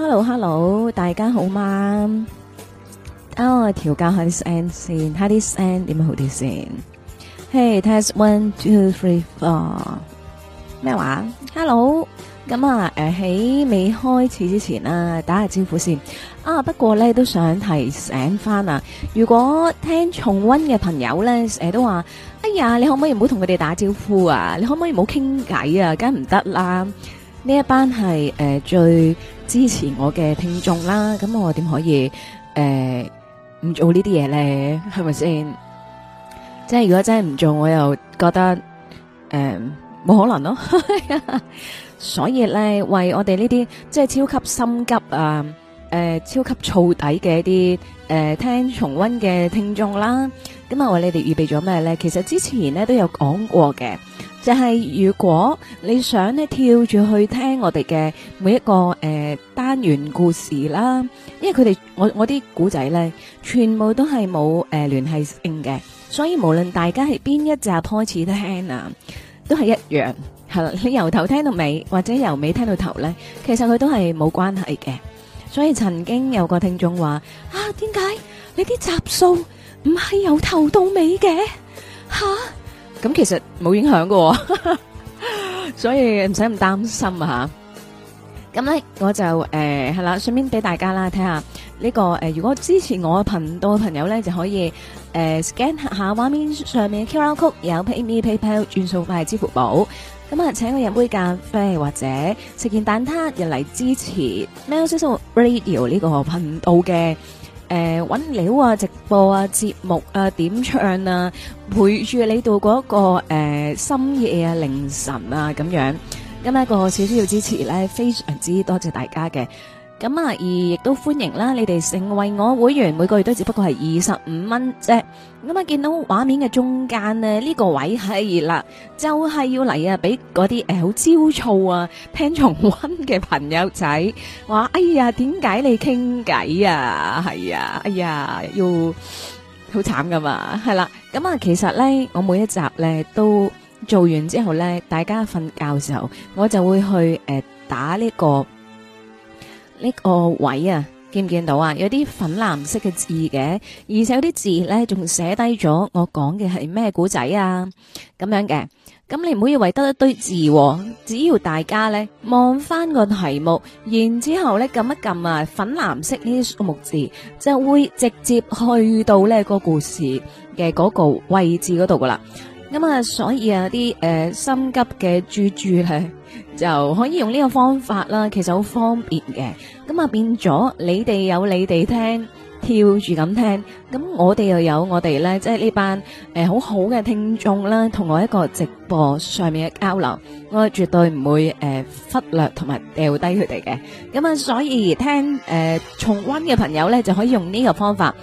Hello，Hello，hello, 大家好嘛？我調看看好 hey, one, two, three, 啊，調教下啲聲先，睇啲聲點樣好啲先。Test one two three four 咩話？Hello，咁啊，誒，喺未開始之前啊，打下招呼先。啊，不過咧，都想提醒翻啊。如果聽重温嘅朋友咧，都話哎呀，你可唔可以唔好同佢哋打招呼啊？你可唔可以唔好傾偈啊？梗唔得啦。呢一班係誒、呃、最。支持我嘅聽眾啦，咁我點可以誒唔、呃、做這些呢啲嘢咧？係咪先？即係如果真係唔做，我又覺得誒冇、呃、可能咯。 所以咧，為我哋呢啲即係超級心急啊，誒、呃、超級燥底嘅一啲誒、呃、聽重溫嘅聽眾啦，咁我為你哋預備咗咩咧？其實之前咧都有講過嘅。就係如果你想咧跳住去聽我哋嘅每一個誒單元故事啦，因為佢哋我我啲古仔咧全部都係冇誒聯繫性嘅，所以無論大家係邊一集開始聽啊，都係一樣係啦，你由頭聽到尾或者由尾聽到頭咧，其實佢都係冇關係嘅。所以曾經有個聽眾話：啊，點解你啲集數唔係由頭到尾嘅？吓！咁其實冇影響喎，所以唔使咁擔心啊吓。咁咧讚，我就誒係啦，順、呃、便俾大家啦睇下呢個誒、呃，如果支持我頻道嘅朋友咧，就可以誒、呃、scan 下畫面上面 QR code，有 PayMe PayPal 轉數快支付寶，咁啊、呃，請我飲杯咖啡或者食件蛋撻入嚟支持喵式生活 Radio 呢個頻道嘅。誒，搵、呃、料啊，直播啊，節目啊，點唱啊，陪住你度嗰、那個誒、呃、深夜啊、凌晨啊，咁樣。今日一個小小嘅支持咧，非常之多謝大家嘅。咁啊，而亦都歡迎啦！你哋成為我會員，每個月都只不過係二十五蚊啫。咁啊，見到畫面嘅中間呢，呢、呢個位係啦，就係、是、要嚟啊，俾嗰啲誒好焦躁啊、聽重溫嘅朋友仔話：哎呀，點解你傾偈啊？係啊，哎呀，要好慘噶嘛？係啦。咁啊，其實咧，我每一集咧都做完之後咧，大家瞓覺嘅時候，我就會去誒、呃、打呢、呢個。呢個位啊，見唔見到啊？有啲粉藍色嘅字嘅，而且有啲字咧仲寫低咗我講嘅係咩古仔啊，咁樣嘅。咁你唔好以為得一堆字，只要大家咧望翻個題目，然之後咧撳一撳啊，粉藍色呢啲目字，就會直接去到呢個故事嘅嗰個位置嗰度噶啦。咁啊，所以啊，啲、呃、誒心急嘅豬豬咧就可以用呢個方法啦，其實好方便嘅。咁啊，變咗你哋有你哋聽跳住咁聽，咁我哋又有我哋咧，即係呢班誒、呃、好好嘅聽眾啦，同我一個直播上面嘅交流，我絕對唔會誒、呃、忽略同埋掉低佢哋嘅。咁啊，所以聽誒、呃、重溫嘅朋友咧，就可以用呢個方法。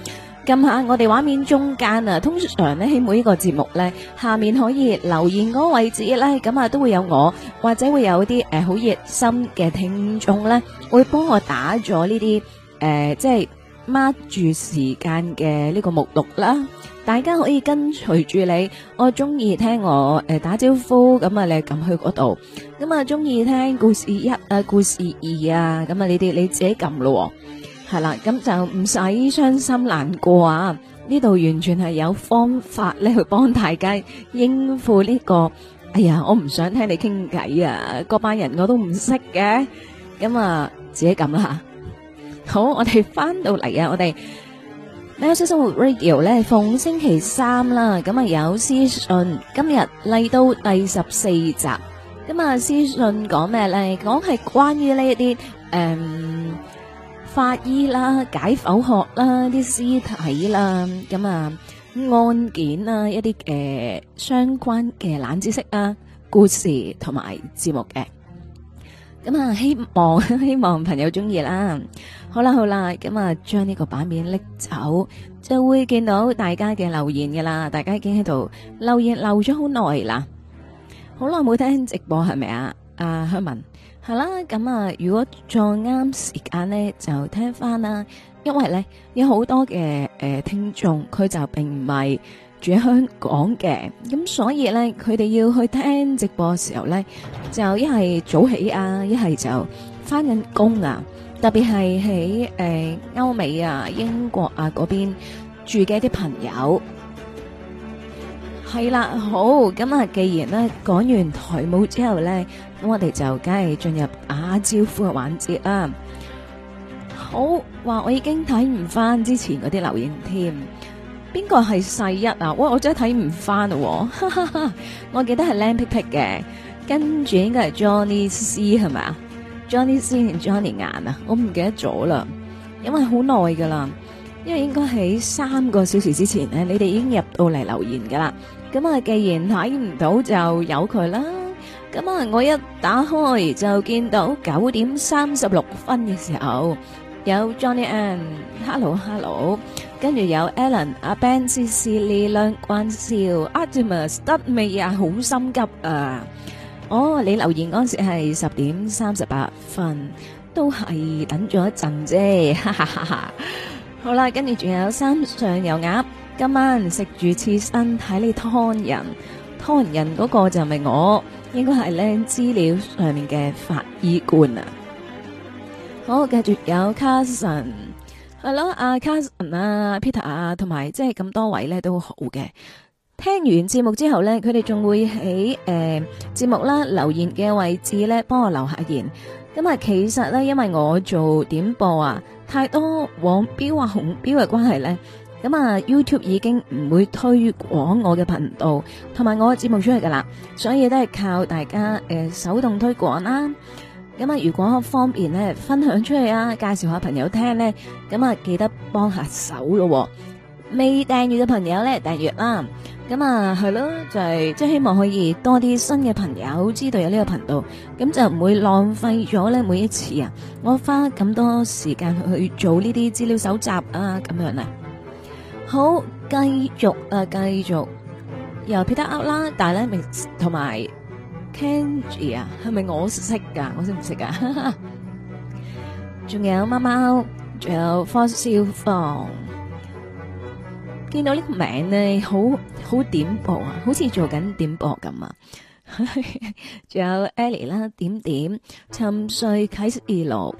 撳下我哋畫面中間啊，通常咧喺每一個節目咧，下面可以留言嗰個位置咧，咁啊都會有我，或者會有啲誒好熱心嘅聽眾咧，會幫我打咗呢啲誒，即係 mark 住時間嘅呢個目錄啦。大家可以跟隨住你，我中意聽我誒、呃、打招呼，咁啊你撳去嗰度，咁啊中意聽故事一啊故事二啊，咁啊你哋你自己撳咯。係啦，咁就唔使傷心難過啊！呢度完全係有方法咧，去幫大家應付呢個。哎呀，我唔想聽你傾偈啊！嗰班人我都唔識嘅，咁啊自己咁啦。好，我哋翻到嚟啊！我哋喵式生活 radio 咧，逢星期三啦，咁啊有 C 訊。今日嚟到第十四集，咁啊 C 訊講咩咧？講係關於呢一啲誒。法醫啦、解剖學啦、啲屍體啦、咁啊案件啦、一啲誒、呃、相關嘅冷知識啊、故事同埋節目嘅，咁啊希望希望朋友中意啦。好啦好啦，咁啊將呢個版面拎走，就會見到大家嘅留言噶啦。大家已經喺度留言留咗好耐啦，好耐冇聽直播係咪啊？阿香文。係啦，咁啊，如果再啱時間咧，就聽翻啦。因為咧有好多嘅，誒聽眾，佢就並唔係住喺香港嘅，咁所以咧佢哋要去聽直播嘅時候咧，就一係早起啊，一係就翻緊工啊。特別係喺誒歐美啊、英國啊嗰邊住嘅一啲朋友。係啦，好，咁啊，既然咧講完台舞之後咧，咁我哋就梗係進入打、啊、招呼嘅環節啦。好話，我已經睇唔翻之前嗰啲留言添。邊個係細一啊？我我真係睇唔翻哈，我記得係靚皮皮嘅，跟住應該係 John Johnny C 係咪啊？Johnny C Johnny 眼啊？I，我唔記得咗啦，因為好耐噶啦，因為應該喺三個小時之前咧，你哋已經入到嚟留言噶啦。咁啊，既然睇唔到，就有佢啦。咁啊，我一打開就見到九點三十六分嘅時候，有 Johnny Ann，Hello Hello，跟住有 Alan，阿 Ben C C Lee 亮關少，Artemis 得未啊？好心急啊！哦，你留言嗰時係十點三十八分，都係等咗一陣啫。哈哈哈哈。好啦，跟住仲有三上油鴨。今晚食住刺身睇你劏人，劏人嗰個就係我，應該係呢資料上面嘅法醫官啊。好，繼續有 Carson，係咯，阿 Carson 啊，啊，Peter 啊，同埋即係咁多位咧都好嘅。聽完節目之後呢，佢哋仲會喺誒節目啦留言嘅位置咧幫我留下留言。咁啊，其實咧因為我做點播啊，太多黃標、啊紅標嘅關係咧。咁啊，YouTube 已經唔會推廣我嘅頻道，同埋我嘅節目出嚟噶啦，所以都係靠大家誒、呃、手動推廣啦。咁啊，如果方便咧，分享出去啊，介紹下朋友聽咧，咁啊記得幫下手咯、哦。未訂閱嘅朋友咧，訂閱啦。咁啊，係咯，就係即係希望可以多啲新嘅朋友知道有呢個頻道，咁就唔會浪費咗咧每一次啊，我花咁多時間去做呢啲資料搜集啊，咁樣啦、啊。好，繼續啊，繼續又彼得鴨啦，但係咧同埋 Candy 啊，係咪我識噶？我識唔識噶？仲有貓貓，仲有 Four Star Farm，見到呢個名咧，好好點播啊，好似做緊點播咁啊。仲有 Ellie 啦，點點沉睡啟示二六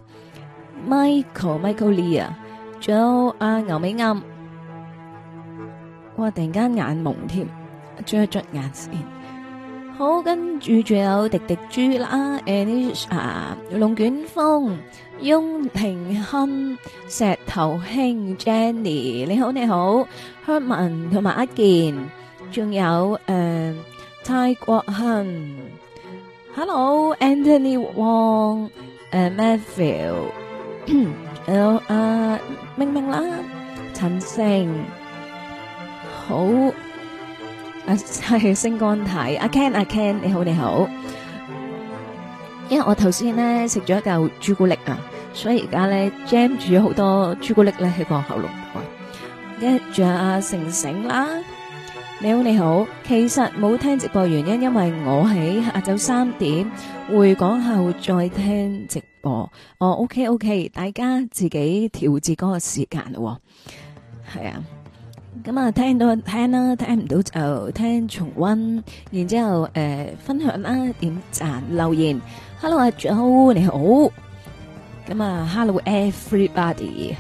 ，Michael Michaelia，仲有阿牛美暗。我突然間眼蒙添，捽一捽眼線。好，跟住仲有迪迪豬啦，誒啲啊龍捲風，雍平亨，石頭兄，Jenny，你好你好，Herman 同埋阿健，仲有誒蔡國亨，Hello，Anthony Wong，誒 Matthew，仲有啊明明啦，陳星。.好，係、啊、星光太阿、啊、Ken 阿、啊、Ken 你好你好，因為我頭先咧食咗一嚿朱古力啊，所以而家咧 Jam 住咗好多朱古力咧喺個喉嚨度。跟住阿成成啦，你好你好，其實冇聽直播原因，因為我喺下晝三點會講後再聽直播。哦，OK OK，大家自己調節嗰個時間咯，哦，係啊。咁啊、嗯，聽到聽啦，聽唔到，到就聽重溫，然之後誒、呃、分享啦，點讚留言。Hello 阿 Joe 你好，咁、嗯、啊 Hello everybody。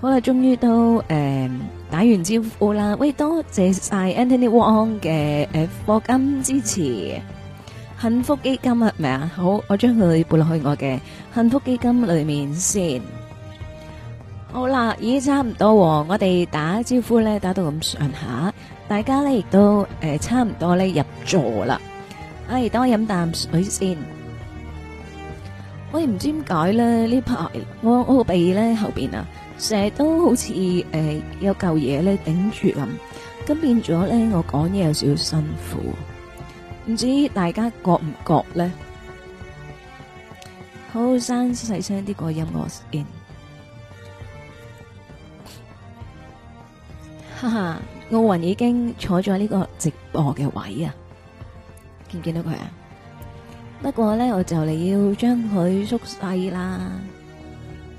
好啦，終於都誒、呃、打完招呼啦。喂，多謝晒 Anthony Wong 嘅課金支持，幸福基金係咪啊，好，我將佢撥落去我嘅幸福基金裏面先。好啦，已經差唔多，我哋打招呼咧，打到咁上下，大家咧亦都誒、呃、差唔多咧入座啦。哎，等我飲啖水先。我唔知點解咧呢排，啊、呃，我我個鼻咧後邊啊，成日都好似誒有嚿嘢咧頂住咁，咁變咗咧我講嘢有少少辛苦，唔知大家覺唔覺咧？好，生細聲啲個音樂先。哈哈，奧運已經坐咗呢個直播嘅位啊，見唔見到佢啊？不過咧，我就嚟要將佢縮細啦，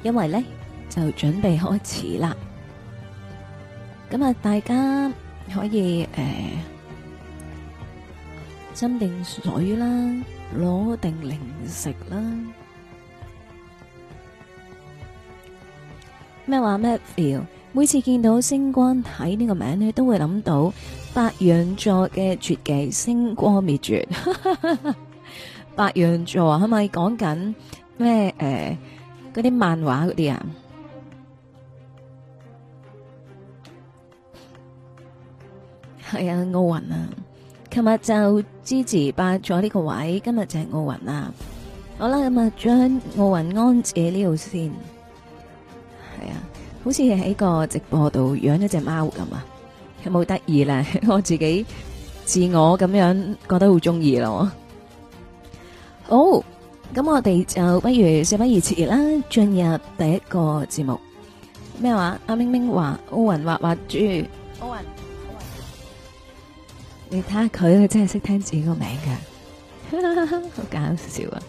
因為咧就準備開始啦。咁啊，大家可以誒，斟、呃、定水啦，攞定零食啦。咩話咩 feel？每次見到星光睇呢個名咧，都會諗到白羊座嘅絕技星光滅絕。白羊座係咪講緊咩？誒，嗰啲漫畫嗰啲啊？係啊，奧運啊！琴日就支持霸咗呢個位，今日就係奧運啊！好啦，咁啊將奧運安置喺呢度先，係啊。好似喺個直播度養咗隻貓咁啊，有冇得意咧？ 我自己自我咁樣我覺得好中意咯。好，咁我哋就不如事不宜遲啦，進入第一個節目。咩話？阿明明話：歐云畫畫豬。歐云，歐云，你睇下佢，佢真係識聽自己個名㗎， 好搞笑啊！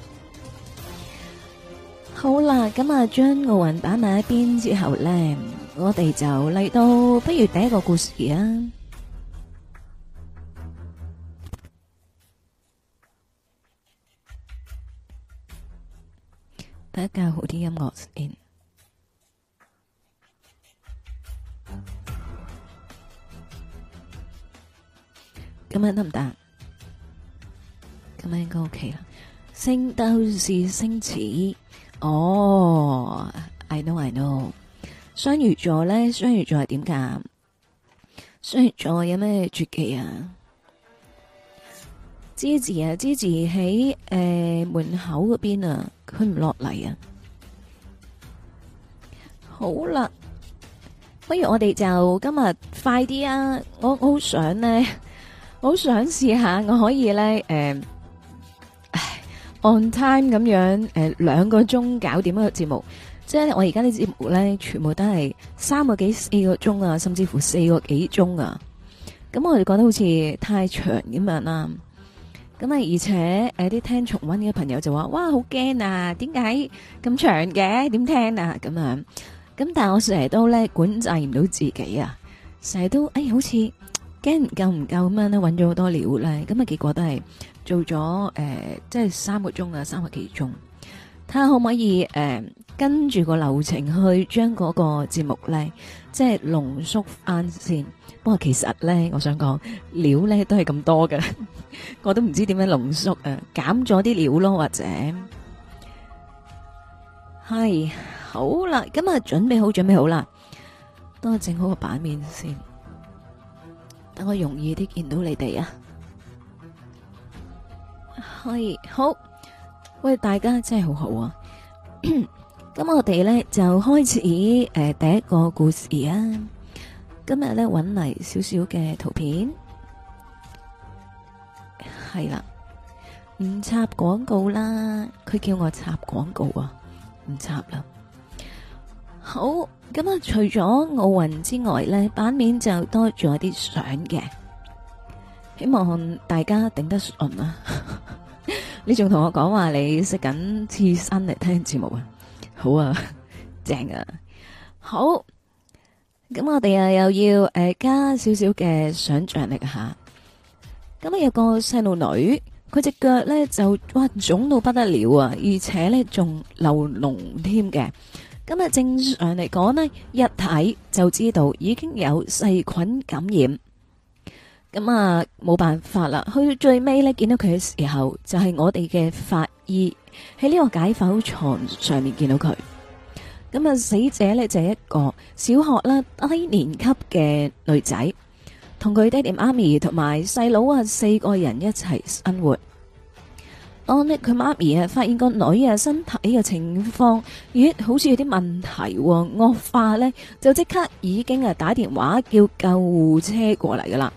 好啦，咁啊，將奧運擺埋一邊之後咧，我哋就嚟到，不如第一個故事啊。大家教好啲音樂先。今晚得唔得？今晚應該 OK 啦。聖鬥士星矢。哦，I know，I know。雙魚座咧，雙魚座係點噶？雙魚座有咩絕技啊？芝士啊，芝士喺誒門口嗰邊啊，佢唔落嚟啊！好啦，不如我哋就今日快啲啊！我我好想呢，呵呵我好想試下，我可以呢。誒、呃，on time 咁樣，誒、呃，兩個鐘搞掂一個節目，即係我而家啲節目咧，全部都係三個幾四個鐘啊，甚至乎四個幾鐘啊，咁、嗯、我哋覺得好似太長咁樣啦。咁、嗯、啊，而且誒啲、呃、聽重温嘅朋友就話，哇，好驚啊，點解咁長嘅？點聽啊？咁樣，咁、嗯、但係我成日都咧管制唔到自己啊，成日都，哎，好似驚唔夠唔夠咁樣咧，搵咗好多料咧，咁、嗯、啊，結果都係。做咗誒、呃，即係三個鐘啊，三個幾鐘，睇下可唔可以誒、呃，跟住個流程去將嗰個節目咧，即係濃縮翻先。不過其實咧，我想講料咧都係咁多嘅， 我都唔知點樣濃縮誒，減咗啲料咯，或者係好啦，今日準備好，準備好啦，都係整好個版面先，等我容易啲見到你哋啊。係好，喂！大家真係好好啊！咁 我哋咧就開始誒、呃、第一個故事啊！今日咧搵嚟少少嘅圖片，係啦、啊，唔插廣告啦！佢叫我插廣告啊，唔插啦。好，咁、嗯、啊，除咗奧運之外咧，版面就多咗啲相嘅。希望大家頂得順啊。 你仲同我講話你食緊刺身嚟聽節目啊？好啊，正啊，好。咁我哋啊又要誒、呃、加少少嘅想象力吓。咁啊有個細路女，佢隻腳呢就哇腫到不得了啊，而且呢仲流膿添嘅。咁啊正常嚟講呢，一睇就知道已經有細菌感染。咁啊，冇辦法啦。去到最尾呢，見到佢嘅時候，就係我哋嘅法醫喺呢個解剖床上面見到佢。咁啊，死者呢，就係一個小學啦低年級嘅女仔，同佢爹哋媽咪同埋細佬啊四個人一齊生活。當呢，佢媽咪啊，發現個女啊身體嘅情況，咦，好似有啲問題惡化呢，就即刻已經啊打電話叫救護車過嚟噶啦。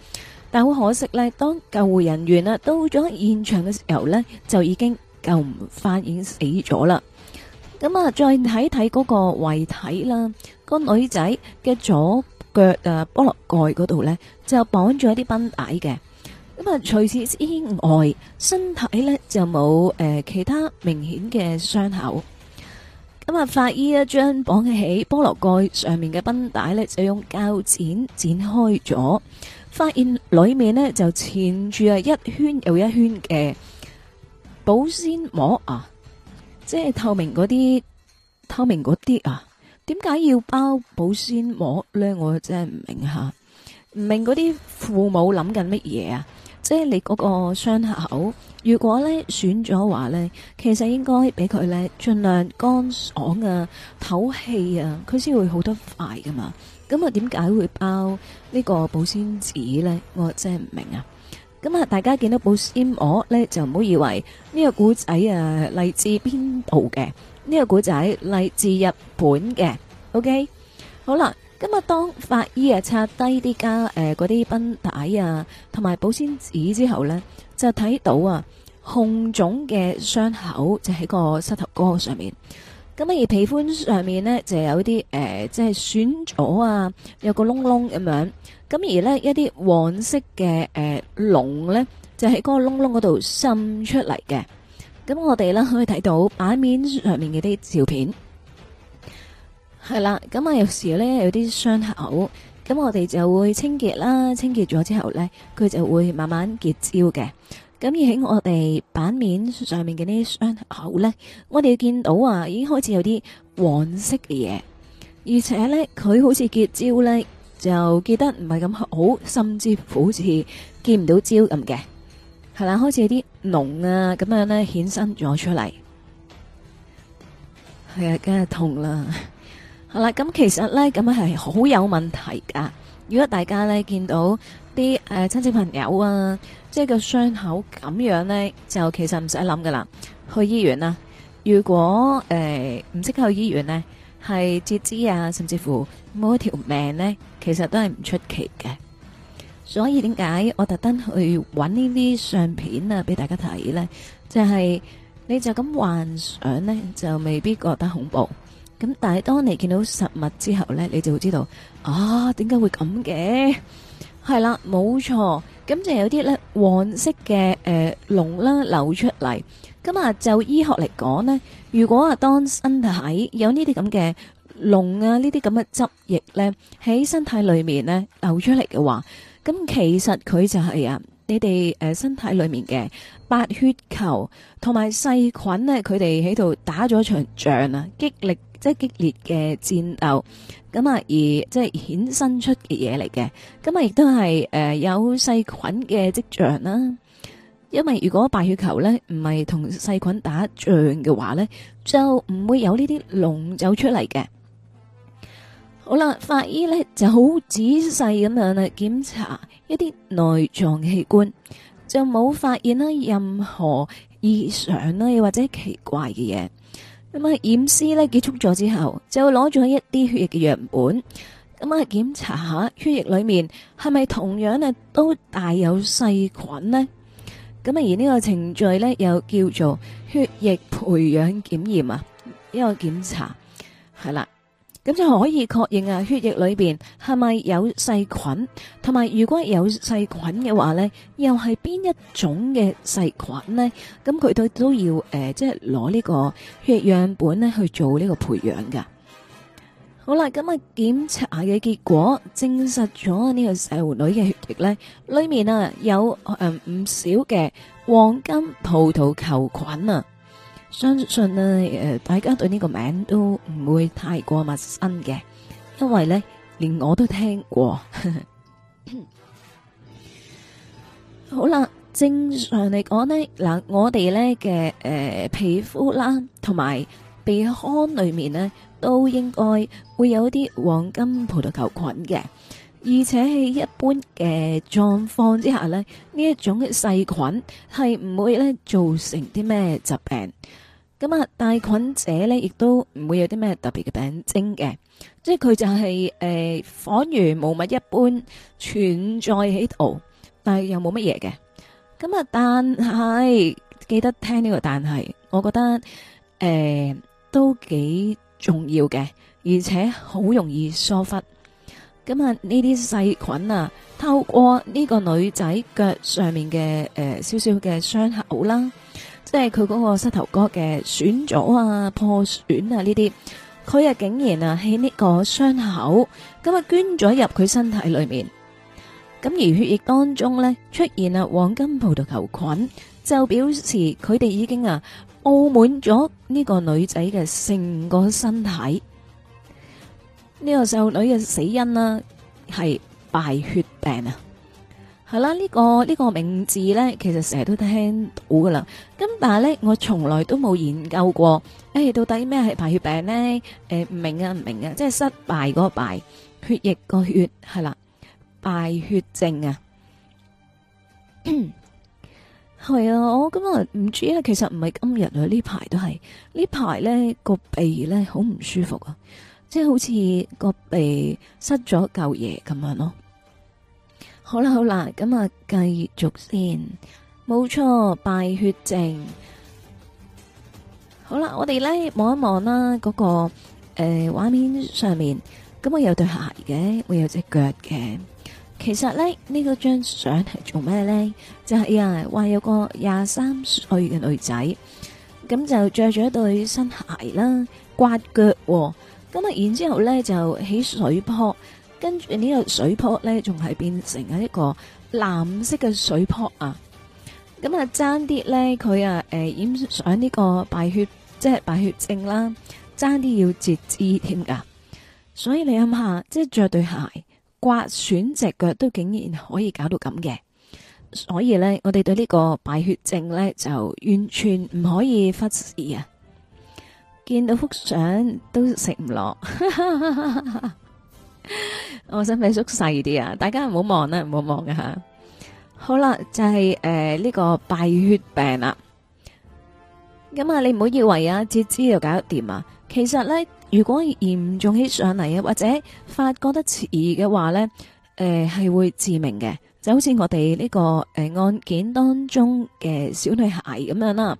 但好可惜呢當救護人員啊到咗現場嘅時候呢，就已經救唔翻，已經死咗啦。咁啊，再睇睇嗰個遺體啦，個女仔嘅左腳誒菠蘿蓋嗰度呢，就綁住一啲繃帶嘅。咁啊，除此之,之外，身體呢就冇誒、呃、其他明顯嘅傷口。咁啊，法醫將綁喺菠蘿蓋上面嘅繃帶呢，就用膠剪剪開咗。發現裏面呢，就纏住啊一圈又一圈嘅保鮮膜啊，即係透明嗰啲透明嗰啲啊，點解要包保鮮膜咧？我真係唔明吓，唔明嗰啲父母諗緊乜嘢啊？即係你嗰個傷口，如果咧損咗話咧，其實應該俾佢咧盡量乾爽啊、透氣啊，佢先會好得快噶嘛。咁啊，點解會包呢個保鮮紙呢？我真係唔明啊！咁啊，大家見到保鮮膜呢，就唔好以為呢個古仔啊嚟自邊度嘅？呢個古仔嚟自日本嘅。OK，好啦，咁啊當法醫啊拆低啲家誒嗰啲繃帶啊，同埋保鮮紙之後呢，就睇到啊紅腫嘅傷口，就喺個膝頭哥上面。咁而皮膚上面呢，就有啲、呃、即係損咗啊，有個窿窿咁樣。咁而呢，一啲黃色嘅誒膿呢，就喺嗰個窿窿嗰度滲出嚟嘅。咁、嗯、我哋呢，可以睇到版面上面嘅啲照片，係啦。咁、嗯、啊，有時呢，有啲傷口，咁、嗯、我哋就會清潔啦，清潔咗之後呢，佢就會慢慢結焦嘅。咁而喺我哋版面上面嘅呢啲傷口咧，我哋見到啊，已經開始有啲黃色嘅嘢，而且咧佢好似結焦咧，就結得唔係咁好，甚至乎好似見唔到焦咁嘅。係啦，開始有啲膿啊咁樣咧衍生咗出嚟。係啊，梗係痛啦，係啦，咁其實咧咁樣係好有問題噶，如果大家咧見到。啲誒親戚朋友啊，即係個傷口咁樣呢，就其實唔使諗噶啦，去醫院啦。如果誒唔識去醫院呢，係截肢啊，甚至乎冇一條命呢，其實都係唔出奇嘅。所以點解我特登去揾呢啲相片啊俾大家睇呢？就係、是、你就咁幻想呢，就未必覺得恐怖。咁但係當你見到實物之後呢，你就會知道啊，點解會咁嘅？係啦，冇錯，咁就有啲咧黃色嘅誒龍啦流出嚟。咁啊，就醫學嚟講呢，如果啊當身體有呢啲咁嘅龍啊這這呢啲咁嘅汁液咧喺身體裏面咧流出嚟嘅話，咁其實佢就係啊你哋誒身體裏面嘅白血球同埋細菌咧，佢哋喺度打咗場仗啊，激烈即係、就是、激烈嘅戰鬥。咁啊，而即係衍生出嘅嘢嚟嘅，咁啊亦都係誒有細菌嘅跡象啦。因為如果白血球咧唔係同細菌打仗嘅話咧，就唔會有呢啲膿走出嚟嘅。好啦，法醫咧就好仔細咁樣啦，檢查一啲內臟器官，就冇發現啦任何異常啦，又或者奇怪嘅嘢。咁啊，驗屍咧結束咗之後，就攞咗一啲血液嘅樣本，咁啊檢查下血液裏面係咪同樣啊都帶有細菌呢？咁啊而呢個程序咧又叫做血液培養檢驗啊，一個檢查係啦。咁就可以確認啊，血液裏邊係咪有細菌？同埋，如果有細菌嘅話咧，又係邊一種嘅細菌咧？咁佢哋都要誒，即係攞呢個血樣本咧去做呢個培養噶。好啦，咁啊檢查嘅結果證實咗呢個少女嘅血液咧，裏面啊有誒唔、呃、少嘅黃金葡萄球菌啊。相信咧，誒、呃，大家對呢個名都唔會太過陌生嘅，因為咧，連我都聽過。呵呵 好啦，正常嚟講呢嗱、呃，我哋咧嘅誒皮膚啦，同埋鼻腔裏面呢，都應該會有啲黃金葡萄球菌嘅，而且喺一般嘅狀況之下咧，呢一種嘅細菌係唔會咧造成啲咩疾病。咁啊，帶菌者咧，亦都唔會有啲咩特別嘅病徵嘅，即係佢就係誒彷如無物一般存在喺度，但係又冇乜嘢嘅。咁啊，但係記得聽呢個但係，我覺得誒、呃、都幾重要嘅，而且好容易疏忽。咁啊，呢啲細菌啊，透過呢個女仔腳上面嘅誒少少嘅傷口啦。即係佢嗰個膝頭哥嘅損咗啊、破損啊呢啲，佢啊竟然啊喺呢個傷口咁啊捐咗入佢身體裏面，咁而血液當中呢出現啊黃金葡萄球菌，就表示佢哋已經啊布滿咗呢個女仔嘅成個身體。呢個少女嘅死因啦係敗血病啊！係啦，呢、呢個呢、呢個名字咧，其實成日都聽到噶啦。咁但係咧，我從來都冇研究過，誒，到底咩係敗血病咧？誒，唔明啊，唔明啊，即係失敗嗰個敗，血液個血係啦，敗血症啊。係 啊，我今日唔知咧，其實唔係今日，呢排都係呢排咧，個鼻咧好唔舒服啊，即係好似個鼻塞咗嚿嘢咁樣咯。好啦好啦，咁啊繼續先，冇錯，敗血症。好啦，我哋咧望一望啦，嗰、那個誒畫、呃、面上面，咁啊有對鞋嘅，會有隻腳嘅。其實咧呢、這個張相係做咩咧？就係、是、啊話有個廿三歲嘅女仔，咁就着咗對新鞋啦，刮腳、哦，咁啊然之後咧就起水泡。跟住呢個水泡咧，仲係變成咗一個藍色嘅水泡啊！咁、嗯、啊，爭啲咧，佢啊，誒染上呢個敗血，即係敗血症啦，爭啲要截肢添噶。所以你諗下，即係着對鞋刮損隻腳都竟然可以搞到咁嘅，所以咧，我哋對呢個敗血症咧就完全唔可以忽視啊！見到幅相都食唔落。 我身體縮細啲啊！大家唔好望啦，唔好望嘅吓。好啦，就係誒呢個敗血病啦。咁、嗯、啊，你唔好以為啊截肢就搞得掂啊。其實咧，如果嚴重起上嚟，啊，或者發覺得遲嘅話咧，誒、呃、係會致命嘅。就好似我哋呢、這個誒、呃、案件當中嘅小女孩咁樣啦、啊。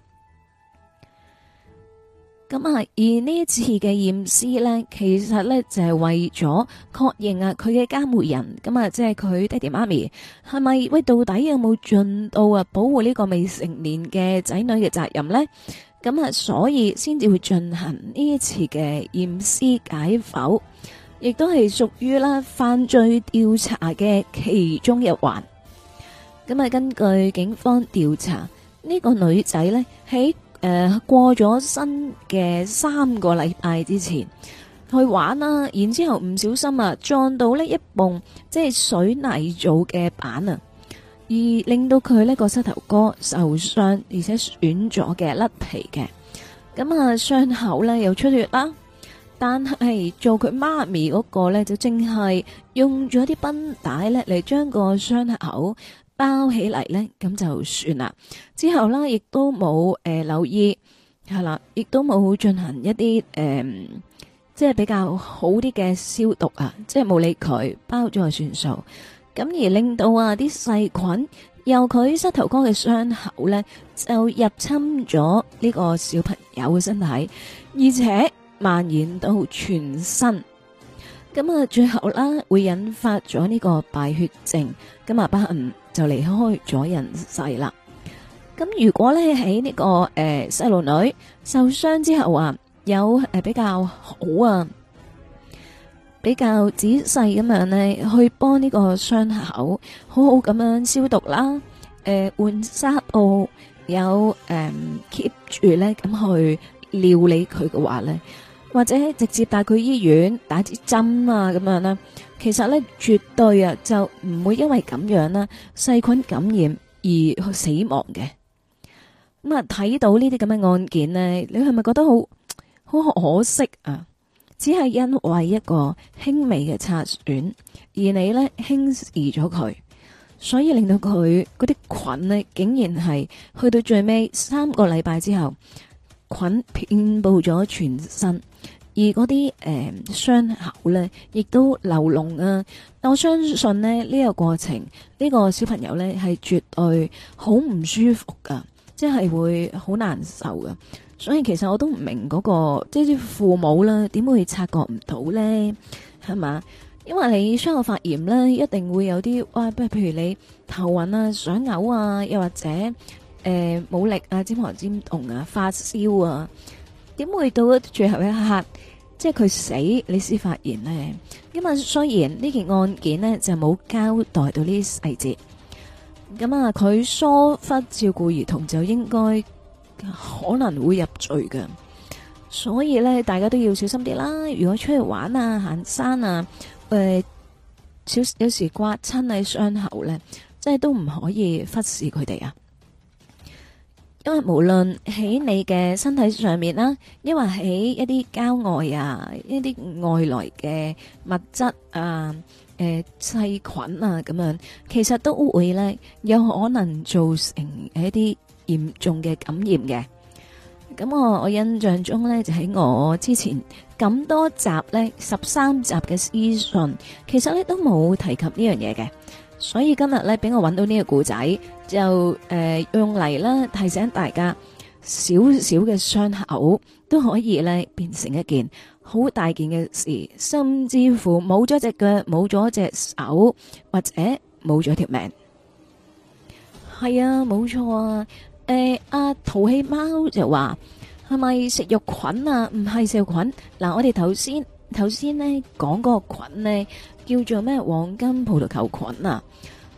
咁啊，而呢一次嘅驗屍呢，其實呢就係為咗確認啊，佢嘅監護人，咁、就、啊、是，即係佢爹哋媽咪係咪喂，到底有冇盡到啊保護呢個未成年嘅仔女嘅責任呢？咁啊，所以先至會進行呢一次嘅驗屍解剖，亦都係屬於啦犯罪調查嘅其中一環。咁啊，根據警方調查，呢、這個女仔呢喺。誒、呃，過咗身嘅三個禮拜之前去玩啦，然之後唔小心啊撞到呢一埲即係水泥做嘅板啊，而令到佢呢個膝頭哥受傷，而且損咗嘅甩皮嘅，咁啊傷口呢又出血啦，但係做佢媽咪嗰，那個呢，就淨係用咗啲繃帶呢嚟將個傷口。包起嚟呢，咁就算啦。之後啦，亦都冇誒、呃、留意，係啦，亦都冇進行一啲誒、呃，即係比較好啲嘅消毒啊，即係冇理佢包咗就算數。咁而令到啊啲細菌由佢膝頭哥嘅傷口呢，就入侵咗呢個小朋友嘅身體，而且蔓延到全身。咁啊，最後啦，會引發咗呢個敗血症。咁啊，爸，爸。就離開咗人世啦。咁如果咧喺呢個誒細路女受傷之後啊，有誒、呃、比較好啊，比較仔細咁樣呢，去幫呢個傷口好好咁樣消毒啦，誒換紗布，有誒 keep 住咧咁去料理佢嘅話咧，或者直接帶佢去醫院打支針啊咁樣咧。其實咧，絕對啊，就唔會因為咁樣啦，細菌感染而去死亡嘅。咁、嗯、啊，睇到呢啲咁嘅案件呢，你係咪覺得好好可惜啊？只係因為一個輕微嘅擦損，而你咧輕視咗佢，所以令到佢嗰啲菌咧，竟然係去到最尾三個禮拜之後，菌遍布咗全身。而嗰啲誒傷口咧，亦都流膿啊！我相信咧，呢、這個過程，呢、這個小朋友咧係絕對好唔舒服噶，即係會好難受噶。所以其實我都唔明嗰、那個，即係啲父母啦，點會察覺唔到咧，係嘛？因為你傷口發炎咧，一定會有啲哇，譬如你頭暈啊、想嘔啊，又或者誒冇、呃、力啊、尖寒尖痛啊、發燒啊。點會到最後一刻，即係佢死，你先發現呢？因為雖然呢件案件呢就冇交代到呢啲細節，咁啊佢疏忽照顧兒童就應該可能會入罪噶，所以呢，大家都要小心啲啦。如果出去玩啊、行山啊、誒、呃，有有時刮親你傷口呢，即係都唔可以忽視佢哋啊。因為無論喺你嘅身體上面啦，亦或喺一啲郊外啊，一啲外來嘅物質啊、誒細菌啊咁樣，其實都會咧有可能造成一啲嚴重嘅感染嘅。咁我我印象中咧，就喺我之前咁多集咧十三集嘅屍訊，其實咧都冇提及呢樣嘢嘅。所以今日咧，俾我揾到呢個故仔，就誒、呃、用嚟啦，提醒大家，小小嘅傷口都可以咧變成一件好大件嘅事，甚至乎冇咗隻腳、冇咗隻手或者冇咗條命。係啊，冇錯啊。誒、欸，阿淘氣貓就話係咪食肉菌啊？唔係食肉菌。嗱，我哋頭先頭先呢講嗰個菌呢，叫做咩黃金葡萄球菌啊！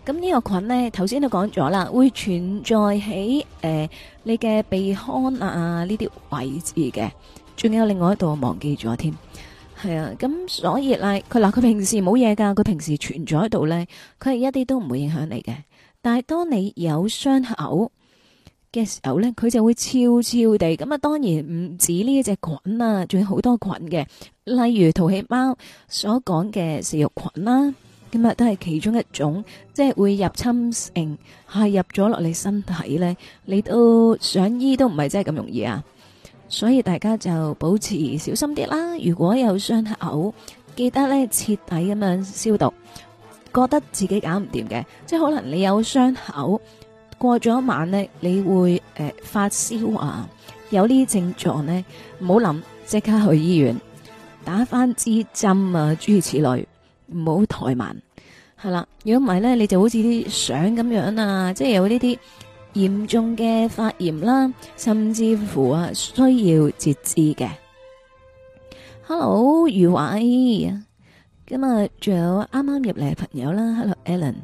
咁呢個菌呢，頭先都講咗啦，會存在喺誒、呃、你嘅鼻腔啊呢啲位置嘅，仲有另外一度我忘記咗添。係啊，咁所以啦，佢嗱佢平時冇嘢噶，佢平時存在喺度呢，佢係一啲都唔會影響你嘅。但係當你有傷口嘅時候呢，佢就會悄悄地咁啊！當然唔止呢一隻菌啊，仲有好多菌嘅。例如淘氣貓所講嘅食肉菌啦，咁日都係其中一種，即係會入侵性，係入咗落你身體咧，你都想醫都唔係真係咁容易啊。所以大家就保持小心啲啦。如果有傷口，記得咧徹底咁樣消毒。覺得自己搞唔掂嘅，即係可能你有傷口過咗一晚呢，你會誒發燒啊，有呢啲症狀呢，唔好諗，即刻去醫院。打翻支針啊，諸如此類，唔好怠慢，係啦。如果唔係咧，你就好似啲相咁樣啊，即係有呢啲嚴重嘅發炎啦，甚至乎啊需要截肢嘅。Hello，余華阿姨，咁啊，仲有啱啱入嚟嘅朋友啦。Hello，Alan，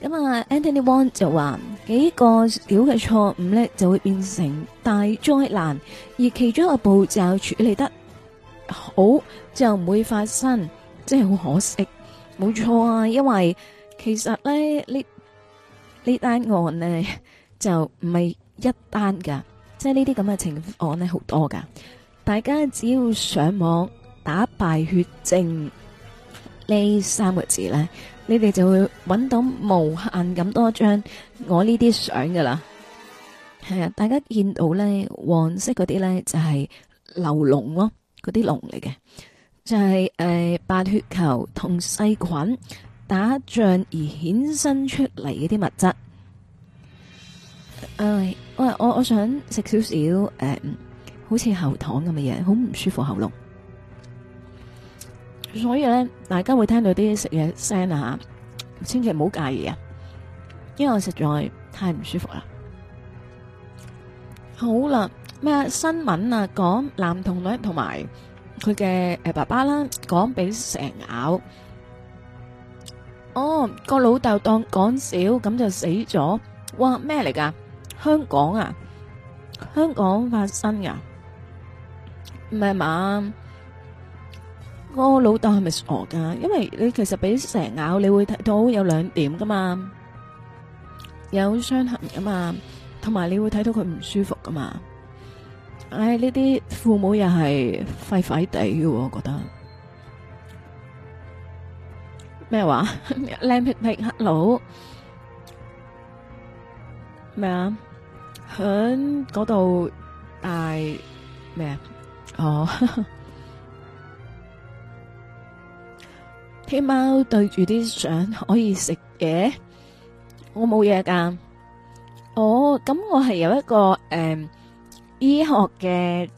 咁啊，Anthony Wong 就話幾個小嘅錯誤咧，就會變成大災難，而其中一個步驟處理得。好就唔會發生，真係好可惜。冇錯啊，因為其實咧呢呢單案呢，就唔係一單噶，即係呢啲咁嘅情況呢，好多噶。大家只要上網打敗血症呢三個字呢，你哋就會揾到無限咁多張我呢啲相噶啦。係啊，大家見到呢黃色嗰啲呢，就係、是、流膿咯。嗰啲膿嚟嘅，就係、是、誒、呃、白血球同細菌打仗而衍生出嚟嘅啲物質。誒、呃哎，我我我想食少少誒，好似喉糖咁嘅嘢，好唔舒服喉嚨。所以咧，大家會聽到啲食嘢聲啊，千祈唔好介意啊，因為我實在太唔舒服啦。好啦。咩新聞啊？講男同女同埋佢嘅誒爸爸啦，講俾蛇咬，哦，個老豆當講少咁就死咗。哇咩嚟噶？香港啊，香港發生噶，唔係嘛？個老豆係咪傻噶？因為你其實俾蛇咬，你會睇到有兩點噶嘛，有傷痕噶嘛，同埋你會睇到佢唔舒服噶嘛。唉，呢啲父母又係廢廢地嘅，我覺得咩話？靚皮皮 hello 咩啊？響嗰度大咩啊？哦，天喵對住啲相可以食嘢？我冇嘢㗎。哦，咁我係有一個誒。醫學嘅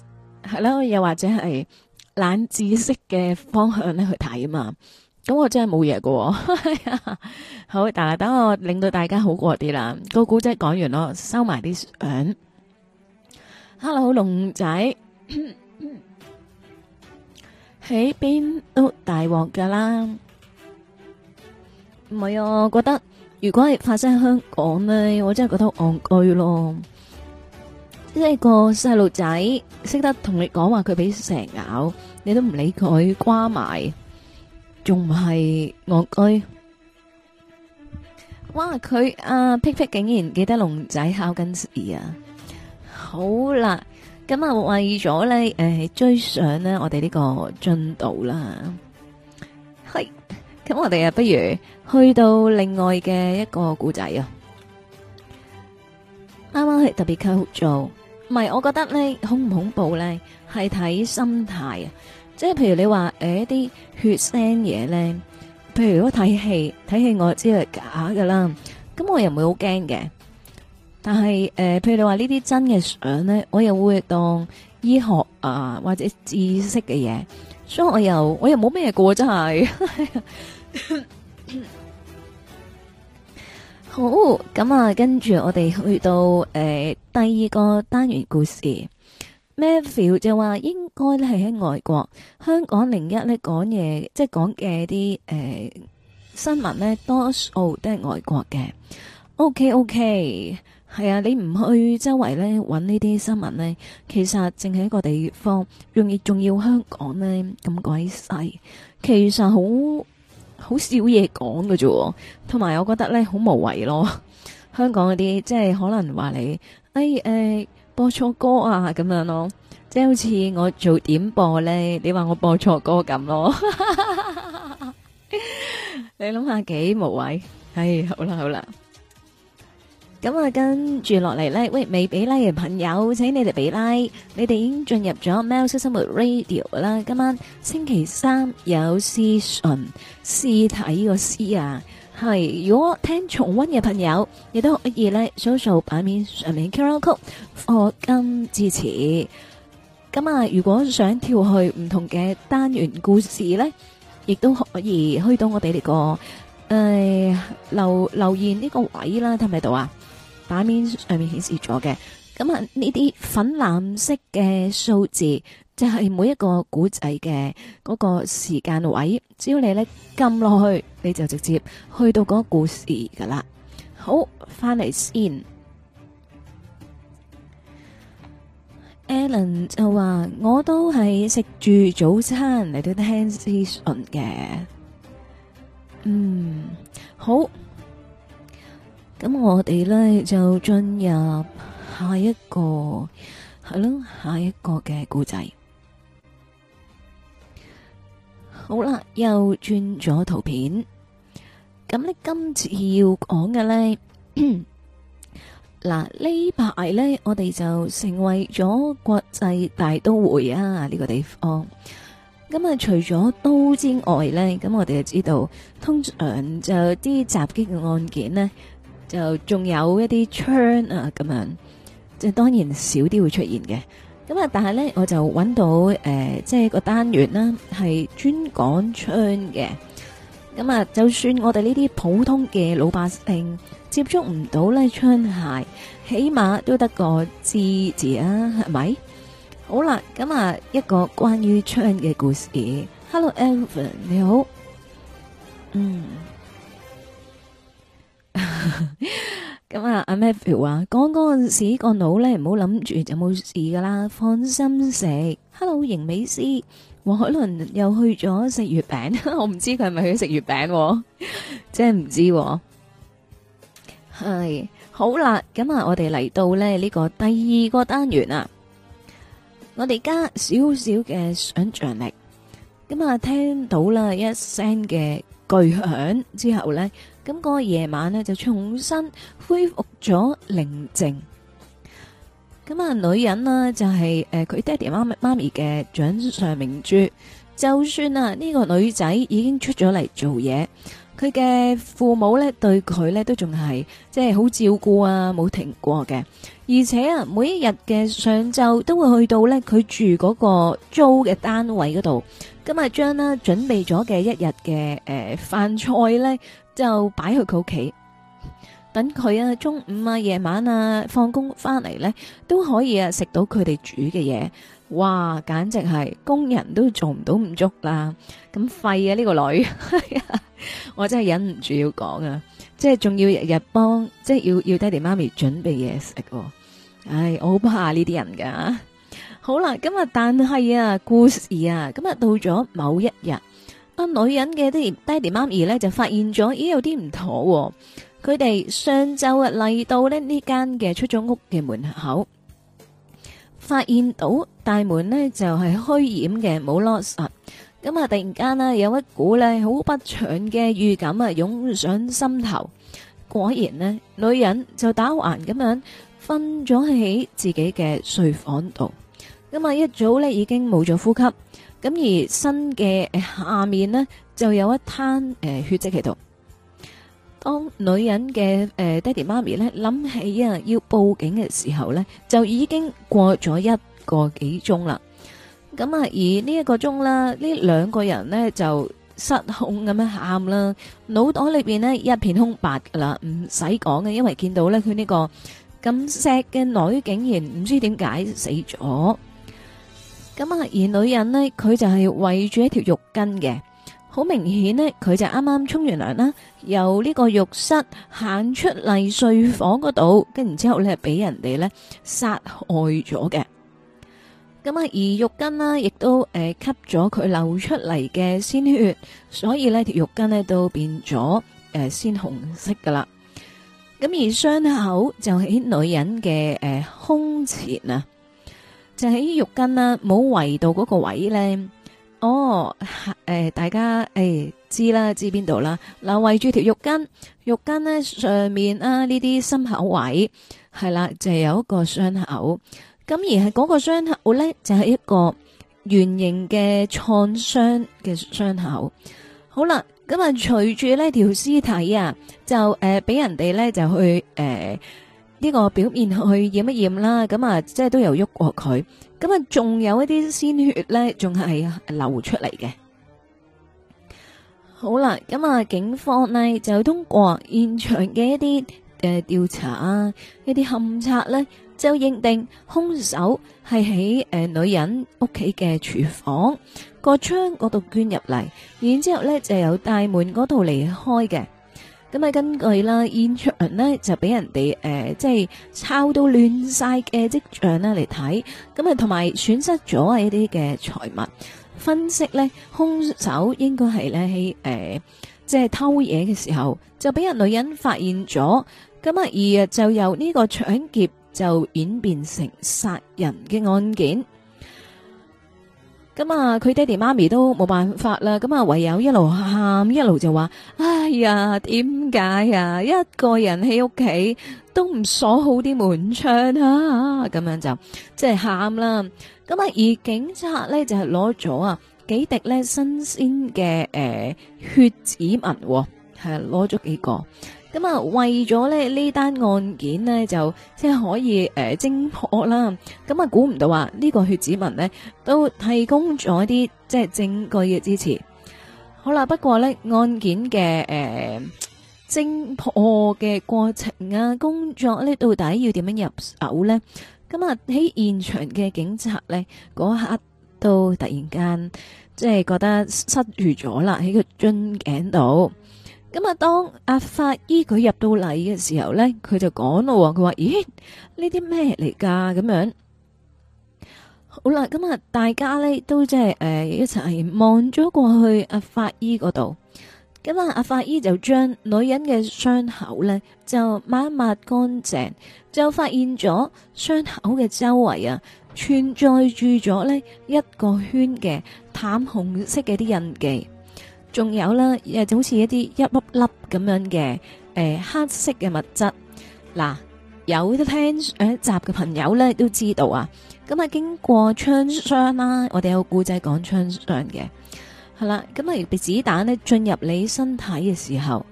係咯，又或者係冷知識嘅方向咧去睇啊嘛，咁我真係冇嘢嘅。 好，但係等我令到大家好過啲啦，個古仔講完咯，收埋啲相。Hello，龍仔喺邊 都大鑊噶啦，唔係啊我覺得，如果係發生喺香港咧，我真係覺得好戇居咯。即係個細路仔識得同你講話，佢俾蛇咬，你都唔理佢，瓜埋，仲唔係戇居？哇！佢啊，霹靂竟然記得龍仔烤筋絲啊！好啦，咁啊為咗咧誒追上咧我哋呢個進度啦，係咁我哋啊不如去到另外嘅一個故仔啊，啱啱係特別靠做。唔係，我覺得咧恐唔恐怖咧，係睇心態啊！即係譬如你話誒、呃、一啲血腥嘢咧，譬如如果睇戲，睇戲我知係假噶啦，咁我又唔會好驚嘅。但係誒、呃，譬如你話呢啲真嘅相咧，我又會當醫學啊或者知識嘅嘢，所以我又我又冇咩過真係。 好，咁啊，跟住我哋去到誒第二個單元故事。Matthew 就話應該咧，係喺外國。香港01咧講嘢，即係講嘅啲誒新聞咧，多數都係外國嘅。OK OK，係啊，你唔去周圍咧揾呢啲新聞咧，其實淨係一個地方，用而仲要香港咧咁鬼細，其實好。好少嘢講嘅啫，同埋我覺得咧好無謂咯。香港嗰啲即係可能話你哎，誒、哎、播錯歌啊咁樣咯，即係好似我做點播咧，你話我播錯歌咁咯。 你諗下幾無謂？係、哎、好啦，好啦。咁啊，跟住落嚟咧，喂，未畀 like 嘅朋友，請你哋畀 like。你哋已經進入咗《喵式生活 Radio》啦。今晚星期三有 C 訊、C 體個 C 啊，係如果聽重溫嘅朋友，亦都可以咧，掃掃版面上面嘅 QR code 課金支持。咁啊，如果想跳去唔同嘅單元故事咧，亦都可以去到我哋呢個誒留留言呢個位啦，睇唔睇到啊？版面上面顯示咗嘅，咁啊呢啲粉藍色嘅數字，就係每一個古仔嘅嗰個時間位。只要你呢撳落去，你就直接去到嗰個故事㗎喇。好，翻嚟先。Alan 就話：我都係食住早餐嚟到聽屍訊嘅。嗯，好。咁我哋呢就進入下一個係咯，下一個嘅故仔。好啦，又轉咗圖片。咁呢，今次要講嘅呢，嗱呢排呢，我哋就成為咗國際大都會啊！呢個地方。咁啊，除咗刀之外呢，咁我哋就知道，通常就啲襲擊嘅案件呢。就仲有一啲槍啊咁樣，即係當然少啲會出現嘅。咁啊，但係咧，我就揾到誒、呃，即係個單元啦，係專講槍嘅。咁啊，就算我哋呢啲普通嘅老百姓接觸唔到咧槍械，起碼都得個知字啊，係咪？好啦，咁啊，一個關於槍嘅故事。Hello Alvin，你好，嗯。咁啊，阿 Matthew 話講嗰陣時個腦咧，唔好諗住就冇事噶啦，放心食。Hello，邢美思，黃海倫又去咗食月餅，我唔知佢係咪去食月餅，真係唔知。係好啦，咁啊，我哋嚟到咧呢個第二個單元啊，我哋加少少嘅想象力。咁啊，聽到啦一聲嘅巨響之後咧。咁個夜晚呢，就重新恢復咗寧靜。咁啊，女人呢就係誒佢爹哋媽咪媽咪嘅掌上明珠。就算啊呢個女仔已經出咗嚟做嘢，佢嘅父母呢，對佢呢都仲係即係好照顧啊，冇停過嘅。而且啊每一日嘅上晝都會去到呢，佢住嗰個租嘅單位嗰度，咁啊，將呢準備咗嘅一日嘅誒飯菜呢。就擺去佢屋企，等佢啊中午啊夜晚啊放工翻嚟咧，都可以啊食到佢哋煮嘅嘢，哇簡直係工人都做唔到唔足啦！咁廢啊呢、這個女， 我真係忍唔住要講啊！即係仲要日日幫，即係要要爹哋媽咪準備嘢食、啊，唉我好怕呢啲人噶、啊。好啦，咁呀、啊，但係啊故事啊，咁呀，到咗某一日。女人嘅爹爹哋媽咪呢，就發現咗，咦，有啲唔妥。佢哋上晝啊嚟到呢間嘅出租屋嘅門口，發現到大門呢就係虛掩嘅，冇 lock 實咁，啊突然間呢，有一股呢好不祥嘅預感啊湧上心頭。果然呢，女人就打橫咁樣瞓咗喺自己嘅睡房度。咁啊一早呢已經冇咗呼吸。咁而新嘅下面呢，就有一灘誒血跡喺度。當女人嘅誒爹哋媽咪呢，諗起啊要報警嘅時候呢，就已經過咗一個幾鐘啦。咁啊，而呢一個鐘啦，呢兩個人呢，就失控咁樣喊啦，腦袋裏邊呢，一片空白啦，唔使講嘅，因為見到呢，佢呢個咁錫嘅女竟然唔知點解死咗。咁啊，而女人呢，佢就係圍住一條浴巾嘅，好明顯呢，佢就啱啱沖完涼啦，由呢個浴室行出嚟睡房嗰度，跟住之後呢，俾人哋呢殺害咗嘅。咁啊，而浴巾呢，亦都誒吸咗佢流出嚟嘅鮮血，所以呢條浴巾呢，都變咗誒、呃、鮮紅色噶啦。咁而傷口就喺女人嘅誒胸前啊。就喺浴巾啦，冇圍到嗰個位咧。哦，誒、呃，大家誒知啦，知邊度啦。嗱，圍住條浴巾，浴巾咧上面啊呢啲心口位，係啦，就有一個傷口。咁而係嗰個傷口咧，就係、是、一個圓形嘅創傷嘅傷口。好啦，咁啊，隨住呢條屍體啊，就誒俾、呃、人哋咧就去誒。呃呢個表面去驗一驗啦，咁啊，即係都有喐過佢，咁啊，仲有一啲鮮血咧，仲係流出嚟嘅。好啦，咁啊，警方咧就通過現場嘅一啲誒調查啊，一啲勘測咧，就認定兇手係喺誒女人屋企嘅廚房個窗嗰度捐入嚟，然之後咧就由大門嗰度離開嘅。咁啊，根據啦，現場咧就俾人哋誒、呃，即係抄到亂晒嘅跡象啦嚟睇，咁啊，同埋損失咗一啲嘅財物。分析咧，凶手應該係咧喺誒，即係偷嘢嘅時候就俾人女人發現咗，咁啊，而就由呢個搶劫就演變成殺人嘅案件。咁啊，佢、嗯、爹哋媽咪都冇辦法啦，咁、嗯、啊，唯有一路喊，一路就話，哎呀，點解啊，一個人喺屋企都唔鎖好啲門窗啊，咁、嗯、樣就即係喊啦。咁、嗯、啊，而警察咧就係攞咗啊幾滴咧新鮮嘅誒血指紋、哦，係攞咗幾個。咁啊、嗯，為咗咧呢單案件呢，就即係可以誒偵、呃、破啦。咁、嗯、啊，估唔到啊，呢、這個血指紋呢，都提供咗啲即係證據嘅支持。好啦，不過呢案件嘅誒偵破嘅過程啊，工作呢，到底要點樣入手呢？咁、嗯、啊，喺、嗯、現場嘅警察呢，嗰刻都突然間即係覺得失足咗啦，喺個樽頸度。咁啊，當阿法醫佢入到嚟嘅時候呢，佢就講咯，佢話：咦，呢啲咩嚟㗎？咁樣，好啦，咁啊，大家呢都即係誒一齊望咗過去阿法醫嗰度。咁啊，阿法醫就將女人嘅傷口呢，就抹一抹乾淨，就發現咗傷口嘅周圍啊存在住咗呢一個圈嘅淡紅色嘅啲印記。仲有啦，誒，就好似一啲一粒粒咁樣嘅、誒、呃、黑色嘅物質。嗱，有啲聽誒集嘅朋友咧都知道啊。咁啊，經過槍傷啦，我哋有古仔講槍傷嘅，係啦。咁啊，被子彈咧進入你身體嘅時候，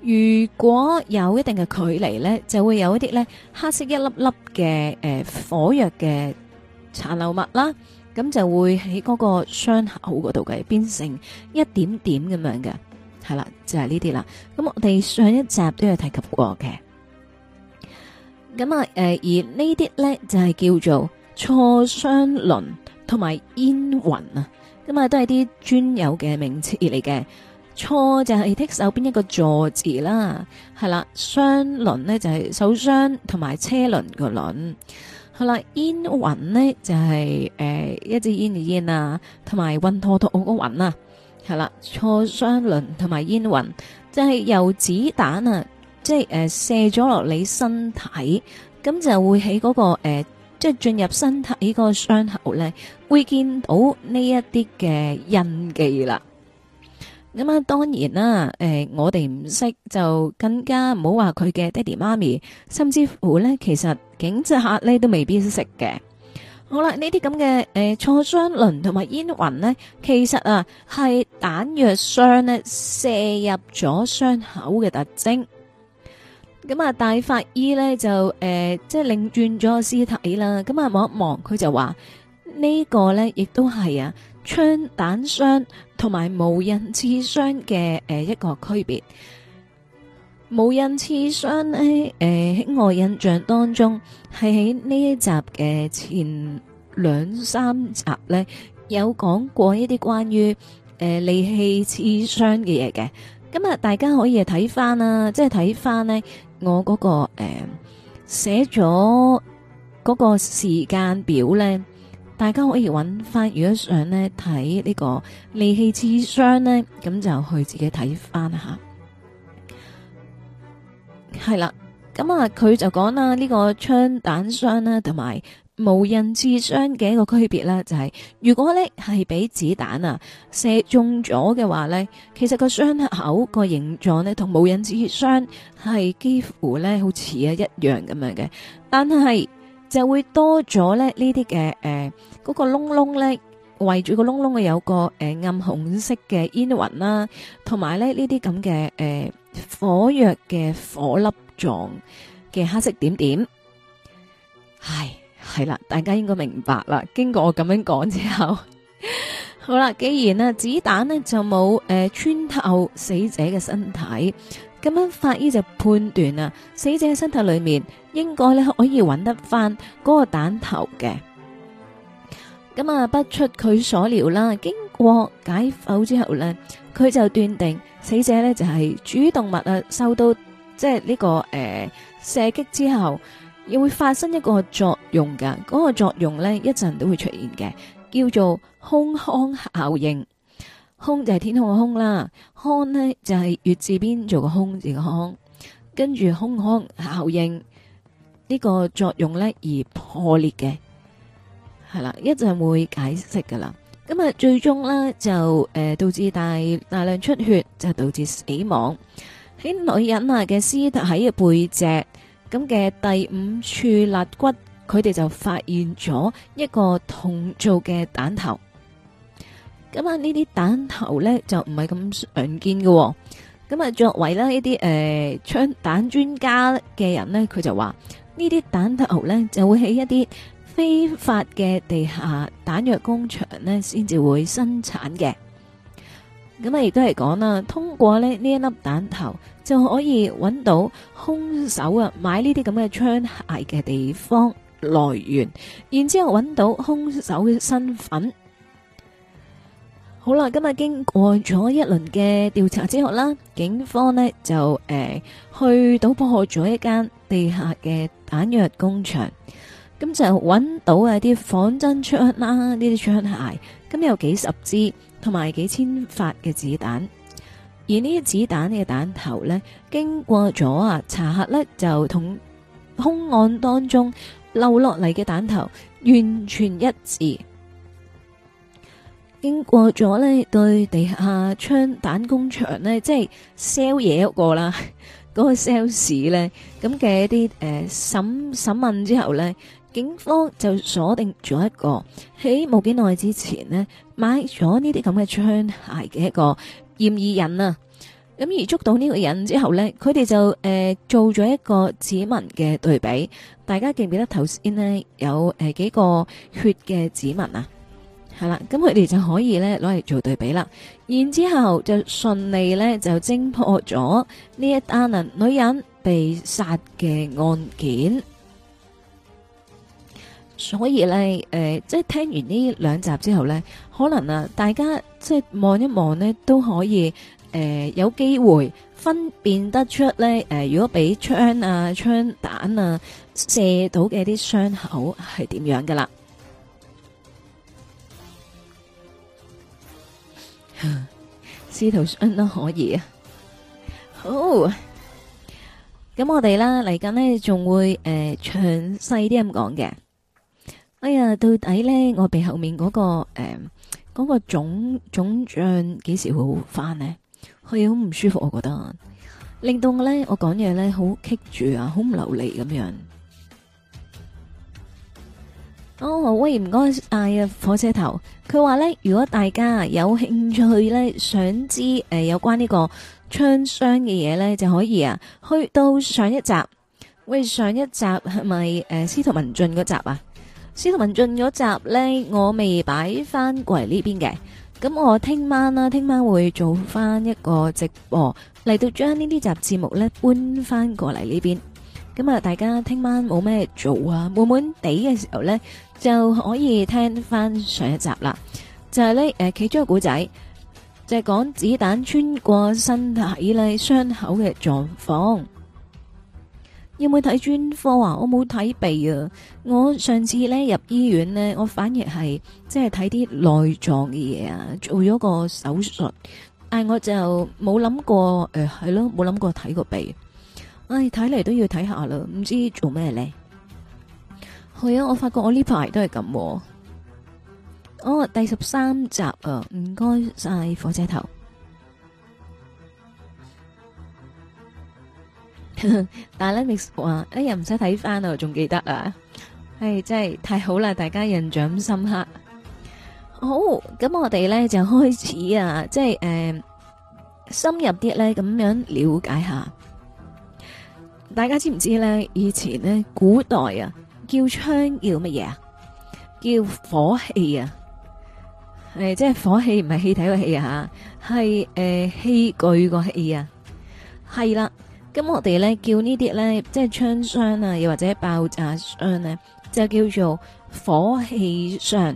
如果有一定嘅距離咧，就會有一啲咧黑色一粒粒嘅、誒、呃、火藥嘅殘留物啦。咁就會喺嗰個傷口嗰度嘅，變成一點點咁樣嘅，係啦，就係呢啲啦。咁我哋上一集都有提及過嘅。咁啊，誒、呃，而這些呢啲咧就係、是、叫做挫傷輪、同埋煙雲啊。咁啊，都係啲專有嘅名詞嚟嘅。挫就係剔手邊一個坐字啦，係啦，傷輪呢，就係、是、受傷同埋車輪個輪。好啦，煙暈咧就係、是、誒、呃、一支煙嘅煙啊，同埋暈陀陀嗰個暈啊，係啦，挫傷輪同埋煙暈就係、是、由子彈啊，即係誒射咗落你身體，咁就會喺嗰、嗰個誒，即係進入身體喺個傷口咧，會見到呢一啲嘅印記啦。咁啊，當然啦，誒、呃，我哋唔識，就更加唔好話佢嘅爹哋媽咪，甚至乎呢，其實警察客呢都未必識嘅。好啦，呢啲咁嘅誒，錯傷輪同埋煙雲呢，其實啊係彈藥傷咧射入咗傷口嘅特徵。咁啊，大法醫呢就誒、呃，即係擰轉咗個屍體啦。咁啊，望一望，佢就話呢個呢，亦都係啊槍彈傷。同埋無刃刺傷嘅，誒一個區別，無刃刺傷呢誒喺我印象當中係喺呢一集嘅前兩三集呢，有講過一啲關於誒、呃、利器刺傷嘅嘢嘅。咁、嗯、啊大家可以睇翻啦，即係睇翻呢我嗰、那個誒、呃、寫咗嗰個時間表呢。大家可以揾翻，如果想咧睇呢個利器刺傷咧，咁就去自己睇翻下。係啦，咁啊，佢就講啦，呢個槍彈傷咧，同埋無刃刺傷嘅一個區別咧，就係、是、如果咧係俾子彈啊射中咗嘅話咧，其實個傷口個形狀咧同無刃刺傷係幾乎咧好似啊一樣咁樣嘅，但係。就會多咗咧呢啲嘅誒，嗰個窿窿咧，圍住個窿窿嘅有個誒暗紅色嘅煙雲啦，同埋咧呢啲咁嘅誒火藥嘅火粒狀嘅黑色點點。係係啦，大家應該明白啦。經過我咁樣講之後，好啦，既然啊子彈咧就冇誒穿透死者嘅身體。咁樣法醫就判斷啊，死者嘅身體裏面應該咧可以揾得翻嗰個彈頭嘅。咁啊，不出佢所料啦，經過解剖之後咧，佢就斷定死者咧就係主動物啊，受到即係呢個誒射擊之後，又會發生一個作用噶，嗰個作用咧一陣都會出現嘅，叫做空腔效應。胸就係天空嘅胸啦，胸呢，就係月字邊做個胸字嘅胸，跟住胸腔效應呢個作用呢，而破裂嘅，係啦，一陣會解釋噶啦。咁啊，最終呢，就誒、呃、導致大大量出血，就導致死亡。喺女人啊嘅屍體嘅背脊咁嘅第五處肋骨，佢哋就發現咗一個銅做嘅彈頭。咁啊，呢啲彈頭呢就唔係咁常見嘅、哦。咁、嗯、啊，作為呢呢啲誒槍彈專家嘅人呢，佢就話呢啲彈頭呢就會喺一啲非法嘅地下彈藥工場呢先至會生產嘅。咁、嗯、啊，亦都係講啦，通過呢一粒彈頭就可以揾到凶手啊，買呢啲咁嘅槍械嘅地方來源，然之後揾到凶手嘅身份。好啦，今日經過咗一輪嘅調查之後啦，警方呢就誒、呃、去到破獲咗一間地下嘅彈藥工場，咁、嗯、就揾到一啲仿真槍啦，呢啲槍械，咁、嗯、有幾十支同埋幾千發嘅子彈，而呢啲子彈嘅彈頭呢，經過咗啊查核呢，就同凶案當中漏落嚟嘅彈頭完全一致。經過咗呢對地下槍彈工場呢，即係 sell 嘢一個啦，嗰、嗰個 sales 呢，咁嘅一啲誒審審問之後呢，警方就鎖定咗一個喺冇幾耐之前呢買咗呢啲咁嘅槍械嘅一個嫌疑人啊。咁而捉到呢個人之後呢，佢哋就誒做咗一個指紋嘅對比。大家記唔記得頭先呢？有誒幾個血嘅指紋啊？係啦，咁佢哋就可以咧攞嚟做對比啦，然之後就順利咧就偵破咗呢一單啊女人被殺嘅案件。所以咧，誒、呃，即係聽完呢兩集之後咧，可能啊，大家即係望一望呢，都可以誒、呃、有機會分辨得出咧，誒、呃，如果俾槍啊、槍彈啊射到嘅啲傷口係點樣噶啦。 司徒相都可以啊，好，咁我哋啦嚟緊呢，仲會誒詳細啲咁講嘅。哎呀，到底呢？我鼻後面嗰、嗰個誒嗰、呃嗰個腫腫脹幾時會好翻呢？佢好唔舒服，我覺得令到我咧我講嘢咧好棘住啊，好唔流利咁樣。我威唔該嗌啊火車頭，佢話呢，如果大家有興趣呢，想知誒有關呢個槍傷嘅嘢呢，就可以啊去到上一集，喂上一集係咪誒司徒文進嗰集啊？司徒文進嗰集呢，我未擺翻過嚟呢邊嘅，咁我聽晚啦、啊，聽晚會做翻一個直播嚟到將呢啲集節目呢搬翻過嚟呢邊，咁啊大家聽晚冇咩做啊悶悶地嘅時候呢。就可以聽翻上一集啦，就係呢誒其中嘅古仔，就係講子彈穿過身體呢傷口嘅狀況。有冇睇專科啊？我冇睇鼻啊！我上次呢入醫院呢，我反而係即係睇啲內臟嘅嘢啊，做咗個手術，但我就冇諗過，誒係咯，冇諗過睇個鼻。唉，睇嚟都要睇下啦，唔知做咩呢。係啊、嗯，我發覺我呢排都係咁。哦，第十三集啊，唔該晒火車頭。但係咧，Miss 話，哎呀，唔使睇翻啊，仲記得啊，係真係太好啦，大家印象深刻。好，咁我哋咧就開始啊，即係誒、嗯、深入啲咧，咁樣了解下。大家知唔知咧？以前咧，古代啊。叫槍叫乜嘢啊？叫火器啊，誒，即係火器唔係氣體個氣啊吓，係誒器具個器啊，係啦。咁我哋咧叫呢啲咧，即係槍傷啊，又或者爆炸傷咧，就叫做火器傷。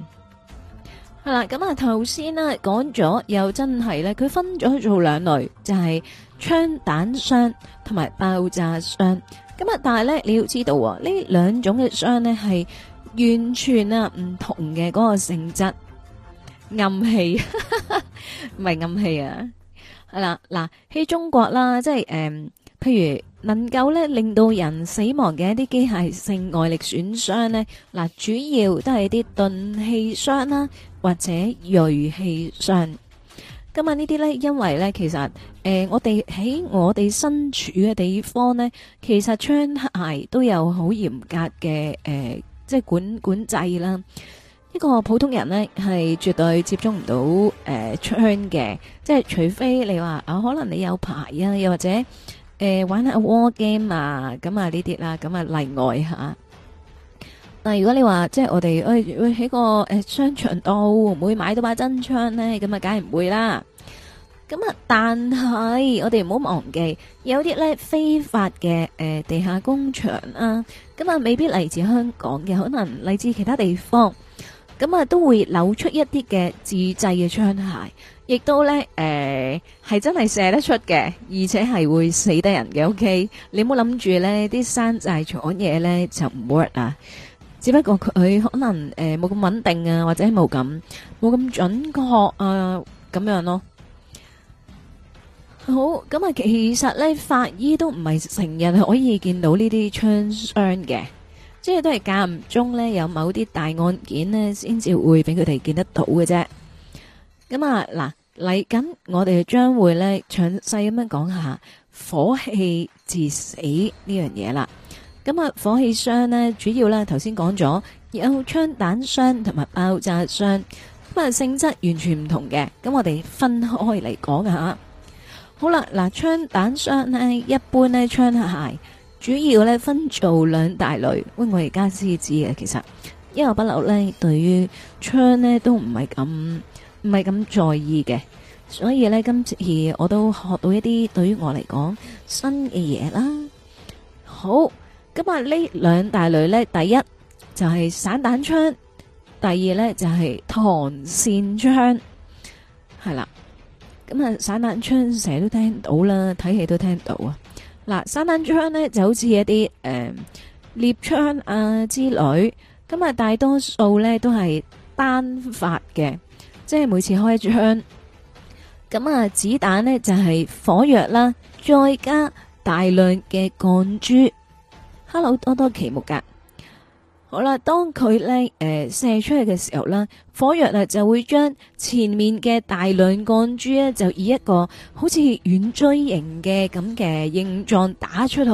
係啦，咁啊頭先咧講咗，又真係咧，佢分咗做兩類，就係槍彈傷同埋爆炸傷。咁啊！但係咧，你要知道呢兩種嘅傷咧，係完全啊唔同嘅嗰個性質。暗器，唔係暗器啊。係啦，嗱喺中國啦，即係誒，譬如能夠咧令到人死亡嘅一啲機械性外力損傷咧，嗱主要都係啲鈍器傷啦，或者銳器傷。咁啊，呢啲咧，因為咧，其實誒、呃，我哋喺我哋身處嘅地方咧，其實槍械都有好嚴格嘅誒、呃，即係管管制啦。一個普通人咧係絕對接觸唔到誒、呃、槍嘅，即係除非你話啊、哦，可能你有牌啊，又或者誒、呃、玩下 war game 啊，咁啊呢啲啦，咁啊例外吓、啊。但，如果你話即係我哋，誒，喺個誒商場度唔會買到把真槍咧，咁啊，梗係唔會啦。咁啊，但係我哋唔好忘記，有啲咧非法嘅誒地下工場啊，咁啊，未必嚟自香港嘅，可能嚟自其他地方，咁啊，都會扭出一啲嘅自製嘅槍械，亦都咧，誒，係真係射得出嘅，而且係會死得人嘅。O K，你唔好諗住咧，啲山寨廠嘢咧就唔 work 啊。只不過佢可能誒冇咁穩定啊，或者冇咁冇咁準確啊，咁樣咯。好，咁啊，其實咧法醫都唔係成日可以見到呢啲槍傷嘅，即係都係間唔中咧有某啲大案件咧先至會俾佢哋見得到嘅啫。咁啊，嗱，嚟緊我哋將會咧詳細咁樣講下火器致死呢樣嘢啦。咁啊，火器傷呢，主要呢，頭先講咗有槍彈傷同埋爆炸傷，咁啊性質完全唔同嘅。咁我哋分開嚟講啊吓。好啦，嗱、啊，槍彈傷呢，一般呢，槍械主要呢，分做兩大類。喂，我而家先知嘅，其實因為我一向不嬲呢，對於槍呢，都唔係咁唔係咁在意嘅。所以呢，今次我都學到一啲對於我嚟講新嘅嘢啦。好。咁啊，呢兩大類呢，第一就係散彈槍，第二呢就係膛線槍，係啦。咁啊，散彈槍成日都聽到啦，睇戲都聽到啊。嗱，散彈槍呢就好似一啲誒獵槍啊之類，咁啊，大多數呢都係單發嘅，即係每次開一槍。咁啊，子彈呢就係、是、火藥啦，再加大量嘅鋼珠。Hello 多多奇木格，好啦，當佢呢誒、呃、射出去嘅時候啦，火藥啊就會將前面嘅大量鋼珠呢就以一個好似圓錐形嘅咁嘅形狀打出去。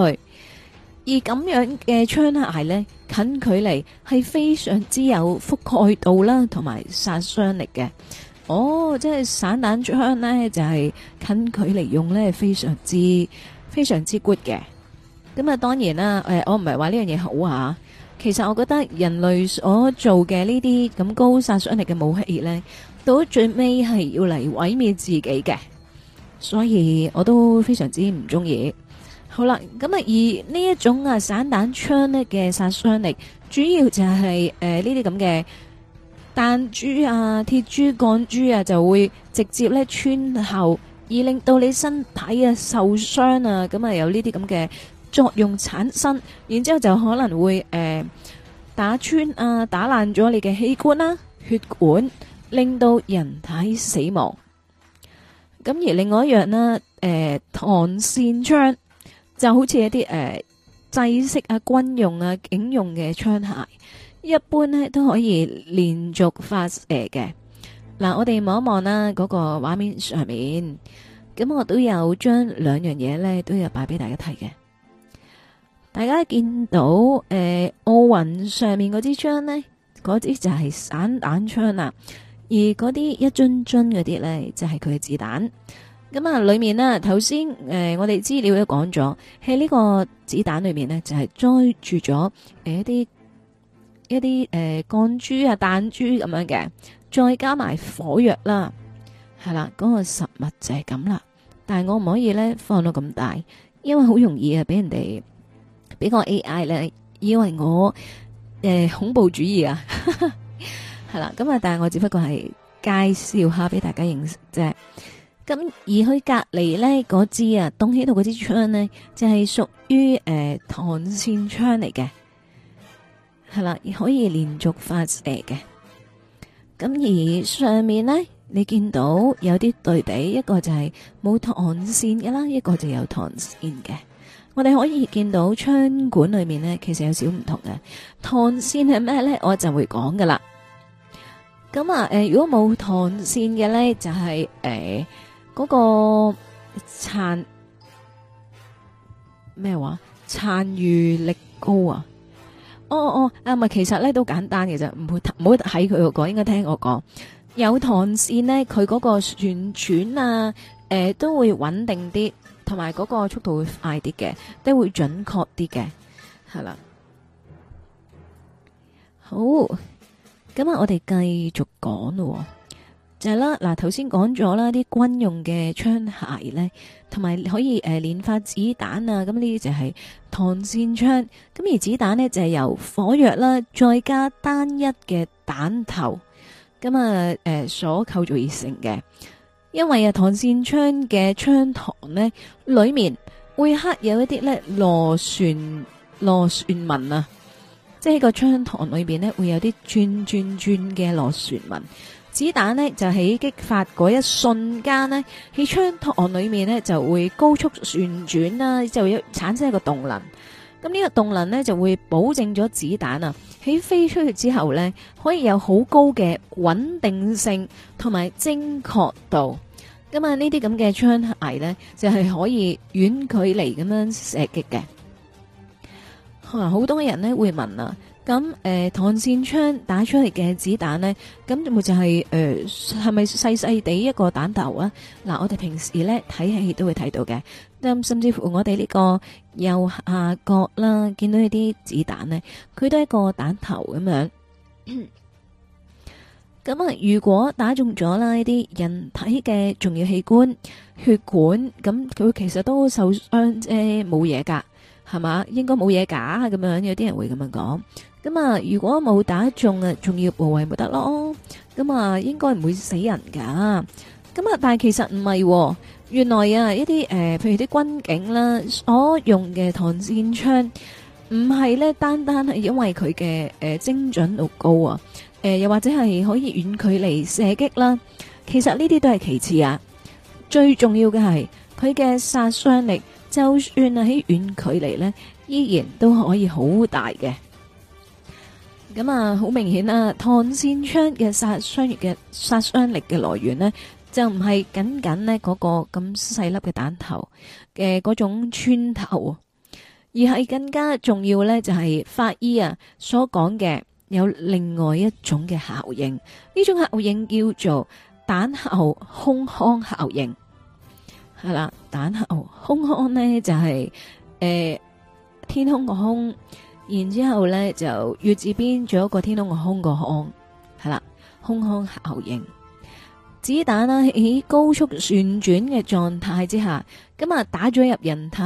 而咁樣嘅槍械呢，近距離係非常之有覆蓋度啦，同埋殺傷力嘅。哦，即係散彈槍呢，就係、是、近距離用呢，非常之非常之 good 嘅。咁啊，當然啦。誒，我唔係話呢樣嘢好啊。其實我覺得人類所做嘅呢啲咁高殺傷力嘅武器呢，到最尾係要嚟毀滅自己嘅，所以我都非常之唔中意。好啦，咁啊，而呢一種啊散彈槍呢嘅殺傷力，主要就係誒呢啲咁嘅彈珠啊、鐵珠、鋼珠啊，就會直接咧穿喉，而令到你身體啊受傷啊。咁啊，有呢啲咁嘅作用產生，然之後就可能會誒、呃、打穿啊打爛咗你嘅器官啦、血管，令到人體死亡。咁、嗯、而另外一樣呢，誒、呃、彈線槍就好似一啲誒、呃、制式啊、軍用啊、警用嘅槍械，一般呢都可以連續發射嘅。嗱、嗯，我哋望一望啦，嗰個畫面上面，咁我都有將兩樣嘢呢，都有擺俾大家睇嘅。大家見到誒，奧運上面嗰支槍呢，嗰支就係散彈槍啦。而嗰啲一樽樽嗰啲呢，就係佢嘅子彈。咁啊，裏面呢，頭先誒，我哋資料都講咗喺呢個子彈裏面呢，就係載住咗誒一啲一啲誒鋼珠啊、彈珠咁樣嘅，再加埋火藥啦，係啦，嗰個實物就係咁啦。但係我唔可以呢放到咁大，因為好容易啊俾人哋。俾個 AI 咧，以為我誒、呃、恐怖主義啊，係啦，咁 啊，但係我只不過係介紹下俾大家認識。咁、就是、而佢隔籬呢嗰支啊，凍起度嗰支槍呢，就係、是、屬於誒彈、呃、線槍嚟嘅，係 啦，可以連續發射嘅。咁 而上面呢，你見到有啲對比，一個就係冇彈線㗎啦，一個就有彈線嘅。我哋可以見到槍管裏面咧，其實有少唔同嘅。膛線係咩咧？我就會講噶啦。咁啊，誒、呃，如果冇膛線嘅咧，就係誒嗰個殘咩話殘餘力高啊。哦哦，啊咪其實咧都簡單嘅啫，唔會唔好喺佢度講，應該聽我講。有膛線咧，佢嗰個旋轉啊，誒、呃、都會穩定啲。同埋嗰個速度會快啲嘅，都會準確啲嘅，係啦。好，咁啊，我哋繼續講咯、哦，就係、是、啦。嗱，頭先講咗啦，啲軍用嘅槍械呢，同埋可以誒連發子彈啊。咁呢啲就係膛線槍。咁而子彈呢，就係、是、由火藥啦，再加單一嘅彈頭，咁啊誒所構造而成嘅。因為啊，膛線槍嘅槍膛呢裏面會刻有一啲咧螺旋螺旋紋啊，即係個槍膛裏面咧會有啲轉轉轉嘅螺旋紋，子彈呢就喺激發嗰一瞬間呢喺槍膛裏面呢就會高速旋轉啦，就會有產生一個動能。咁呢個動能呢，就會保證咗子彈啊喺飛出去之後呢，可以有好高嘅穩定性同埋精確度。咁啊呢啲咁嘅槍械呢，就係、是、可以遠距離咁樣射擊嘅。啊、好多人呢會問啊，咁、呃、誒，膛線槍打出嚟嘅子彈呢，咁咪就係、是、誒，係咪細細地一個彈頭啊？嗱，我哋平時呢睇戲都會睇到嘅。嗯、甚至乎我哋呢個右下角啦，見到呢啲子彈呢，佢都係一個彈頭咁樣。咁啊、 嗯，如果打中咗啦，呢啲人體嘅重要器官、血管，咁、嗯、佢其實都受傷即係冇嘢噶，係、呃、嘛？應該冇嘢噶咁樣，有啲人會咁樣講。咁、嗯、啊、嗯，如果冇打中啊，重要部位咪得咯？咁、嗯、啊、嗯，應該唔會死人噶。咁、嗯、啊，但係其實唔係、哦。原來啊，一啲誒，譬、呃、如啲軍警啦，所用嘅唐霰槍唔係咧，單單係因為佢嘅誒精準度高啊，誒、呃，又或者係可以遠距離射擊啦。其實呢啲都係其次啊，最重要嘅係佢嘅殺傷力，就算係喺遠距離呢，依然都可以好大嘅。咁啊，好明顯啦、啊，唐霰槍嘅殺傷嘅殺傷力嘅來源呢。就唔係僅僅呢嗰、那個咁細粒嘅彈頭嘅嗰種穿透，而係更加重要呢，就係、是、法醫啊所講嘅有另外一種嘅效應，呢種效應叫做彈後空腔效應，係啦，彈後空腔呢，就係、是、誒、呃、天空個空，然之後咧就月字邊仲有一個天空個空個腔，係啦，空腔效應。子彈喺高速旋轉嘅狀態之下，咁啊打咗入人體，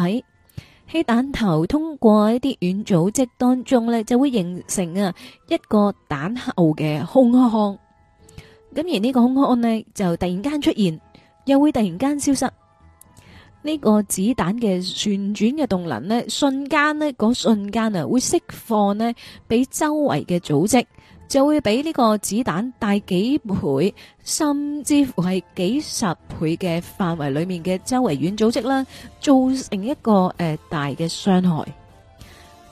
喺彈頭通過一啲軟組織當中就會形成啊一個彈後嘅空腔。咁而呢個空腔就突然間出現，又會突然間消失。呢個子彈嘅旋轉嘅動能呢瞬間嗰瞬間啊，會釋放咧俾周圍嘅組織。就會俾呢個子彈大幾倍，甚至乎係幾十倍嘅範圍裏面嘅周圍軟組織啦，造成一個誒大嘅傷害。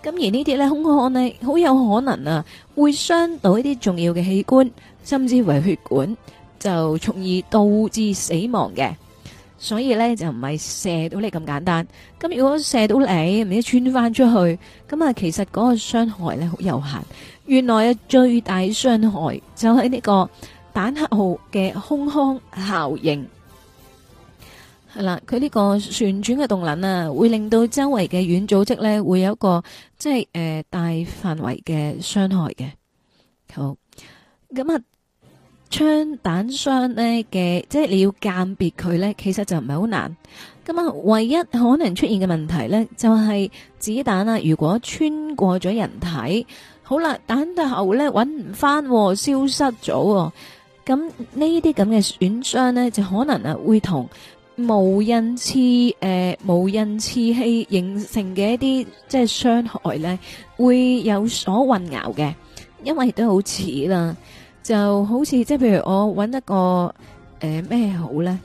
咁而呢啲空腔呢好有可能啊，會傷到一啲重要嘅器官，甚至乎係血管，就從而導致死亡嘅。所以咧就唔係射到你咁簡單。咁如果射到你，唔知穿翻出去，咁啊其實嗰個傷害咧好有限。原來啊，最大傷害就喺呢個彈克號嘅空腔效應係啦，佢呢個旋轉嘅動能啊，會令到周圍嘅軟組織呢，會有一個即係誒、呃、大範圍嘅傷害嘅。好，咁啊，槍彈傷呢嘅，即係你要鑑別佢呢，其實就唔係好難。咁啊，唯一可能出現嘅問題呢，就係、是、子彈啊，如果穿過咗人體。好啦，蛋後咧搵唔翻，消失咗、喎。咁呢啲咁嘅損傷咧，就可能啊會同無印磁，誒、呃、無印磁器形成嘅一啲即係傷害咧，會有所混淆嘅。因為亦都好似啦，就好似即係，譬如我搵一個誒咩、呃、好咧？誒、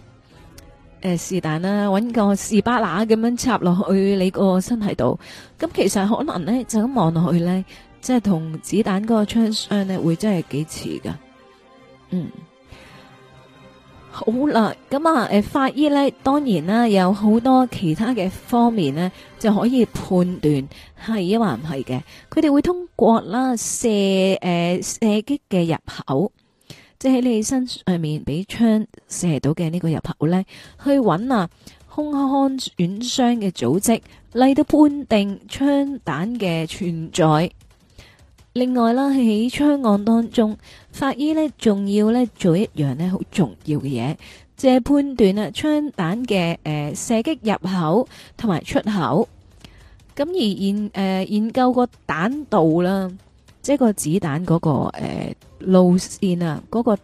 呃，是但啦，搵個士巴拿咁樣插落去你個身體度。咁其實可能咧，就咁望落去咧。即係同子彈嗰個槍傷咧，會真係幾似噶。嗯，好啦，咁啊，誒、呃，法醫呢，當然啦，有好多其他嘅方面呢，就可以判斷係或唔係嘅。佢哋會通過啦射誒、呃、射擊嘅入口，即係你身上面俾槍射到嘅呢個入口呢，去揾啊空腔損傷嘅組織嚟到判定槍彈嘅存在。另外啦，喺槍案當中，法醫呢仲要呢做一樣呢好重要嘅嘢，就係判斷啊槍彈嘅誒射擊入口同埋出口。咁而研誒、呃、研究個彈道啦，即係、個子彈嗰個誒路線啊、嗰個、嗰個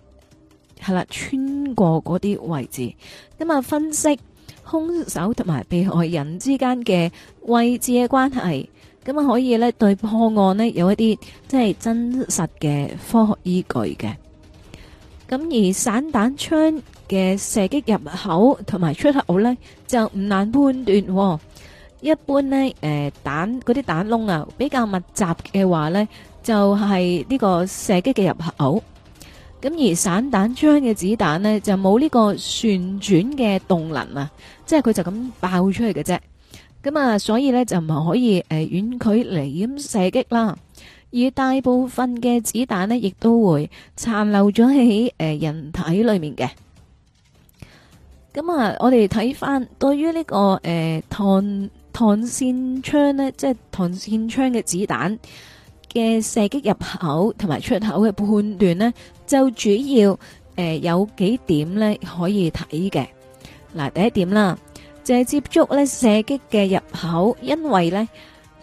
係啦穿過嗰啲位置，咁啊分析兇手同埋被害人之間嘅位置嘅關係。咁啊，可以咧對破案呢有一啲即係真實嘅科學依據嘅。咁而散彈槍嘅射擊入口同埋出口呢，就唔難判斷。一般呢，誒，彈嗰啲彈窿啊比較密集嘅話呢，就係、是、呢個射擊嘅入口。咁而散彈槍嘅子彈呢，就冇呢個旋轉嘅動能啊，即係佢就咁爆出嚟嘅啫。咁啊、嗯，所以咧就唔係可以誒遠、呃、距離咁射擊啦，而大部分嘅子彈呢，亦都會殘留咗喺誒人體裏面嘅。咁、嗯、啊、嗯，我哋睇翻對於、這個呃、呢個誒碳碳線槍膛膛線槍咧，即係膛線槍嘅子彈嘅射擊入口同埋出口嘅判斷呢，就主要誒、呃、有幾點呢可以睇嘅。嗱、嗯，第一點啦。就係接觸咧射擊嘅入口，因為咧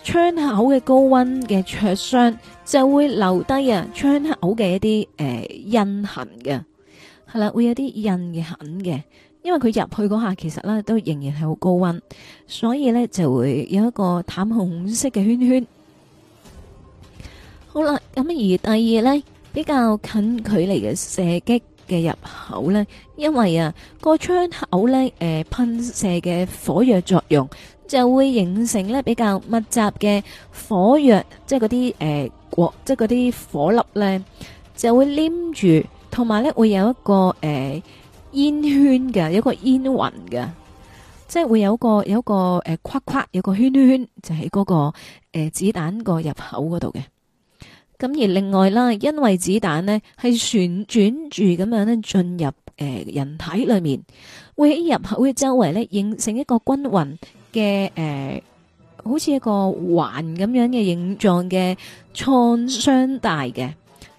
槍口嘅高温嘅灼傷就會留低啊槍口嘅一啲誒、呃、印痕嘅，係啦，會有啲印嘅痕嘅，因為佢入去嗰下其實咧都仍然係好高温，所以咧就會有一個淡紅色嘅圈圈。好啦，咁而第二咧比較近距離嘅射擊。嘅入口呢，因為啊個槍口呢，誒、呃、噴射嘅火藥作用就會形成呢比較密集嘅火藥，即係嗰啲誒火，即係啲火粒呢就會黏住，同埋呢會有一個誒、呃、煙圈嘅，有一個煙雲嘅，即係會有個有個誒框框有個圈圈，就喺、是、嗰、那個誒、呃、子彈個入口嗰度嘅。咁而另外啦，因為子彈呢係旋轉住咁樣呢進入誒、呃、人體裏面，會喺入口嘅周圍呢形成一個均匀嘅誒，好似一個環咁樣嘅形狀嘅創傷帶嘅。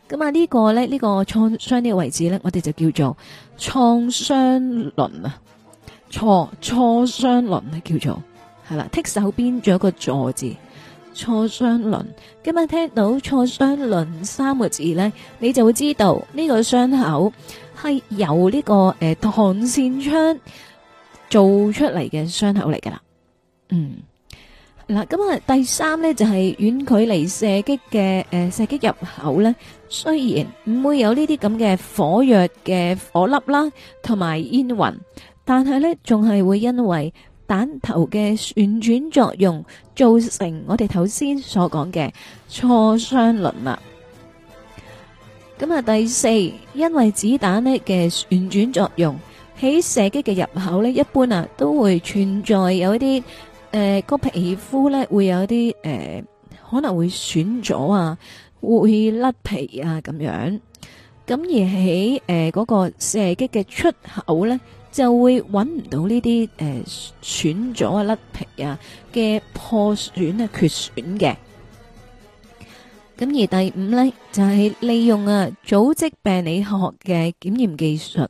咁啊呢個呢呢、呢個創傷呢個位置呢我哋就叫做創傷輪啊，創創傷輪呢叫做係啦。剔手邊仲有一個坐字。錯傷輪，今日聽到錯傷輪三個字呢，你就會知道呢個傷口係由呢、這個誒寒、呃、線槍做出嚟嘅傷口嚟噶啦。嗯，嗱，咁啊，第三呢，就係、是、遠距離射擊嘅誒、呃、射擊入口呢，雖然唔會有呢啲咁嘅火藥嘅火粒啦，同埋煙雲，但係呢仲係會因為，彈頭嘅旋轉作用造成我哋頭先所講嘅挫傷輪啊，咁啊第四，因為子彈呢嘅旋轉作用，喺射擊嘅入口呢，一般啊都會存在有一啲誒個皮膚呢會有一啲誒、呃、可能會損咗啊，會甩皮啊咁樣，咁而喺誒嗰個射擊嘅出口呢。就會揾唔到呢啲誒損咗啊、甩皮啊嘅破損啊、缺損嘅。咁而第五呢，就係、是、利用啊組織病理學嘅檢驗技術，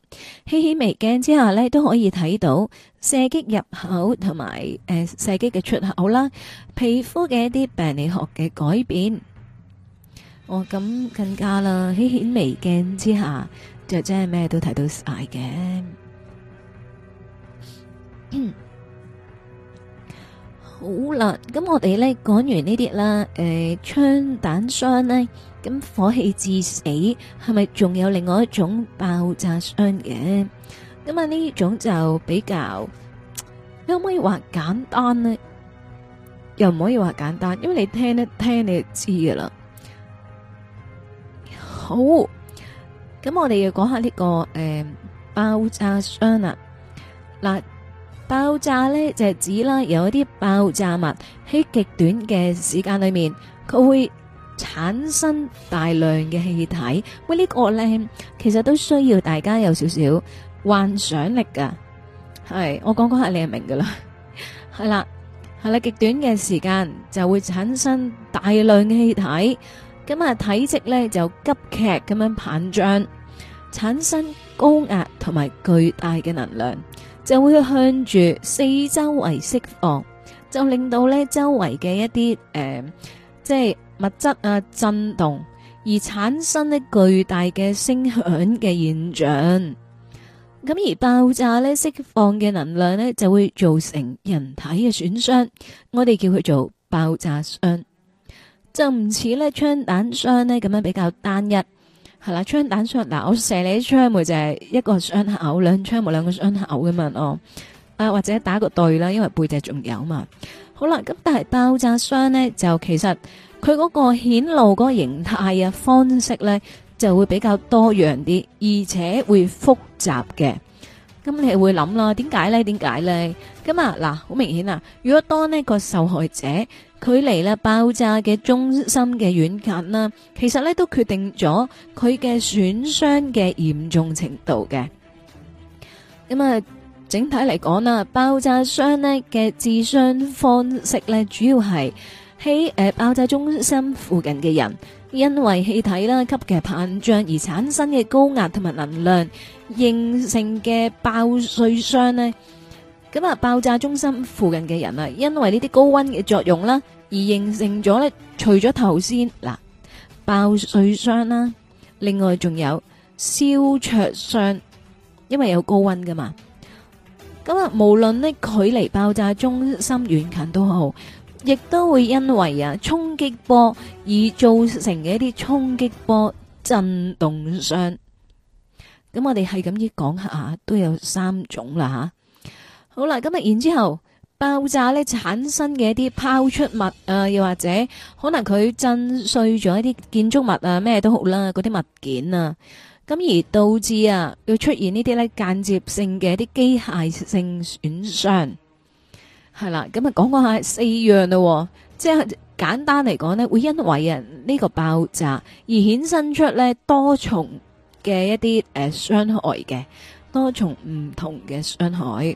喺顯微鏡之下呢，都可以睇到射擊入口同埋誒射擊嘅出口啦，皮膚嘅一啲病理學嘅改變。我、哦、咁更加啦，喺顯微鏡之下就真係咩都睇到晒嘅。嗯，好啦，咁我哋咧講完呢啲啦，誒，槍彈傷呢，咁火氣致死係咪仲有另外一種爆炸傷嘅？咁啊，呢種就比較，可唔可以話簡單呢？又唔可以話簡單，因為你聽一聽你就知噶啦。好，咁我哋要講下呢個誒爆炸傷啦，嗱。爆炸呢就係指啦，有一啲爆炸物喺極短嘅時間裏面，佢會產生大量嘅氣體。喂呢個呢其實都需要大家有少少幻想力噶。係，我講講下你就明噶啦。係啦，係啦，極短嘅時間就會產生大量嘅氣體，咁啊體積呢就急劇咁樣膨脹，產生高壓同埋巨大嘅能量。就會向住四周圍釋放，就令到咧周圍嘅一啲誒、呃，即係物質啊震動，而產生呢巨大嘅聲響嘅現象。咁而爆炸咧釋放嘅能量呢，就會造成人體嘅損傷，我哋叫佢做爆炸傷，就唔似咧槍彈傷呢咁樣比較單一。係啦，槍彈傷嗱，我射你一槍咪就係一個傷口，兩槍冇兩個傷口噶嘛哦。啊，或者打個對啦，因為背脊仲有嘛。好啦，咁但係爆炸傷咧，就其實佢嗰個顯露嗰個形態啊方式咧，就會比較多樣啲，而且會複雜嘅。咁你會諗啦，點解咧？點解咧？咁啊嗱，好明顯啊，如果當呢個受害者。佢離咧爆炸嘅中心嘅遠近啦，其實咧都決定咗佢嘅損傷嘅嚴重程度嘅。咁啊，整體嚟講啦，爆炸傷咧嘅致傷方式咧，主要係喺誒爆炸中心附近嘅人，因為氣體啦吸嘅膨脹而產生嘅高壓同埋能量，形成嘅爆碎傷咧。咁啊！爆炸中心附近嘅人啊，因為呢啲高溫嘅作用啦，而形成咗除咗頭先嗱爆碎傷啦，另外仲有燒灼傷，因為有高溫噶嘛。咁啊，無論咧距離爆炸中心遠近都好，亦都會因為啊衝擊波而造成嘅一啲衝擊波震動傷。咁我哋係咁啲講下，都有三種啦吓。好啦，咁啊，然之後爆炸咧產生嘅一啲拋出物啊，又、呃、或者可能佢震碎咗一啲建築物啊，咩都好啦，嗰啲物件啊，咁而導致啊，要出現這些呢啲咧間接性嘅一啲機械性損傷係啦。咁啊，講講下四樣咯、哦，即係簡單嚟講呢，會因為啊呢個爆炸而衍生出咧多重嘅一啲誒傷害嘅多重唔同嘅傷害。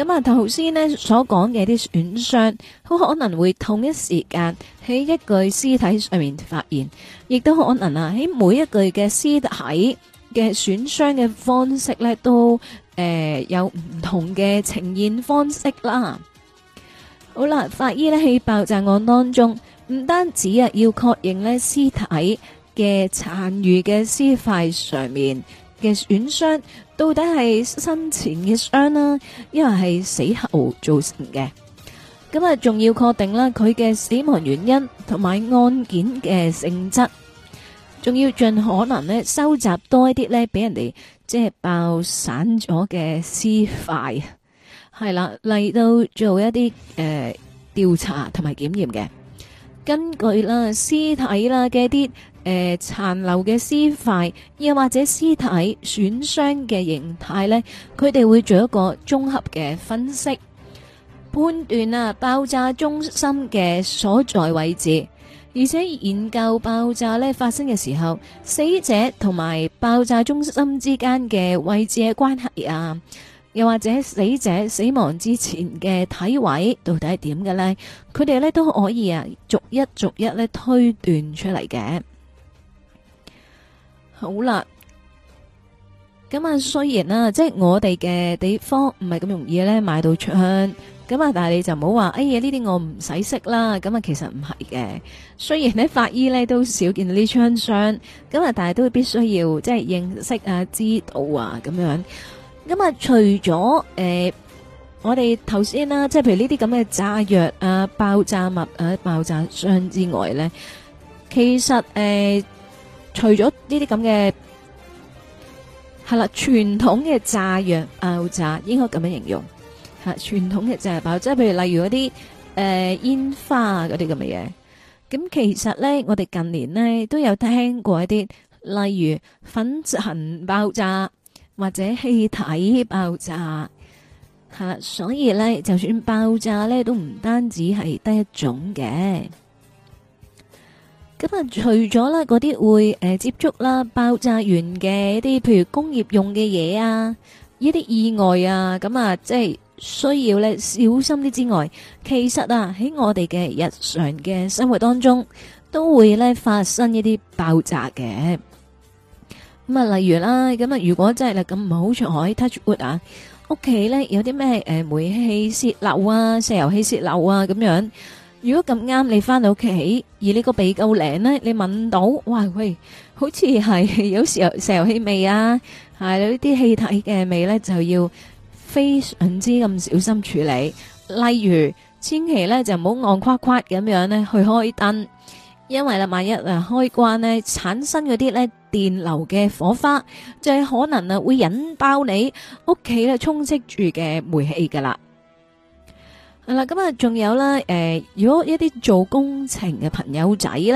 咁啊，頭先呢所講嘅啲損傷，好可能會同一時間喺一具屍體上面發現，亦都可能啊喺每一具嘅屍體嘅損傷嘅方式呢，都誒有唔同嘅呈現方式啦。好啦，法醫呢喺爆炸案當中，唔單止啊要確認呢屍體嘅殘餘嘅屍塊上面嘅損傷。到底係生前嘅傷啦，一係係死後造成嘅。咁啊，仲要確定啦佢嘅死亡原因同埋案件嘅性質，仲要盡可能呢收集多一啲呢俾人哋即係爆散咗嘅屍塊，係啦嚟到做一啲誒調查同埋檢驗嘅。根據啦屍體啦嘅啲。誒、呃，殘留嘅屍塊，又或者屍體損傷嘅形態呢，佢哋會做一個綜合嘅分析，判斷啊，爆炸中心嘅所在位置，而且研究爆炸呢發生嘅時候，死者同埋爆炸中心之間嘅位置嘅關係啊，又或者死者死亡之前嘅體位到底係點嘅呢？佢哋呢都可以啊，逐一逐一咧推斷出嚟嘅。好啦，咁啊雖然啦，即係我哋嘅地方唔係咁容易咧買到槍，咁啊但係你就唔好話，哎呀呢啲我唔使識啦，咁啊其實唔係嘅。雖然咧法醫咧都少見到啲槍傷，咁啊但係都必須要即係認識啊、知道啊咁樣。咁啊除咗誒我哋頭先啦，即係譬如呢啲咁嘅炸藥啊、爆炸物啊、爆炸傷之外咧，其實誒。除咗呢啲咁嘅，係啦，傳統嘅炸藥爆炸應該咁樣形容，嚇傳統嘅炸藥爆炸，譬如例如嗰啲誒煙花嗰啲咁嘅嘢。咁其實咧，我哋近年咧都有聽過一啲，例如粉塵爆炸或者氣體爆炸，嚇，所以咧，就算爆炸咧，都唔單止係得一種嘅。咁啊、嗯，除咗啦嗰啲會誒接觸啦爆炸源嘅一啲，譬如工業用嘅嘢啊，呢啲意外啊，咁、嗯、啊，即係需要咧小心啲之外，其實啊，喺我哋嘅日常嘅生活當中，都會咧發生一啲爆炸嘅。咁、嗯、啊，例如啦，咁、嗯、啊，如果真係啦，咁唔好彩 touch wood 啊，屋企咧有啲咩誒煤氣泄漏啊、石油氣泄漏啊咁樣。如果咁啱你翻到屋企，而你個鼻夠靈呢，你聞到，哇喂，好似係有石油、石油氣味啊，係呢啲氣體嘅味呢，就要非常之咁小心處理。例如，千祈呢，就唔好按誇誇咁樣呢去開燈，因為啦，萬一啊開關呢產生嗰啲呢電流嘅火花，就係可能啊會引爆你屋企呢充斥住嘅煤氣噶啦。咁啊，仲、嗯、有啦。誒、呃，如果一啲做工程嘅朋友仔咧，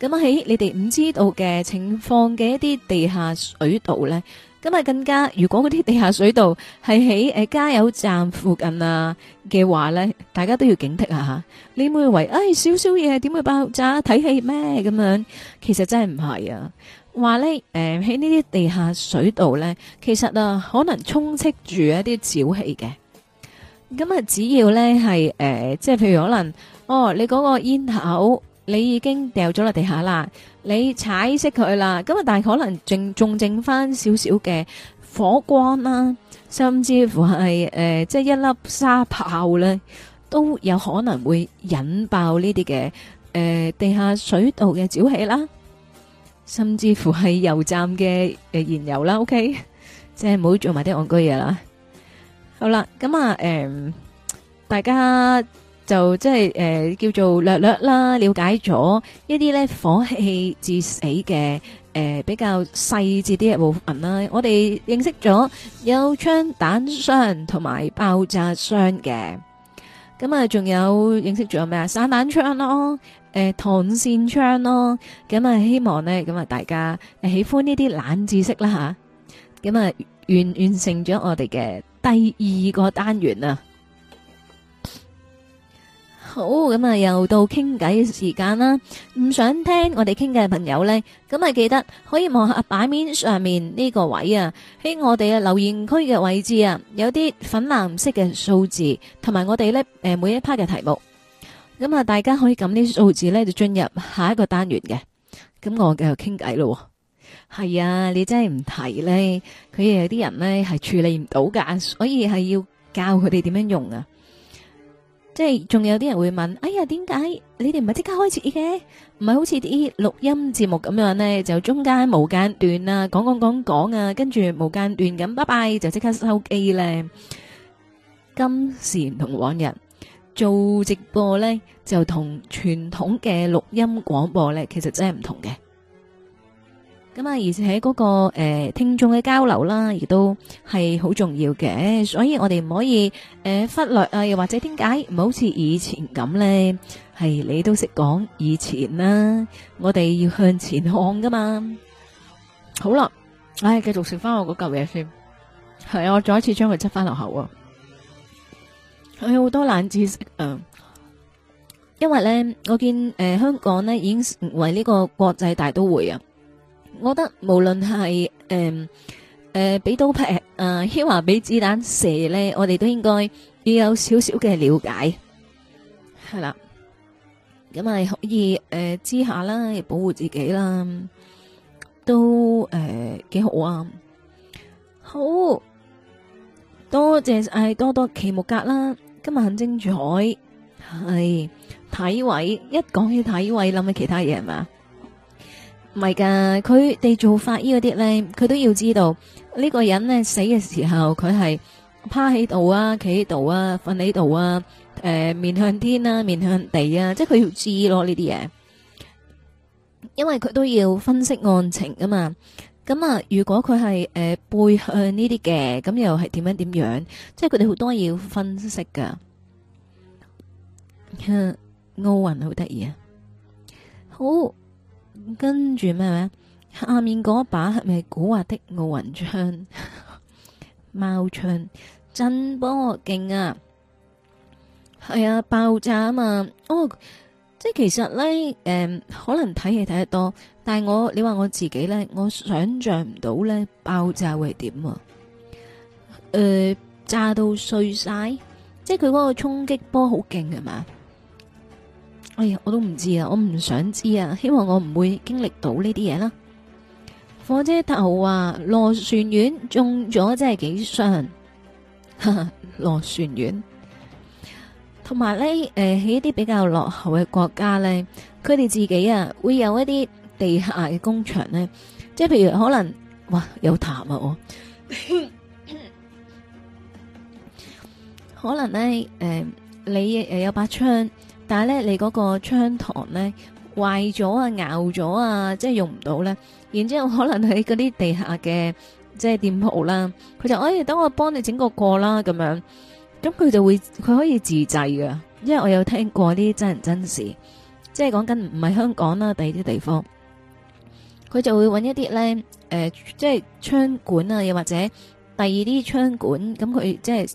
咁喺你哋唔知道嘅情況嘅一啲地下水道咧，咁啊更加，如果嗰啲地下水道係喺誒加油站附近啊嘅話咧，大家都要警惕下。吓！你會以為誒少少嘢點會爆炸？睇戲咩咁樣？其實真係唔係啊，話咧，誒喺呢啲地下水道咧，其實啊可能充斥住一啲沼氣嘅。咁啊，只要咧係誒，即係譬如可能，哦，你嗰個煙頭你已經掉咗落地下啦，你踩熄佢啦，咁啊，但係可能淨仲剩翻少少嘅火光啦，甚至乎係誒、呃，即係一粒沙炮咧，都有可能會引爆呢啲嘅誒地下水道嘅沼氣啦，甚至乎係油站嘅誒燃油啦，OK，即係唔好做埋啲戇居嘢啦。好啦，咁啊，誒、嗯，大家就即係誒，叫做略略啦，了解咗一啲咧火器致死嘅誒、呃，比較細致啲嘅部分啦。我哋認識咗有槍彈傷同埋爆炸傷嘅，咁啊，仲有認識咗咩啊？散彈槍咯，誒、呃，膛線槍咯，咁啊，希望咧咁啊，大家喜歡呢啲冷知識啦吓，咁啊，完完成咗我哋嘅。第二個單元啊，好，咁啊，又到傾偈嘅時間啦。唔想聽我哋傾偈嘅朋友呢，咁啊，記得可以望下版面上面呢個位啊，喺我哋嘅留言區嘅位置啊，有啲粉藍色嘅數字，同埋我哋呢誒，每一 part 嘅題目。咁啊，大家可以撳呢啲數字呢，就進入下一個單元嘅。咁我繼續傾偈咯。係啊，你真係唔提咧，佢有啲人咧係處理唔到噶，所以係要教佢哋點樣用啊。即係仲有啲人會問：哎呀，點解你哋唔係即刻開始嘅？唔係好似啲錄音節目咁樣咧，就中間無間斷啊，講講講講啊，跟住無間斷咁，拜拜就即刻收機咧。今時唔同往日，做直播咧就同傳統嘅錄音廣播咧，其實真係唔同嘅。咁啊！而且嗰、那個誒、呃、聽眾嘅交流啦，亦都係好重要嘅，所以我哋唔可以誒、呃、忽略啊，又或者點解唔好似以前咁咧？係你都識講以前啦，我哋要向前看噶嘛。好啦，唉、哎，係繼續食翻我嗰嚿嘢先，係我再一次將佢執翻落口啊！佢好多冷知識啊，因為咧我見誒、呃、香港咧已經成為呢個國際大都會啊。我覺得無論係誒誒俾刀劈誒，或者俾子彈射咧，我哋都應該要有少少嘅了解，係啦，咁係可以誒之下啦，保護自己啦，都誒幾、呃、好啊！好多謝誒、哎、多多奇木格啦，今日很精彩，係體位一講起體位諗起其他嘢係咪？唔係噶，佢哋做法醫嗰啲咧，佢都要知道呢個人咧死嘅時候，佢係趴喺度啊，企喺度啊，瞓喺度啊，誒面向天啊，面向地啊，即係佢要知咯呢啲嘢，因為佢都要分析案情噶嘛。咁啊，如果佢係誒背向呢啲嘅，咁又係點樣點樣？即係佢哋好多要分析噶。奧運好得意啊，好！跟住咩咩？下面嗰把係咪古惑的奧運槍？貓 槍震波勁啊！係啊，爆炸啊嘛！哦，即係其實咧，誒、呃，可能睇嘢睇得多，但係我你話我自己咧，我想象唔到咧爆炸會係點啊？誒、呃，炸到碎晒，即係佢嗰個衝擊波好勁係嘛？哎呀，我都唔知啊，我唔想知啊，希望我唔會經歷到呢啲嘢啦。火車頭話，螺旋丸中咗真係幾傷，螺旋丸。同埋呢，誒、呃、喺一啲比較落後嘅國家呢，佢哋自己啊會有一啲地下嘅工場呢，即係譬如可能，哇有彈啊，我 可能呢，誒、呃、你誒有把槍。但係咧，你嗰個槍膛咧壞咗啊、咬咗啊，即係用唔到咧。然之後可能喺嗰啲地下嘅即係店鋪啦，佢就可以、哎、等我幫你整個過啦，咁樣。咁佢就會佢可以自製噶，因為我有聽過啲真人真事，即係講緊唔係香港啦，第二啲地方，佢就會揾一啲咧，誒、呃，即係槍管啊，又或者第二啲槍管，咁佢即係。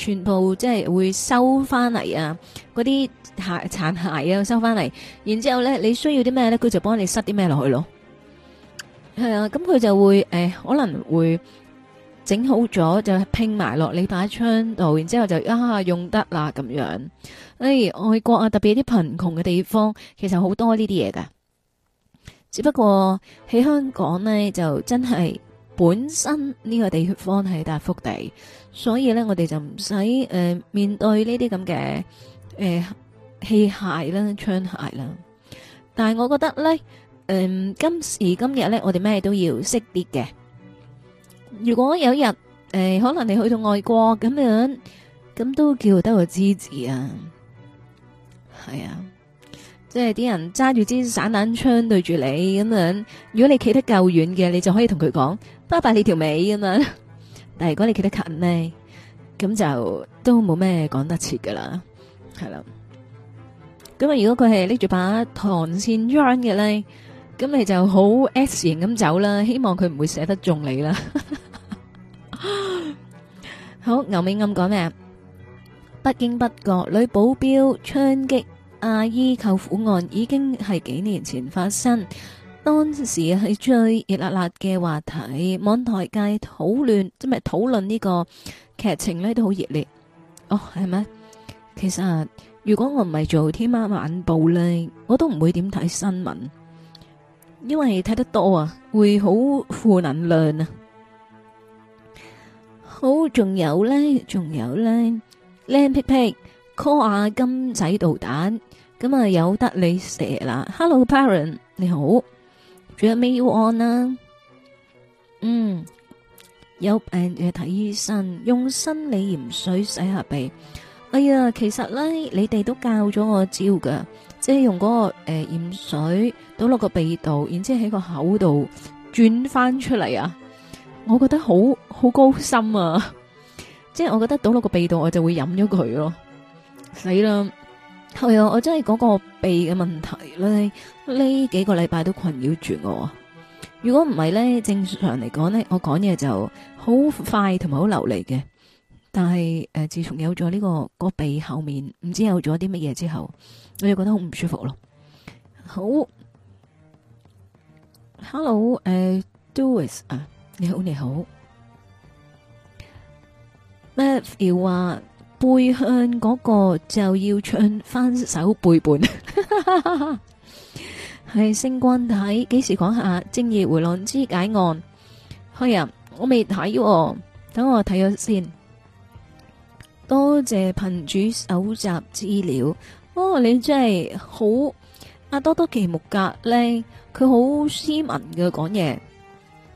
全部即係會收翻嚟啊，嗰啲鞋殘骸啊收翻嚟，然之後咧你需要啲咩呢？佢就幫你塞啲咩落去咯。係、嗯、啊，咁、嗯、佢就會誒、呃，可能會整好咗就拼埋落你把窗度，然之後就一下、啊、用得啦咁樣。誒、哎，外國啊，特別啲貧窮嘅地方，其實好多呢啲嘢噶，只不過喺香港呢，就真係本身呢個地方係大福地。所以咧，我哋就唔使誒面對呢啲咁嘅誒器械啦、槍械啦。但係我覺得咧，誒、呃、今時今日咧，我哋咩都要識啲嘅。如果有一日誒、呃，可能你去到外國咁樣，咁都叫得個支持啊。係啊，即係啲人揸住支散彈槍對住你咁樣，如果你企得夠遠嘅，你就可以同佢講：拜拜你條尾咁樣！但係如果你企得近咧，咁就都冇咩講得切噶啦，係啦。咁啊，如果佢係拎住把唐線槍嘅咧，咁你就好 S 型咁走啦，希望佢唔會捨得中你啦。好，牛尾暗講咩？不經不覺，女保鏢槍擊阿姨舅父案已經係幾年前發生。當時係最熱辣辣嘅話題，網台界討論即係咪討論呢個劇情咧都好熱烈哦，係咪？其實如果我唔係做天喵晚報咧，我都唔會點睇新聞，因為睇得多啊，會好負能量啊。好，仲有咧，仲有咧，靚皮皮 call 下金仔導彈，咁啊有得你射啦！Hello，Parent，你好。仲有咩要按啊？嗯，有誒，去睇醫生，用生理鹽水洗下鼻。哎呀，其實咧，你哋都教咗我招噶，即係用嗰個誒鹽水倒落個鼻度，然之後喺個口度轉翻出嚟啊！我覺得好好高深啊！即係我覺得倒落個鼻度，我就會飲咗佢咯，死啦！係啊，我真係嗰個鼻嘅問題咧，呢幾個禮拜都困擾住我。啊。如果唔係咧，正常嚟講咧，我講嘢就好快同埋好流利嘅。但係誒、這個，自從有咗呢個個鼻後面唔知有咗啲乜嘢之後，我就覺得好唔舒服咯。好，Hello，誒，Dois 啊，你好你好，咩要話？背向嗰個就要唱翻首背叛，係星光睇幾時講下正義迴廊之解案？係啊，我未睇喎，等我睇咗先。多謝頻主搜集資料。哦，你真係好阿多多奇木格咧，佢好斯文嘅講嘢，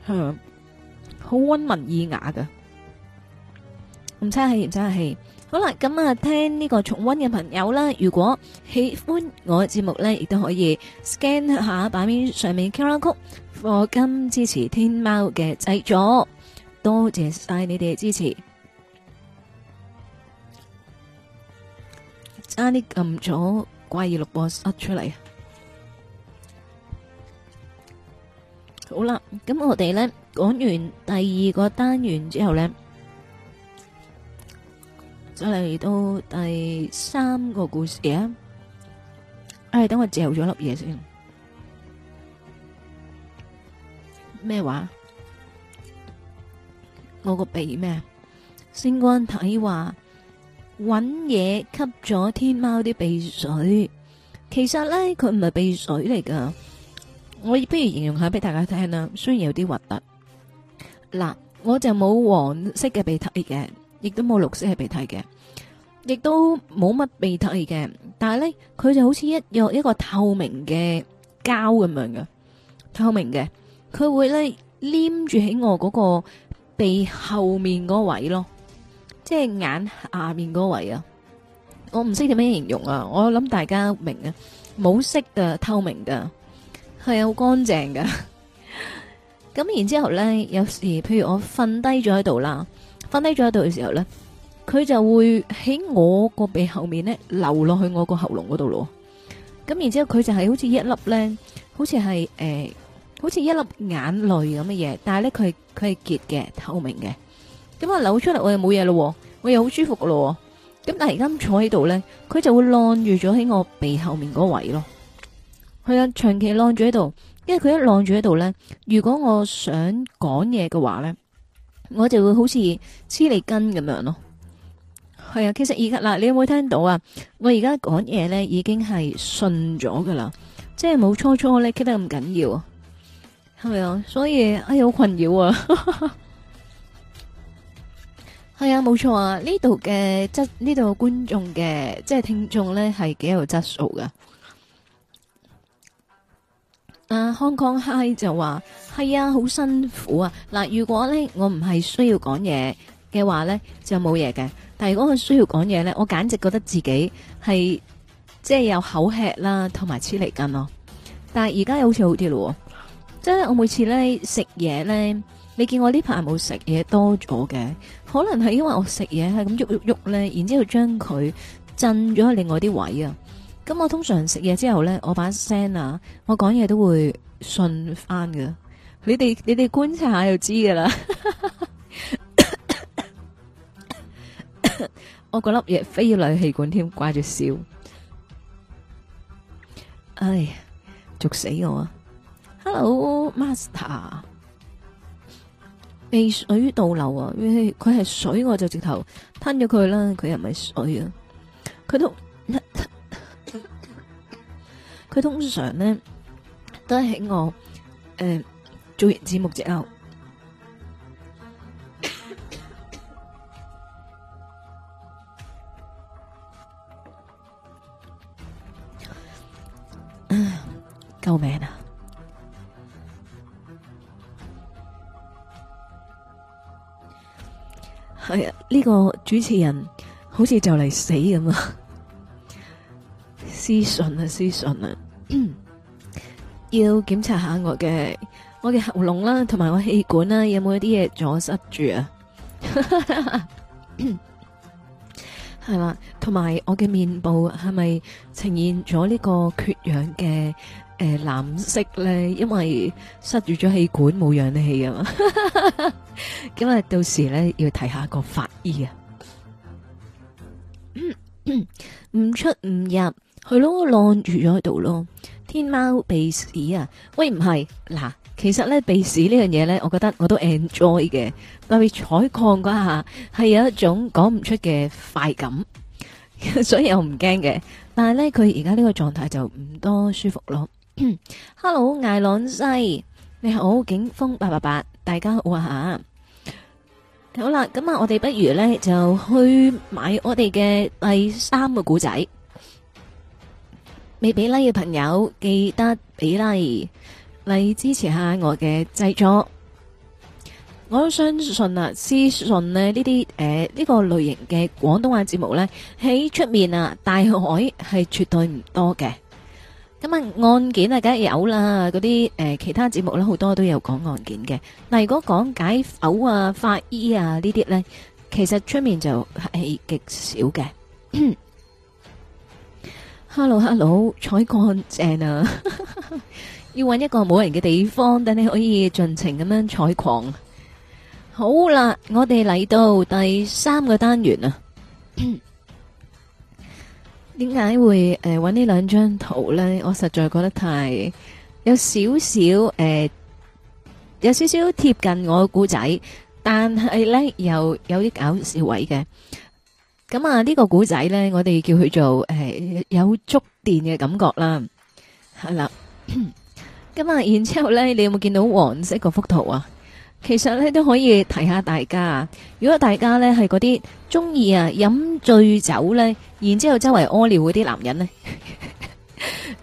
吓，好温文爾雅嘅。唔使客氣，唔使客氣。好啦，咁啊，聽呢個重温嘅朋友啦，如果喜歡我嘅節目呢，亦都可以 scan 下版面上面 QR code 課金支持天貓嘅製作，多謝晒你哋嘅支持。差啲撳咗怪異錄播室出嚟。好啦，咁我哋呢講完第二個單元之後呢。嚟到第三個故事啊！哎，等我嚼咗粒嘢先。咩話？我個鼻咩？星光體話搵嘢吸咗天貓啲鼻水，其實咧佢唔係鼻水嚟噶。我不如形容下俾大家聽啦，雖然有啲核突。嗱，我就冇黃色嘅鼻涕嘅。亦都冇綠色係鼻涕嘅，亦都冇乜鼻涕嘅。但係咧，佢就好似一用一個透明嘅膠咁樣嘅，透明嘅，佢會咧黏住喺我嗰個鼻後面嗰位咯，即係眼下面嗰位啊。我唔識點樣形容啊，我諗大家明啊，冇色嘅透明嘅，係啊，好乾淨嘅。咁然之後咧，有時譬如我瞓低咗喺度啦。我瞓低咗喺度嘅時候咧，佢就會喺我個鼻後面咧流落去我個喉嚨嗰度咯。咁然之後佢就係好似一粒咧，好似係誒，好似一粒眼淚咁嘅嘢。但係咧，佢係佢係結嘅，透明嘅。咁啊，扭出嚟我又冇嘢咯，我又好舒服噶咯。咁但係而家坐喺度咧，佢就會晾住咗喺我鼻後面嗰位咯。係啊，長期晾住喺度，因為佢一晾住喺度咧，如果我想講嘢嘅話咧，我就會好似黐脷根咁樣咯，係啊，其實而家嗱，你有冇聽到啊？我而家講嘢咧，已經係順咗噶啦，即係冇初初咧，傾得咁緊要，係咪啊？所以哎，好困擾啊，係 啊，冇錯啊，呢度嘅質，呢度觀眾嘅即係聽眾咧，係幾有質素噶。阿康康嗨就，就話。係啊，好辛苦啊！嗱，如果咧我唔係需要講嘢嘅話呢，就冇嘢嘅。但係如果佢需要講嘢呢，我簡直覺得自己係即係有口吃啦，同埋黐脷筋咯。但係而家又好似好啲咯，即係我每次呢，食嘢呢，你見我呢排冇食嘢多咗嘅，可能係因為我食嘢係咁喐喐喐呢，然之後將佢震咗另外啲位啊。咁我通常食嘢之後呢，我把聲啊，我講嘢都會順翻嘅。你哋你哋觀察下就知噶啦，我嗰粒嘢飛嚟氣管添，掛住笑，哎，捉死我啊！Hello，Master，淚水倒流啊！佢佢係水我就直頭吞咗佢啦，佢又唔係水啊！佢都，佢通常呢都喺我誒。做完節目之後，救命啊！係啊，呢個主持人好似就嚟死咁啊！屍訊啊，屍訊啊！要檢查下我嘅。我嘅喉嚨啦、啊，同埋我氣管啦、啊，有冇一啲嘢阻塞住啊？係 啦，同 埋我嘅面部係咪呈現咗呢個缺氧嘅誒、呃、藍色咧？因為塞住咗氣管冇氧氣啊嘛！咁 啊， 到時咧要睇下個法醫啊，唔 出唔入，去 咯，晾住咗喺度咯。天貓鼻屎啊？喂，唔係嗱。其實咧，鼻屎呢樣嘢咧，我覺得我都 enjoy 嘅，特別採礦嗰下係有一種講唔出嘅快感，所以我唔驚嘅。但係咧佢而家呢個狀態就唔多舒服咯。Hello，艾朗西，你好，景峰八八八，大家好啊吓。好啦，咁啊，我哋不如咧就去買我哋嘅第三個古仔。未畀 like 嘅朋友記得畀 like。嚟支持下我嘅製作，我都相信啊，屍訊呢啲誒呢個類型嘅廣東話節目呢，喺出面啊大海係絕對唔多嘅。咁啊案件啊梗係有啦，嗰啲誒其他節目呢，好多都有講案件嘅。嗱，如果講解剖啊法醫啊呢啲呢，其實出面就係極少嘅。 Hello Hello，彩冠正啊！ 要揾一個冇人嘅地方，等你可以盡情咁樣採礦。好啦，我哋嚟到第三個單元啦。點解 會誒揾呢兩張圖呢？我實在覺得太有少少誒，有少少貼近我嘅故仔，但係呢又有啲搞笑位嘅。咁啊，呢、這個故仔呢，我哋叫佢做誒、呃、有觸電嘅感覺啦。係啦。 咁啊，然之後呢，你有冇見到黃色嗰幅圖啊？其實呢，都可以提下大家啊。如果大家呢，係嗰啲中意啊飲醉酒呢，然之後周圍屙尿嗰啲男人呢，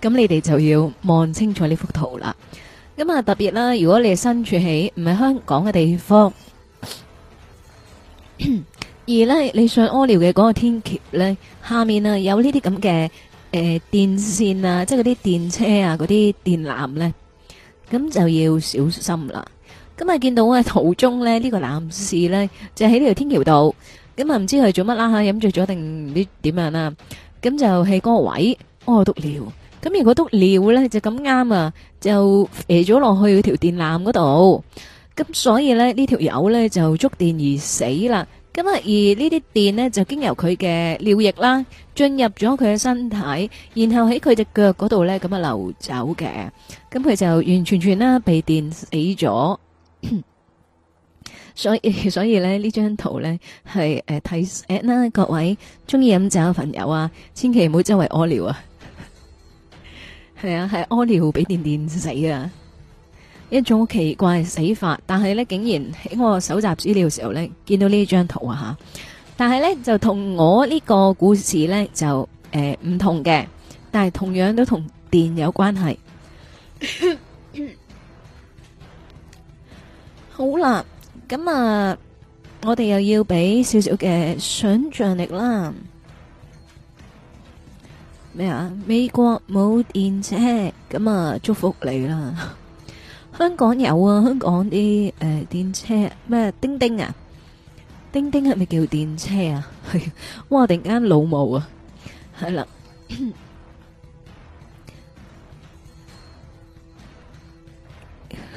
咁 你哋就要望清楚呢幅圖啦。咁啊，特別啦，如果你係身處喺唔係香港嘅地方， 而呢，你想屙尿嘅嗰個天橋呢，下面啊有呢啲咁嘅誒電線啊，即係嗰啲電車啊，嗰啲電纜、啊、呢。咁就要小心啦。今日見到啊，途中咧呢、呢個男士咧，就喺呢條天橋度，咁啊唔知佢做乜啦吓，飲醉咗定啲點樣啦。咁就喺個位屙篤尿，咁、哦、如果篤尿咧就咁啱啊，就飛咗落去條電纜嗰度，咁所以咧呢條友咧就觸電而死啦。咁啊，而呢啲電呢就經由佢嘅尿液啦，進入咗佢嘅身體，然後喺佢隻腳嗰度呢咁啊流走嘅，咁佢就完全全啦被電死咗。 所以所以呢呢張圖呢係誒提醒啦，各位中意飲酒嘅朋友啊，千祈唔好周圍屙尿啊，係啊，係屙尿俾電電死啊！一種奇怪嘅死法，但係咧竟然喺我搜集資料嘅時候咧，見到呢一張圖啊吓！但係咧就同我呢個故事咧就誒唔同嘅，但係同樣都同電有關係。好啦，咁啊，我哋又要俾少少嘅想象力啦。咩啊？美國冇電車，咁啊祝福你啦！香港有啊，香港啲誒電車咩？丁丁啊，丁丁係咪叫電車啊？哇！突然間老母啊，係啦，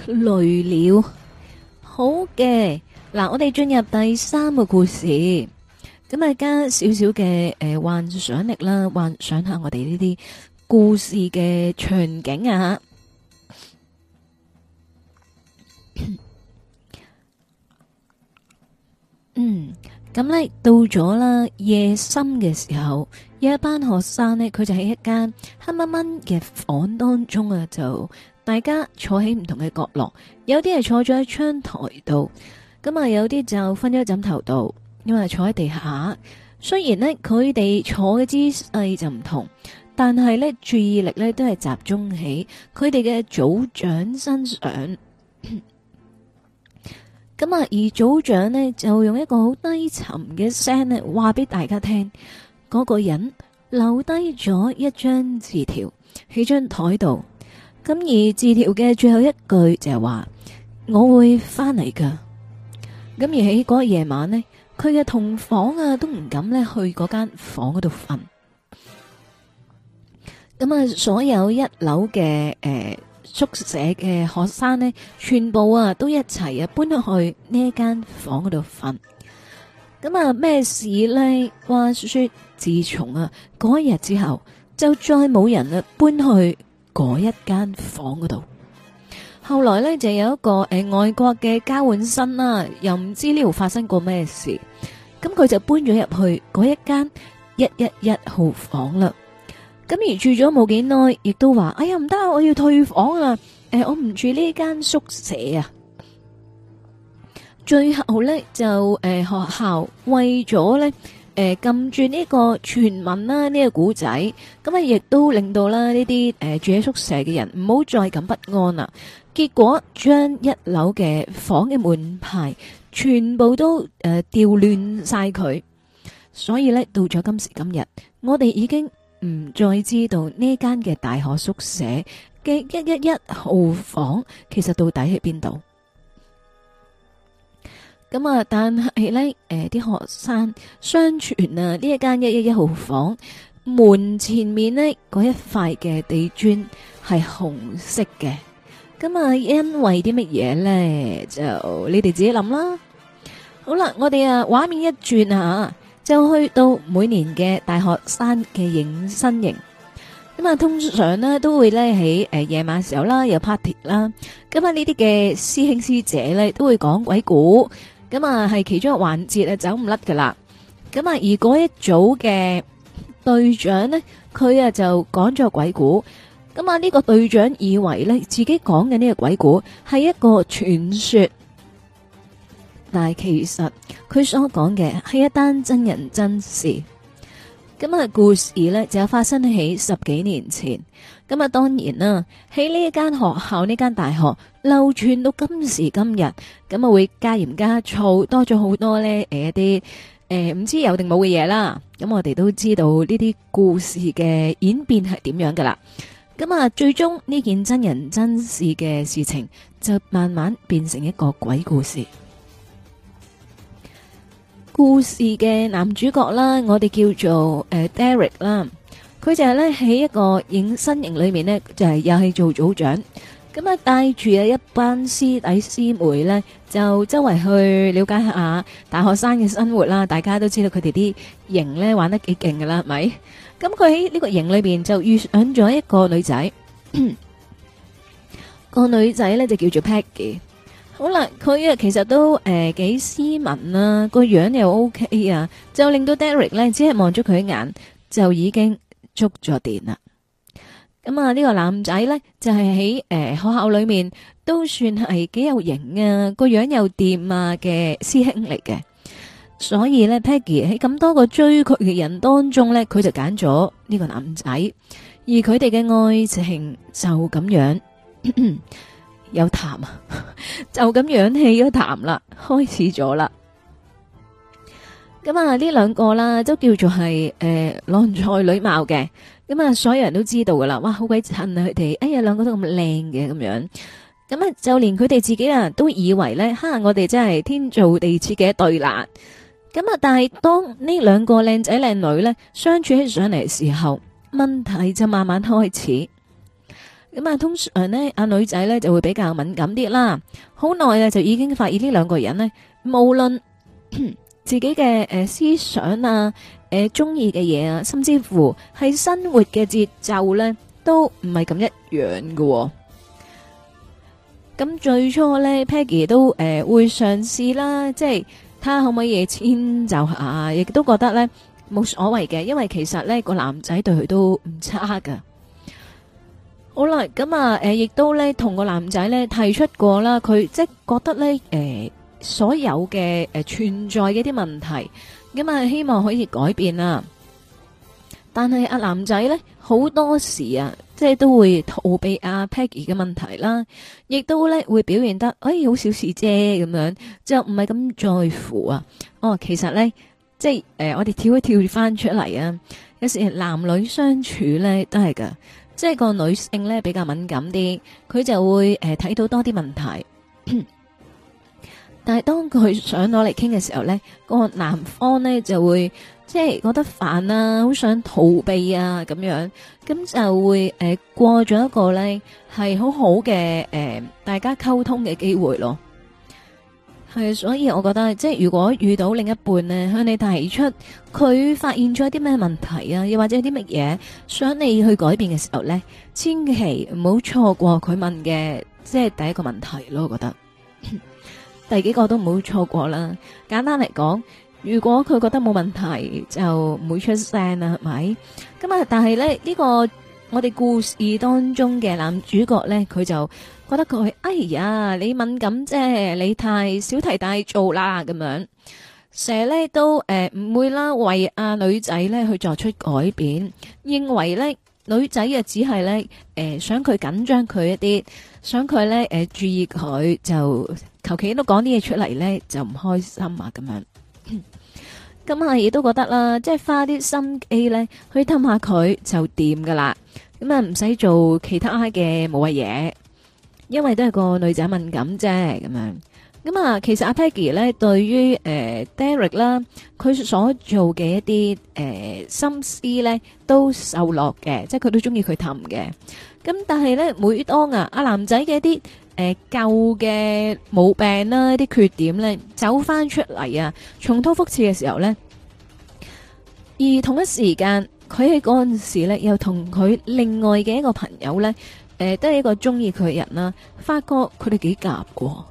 累了。好嘅，嗱，我哋進入第三個故事，咁啊加少少嘅誒幻想力啦，幻想下我哋呢啲故事嘅場景啊吓。嗯，咁呢，到咗啦夜深嘅時候，有一班學生呢，佢就喺一間黑掹掹嘅房當中啊，就大家坐喺唔同嘅角落，有啲係坐咗喺窗台度，咁啊有啲就瞓咗喺枕頭度，因為坐喺地下。雖然呢，佢哋坐嘅姿勢就唔同，但係呢，注意力呢，都係集中喺佢哋嘅組長身上。 咁啊，而組長呢就用一個好低沉嘅聲呢話俾大家聽，嗰個人留低咗一張字條喺張台度。咁而字條嘅最後一句就係話：我會翻嚟噶。咁而喺嗰個夜晚呢，佢嘅同房啊都唔敢呢去嗰間房嗰度瞓。咁啊，所有一樓嘅誒。呃宿舍嘅學生呢，全部啊都一齊啊搬咗去呢一間房嗰度瞓。咁啊咩事呢？話說自從啊嗰一日之後，就再冇人啊搬去嗰一間房嗰度。後來呢，就有一個誒、呃、外國嘅交換生啦、啊，又唔知呢度發生過咩事，咁佢就搬咗入去嗰一間一一一號房啦。咁而住咗冇幾耐，亦都話：哎呀，唔得，我要退房啊！誒，我唔住呢間宿舍啊。最後呢就誒，學校為咗呢誒，撳住呢個傳聞啦，呢個古仔，咁啊，亦都令到啦呢啲誒住喺宿舍嘅人唔好再咁不安啦。結果將一樓嘅房嘅門牌全部都誒調亂晒佢，所以呢到咗今時今日，我哋已經。唔再知道呢間嘅大學宿舍嘅一一一號房其實到底喺邊度？咁啊，但係呢，誒，啲學生相傳啊，呢一間一一一號房門前面呢嗰一塊嘅地磚係紅色嘅。咁啊，因為啲乜嘢呢，就你哋自己諗啦。好啦，我哋啊，畫面一轉啊。就去到每年嘅大學生嘅迎新營，咁啊通常咧都會咧喺誒夜晚時候啦，有 party 啦，咁啊呢啲嘅師兄師姐咧都會講鬼故，咁啊係其中一個環節啊走唔甩噶啦，咁啊如果一組嘅隊長咧，佢啊就講咗鬼故，咁啊呢個隊長以為咧自己講嘅呢個鬼故係一個傳說。但係其實佢所講嘅係一單真人真事。今日嘅故事呢，就發生喺十幾年前。咁啊，當然啦，喺呢一間學校，呢間大學流傳到今時今日，咁啊會加鹽加醋，多咗好多呢誒，一啲誒唔知有定冇嘅嘢啦。咁我哋都知道呢啲故事嘅演變係點樣噶啦。咁啊，最終呢件真人真事嘅事情就慢慢變成一個鬼故事。故事嘅男主角啦，我哋叫做誒 Derek 啦，佢就係咧，喺一個迎新營裏面咧，就係又係做組長，咁啊帶住啊一班師弟師妹咧，就周圍去了解下大學生嘅生活啦。大家都知道佢哋啲營咧玩得幾勁噶啦，係咪？咁佢喺呢個營裏邊就遇上咗一個女仔，個女仔咧就叫做 Peggy。好啦，佢啊，其實都誒幾斯文啊，個樣又 OK 啊，就令到 Derek 呢只係望咗佢一眼就已經觸咗電啦。咁啊，呢個男仔呢就係喺誒學校裏面都算係幾有型啊，個樣又掂啊嘅師兄嚟嘅。所以呢，Peggy 喺咁多個追佢嘅人當中呢，佢就揀咗呢個男仔，而佢哋嘅愛情就咁樣。有痰啊， 就咁樣氣都痰啦，開始咗啦。咁啊，呢兩個啦，都叫做係誒郎才女貌嘅。咁啊，所有人都知道噶啦，哇，好鬼襯啊佢哋。哎呀，兩個都咁靚嘅咁樣。咁啊，就連佢哋自己啊，都以為呢，哈，我哋真係天造地設嘅一對啦。咁啊，但係當呢兩個靚仔靚女呢相處起上嚟嘅時候，問題就慢慢開始。咁啊，通常咧，阿女仔咧就會比較敏感啲啦。好耐啊，就已經發現呢兩個人呢，無論自己嘅誒、呃、思想啊、誒中意嘅嘢啊，甚至乎係生活嘅節奏咧，都唔係咁一樣嘅、哦。咁最初咧，Peggy 都誒、呃、會嘗試啦，即係睇下可唔可以遷就下，亦都覺得咧冇所謂嘅，因為其實咧個男仔對佢都唔差噶。好啦，咁啊，誒，亦都咧同個男仔咧提出過啦，佢即係覺得咧，誒、呃，所有嘅誒、呃、存在嘅一啲問題，咁啊，希望可以改變啊。但係阿男仔咧好多時啊，即係都會逃避阿 Peggy 嘅問題啦，亦都咧會表現得誒好、哎、小事啫，咁樣就唔係咁在乎啊。哦，其實咧，即係誒、呃，我哋跳一跳翻出嚟啊，有時男女相處咧都係噶。即係個女性咧比較敏感啲，佢就會誒睇到多啲問題。但係當佢想攞嚟傾嘅時候咧，個男方咧就會即係覺得煩啊，好想逃避啊咁樣，咁就會誒過咗一個咧係好好嘅誒大家溝通嘅機會咯。係，所以我覺得，即係如果遇到另一半呢，向你提出佢發現咗啲咩問題啊，又或者啲乜嘢想你去改變嘅時候呢，千祈唔好錯過佢問嘅，即係第一個問題咯。我覺得， 第幾個都唔好錯過啦。簡單嚟講，如果佢覺得冇問題，就唔會出聲啦，係咪？咁啊，但係呢，呢、呢個我哋故事當中嘅男主角呢，佢就。覺得佢哎呀，你敏感啫，你太小題大做啦，咁樣成日咧都誒唔、呃、會啦，為阿、啊、女仔咧去作出改變，認為咧女仔啊只係咧誒想佢緊張佢一啲，想佢咧誒注意佢就求其都講啲嘢出嚟咧就唔開心啊，咁樣咁啊，亦都覺得啦，即係花啲心機咧去氹下佢就掂噶啦，咁啊唔使做其他嘅，冇嘢。因為都係個女仔敏感啫，咁樣咁啊，其實阿 Peggy 咧對於誒 Derek 啦，佢所做嘅一啲誒心思咧，都受落嘅，即係佢都中意佢氹嘅。咁但係咧，每當啊阿男仔嘅一啲誒舊嘅毛病啦、一啲缺點咧，走翻出嚟啊，重蹈覆轍嘅時候咧，而同一時間，佢喺嗰陣時咧，又同佢另外嘅一個朋友咧。誒，都係一個中意佢嘅人啦，發覺佢哋幾夾喎，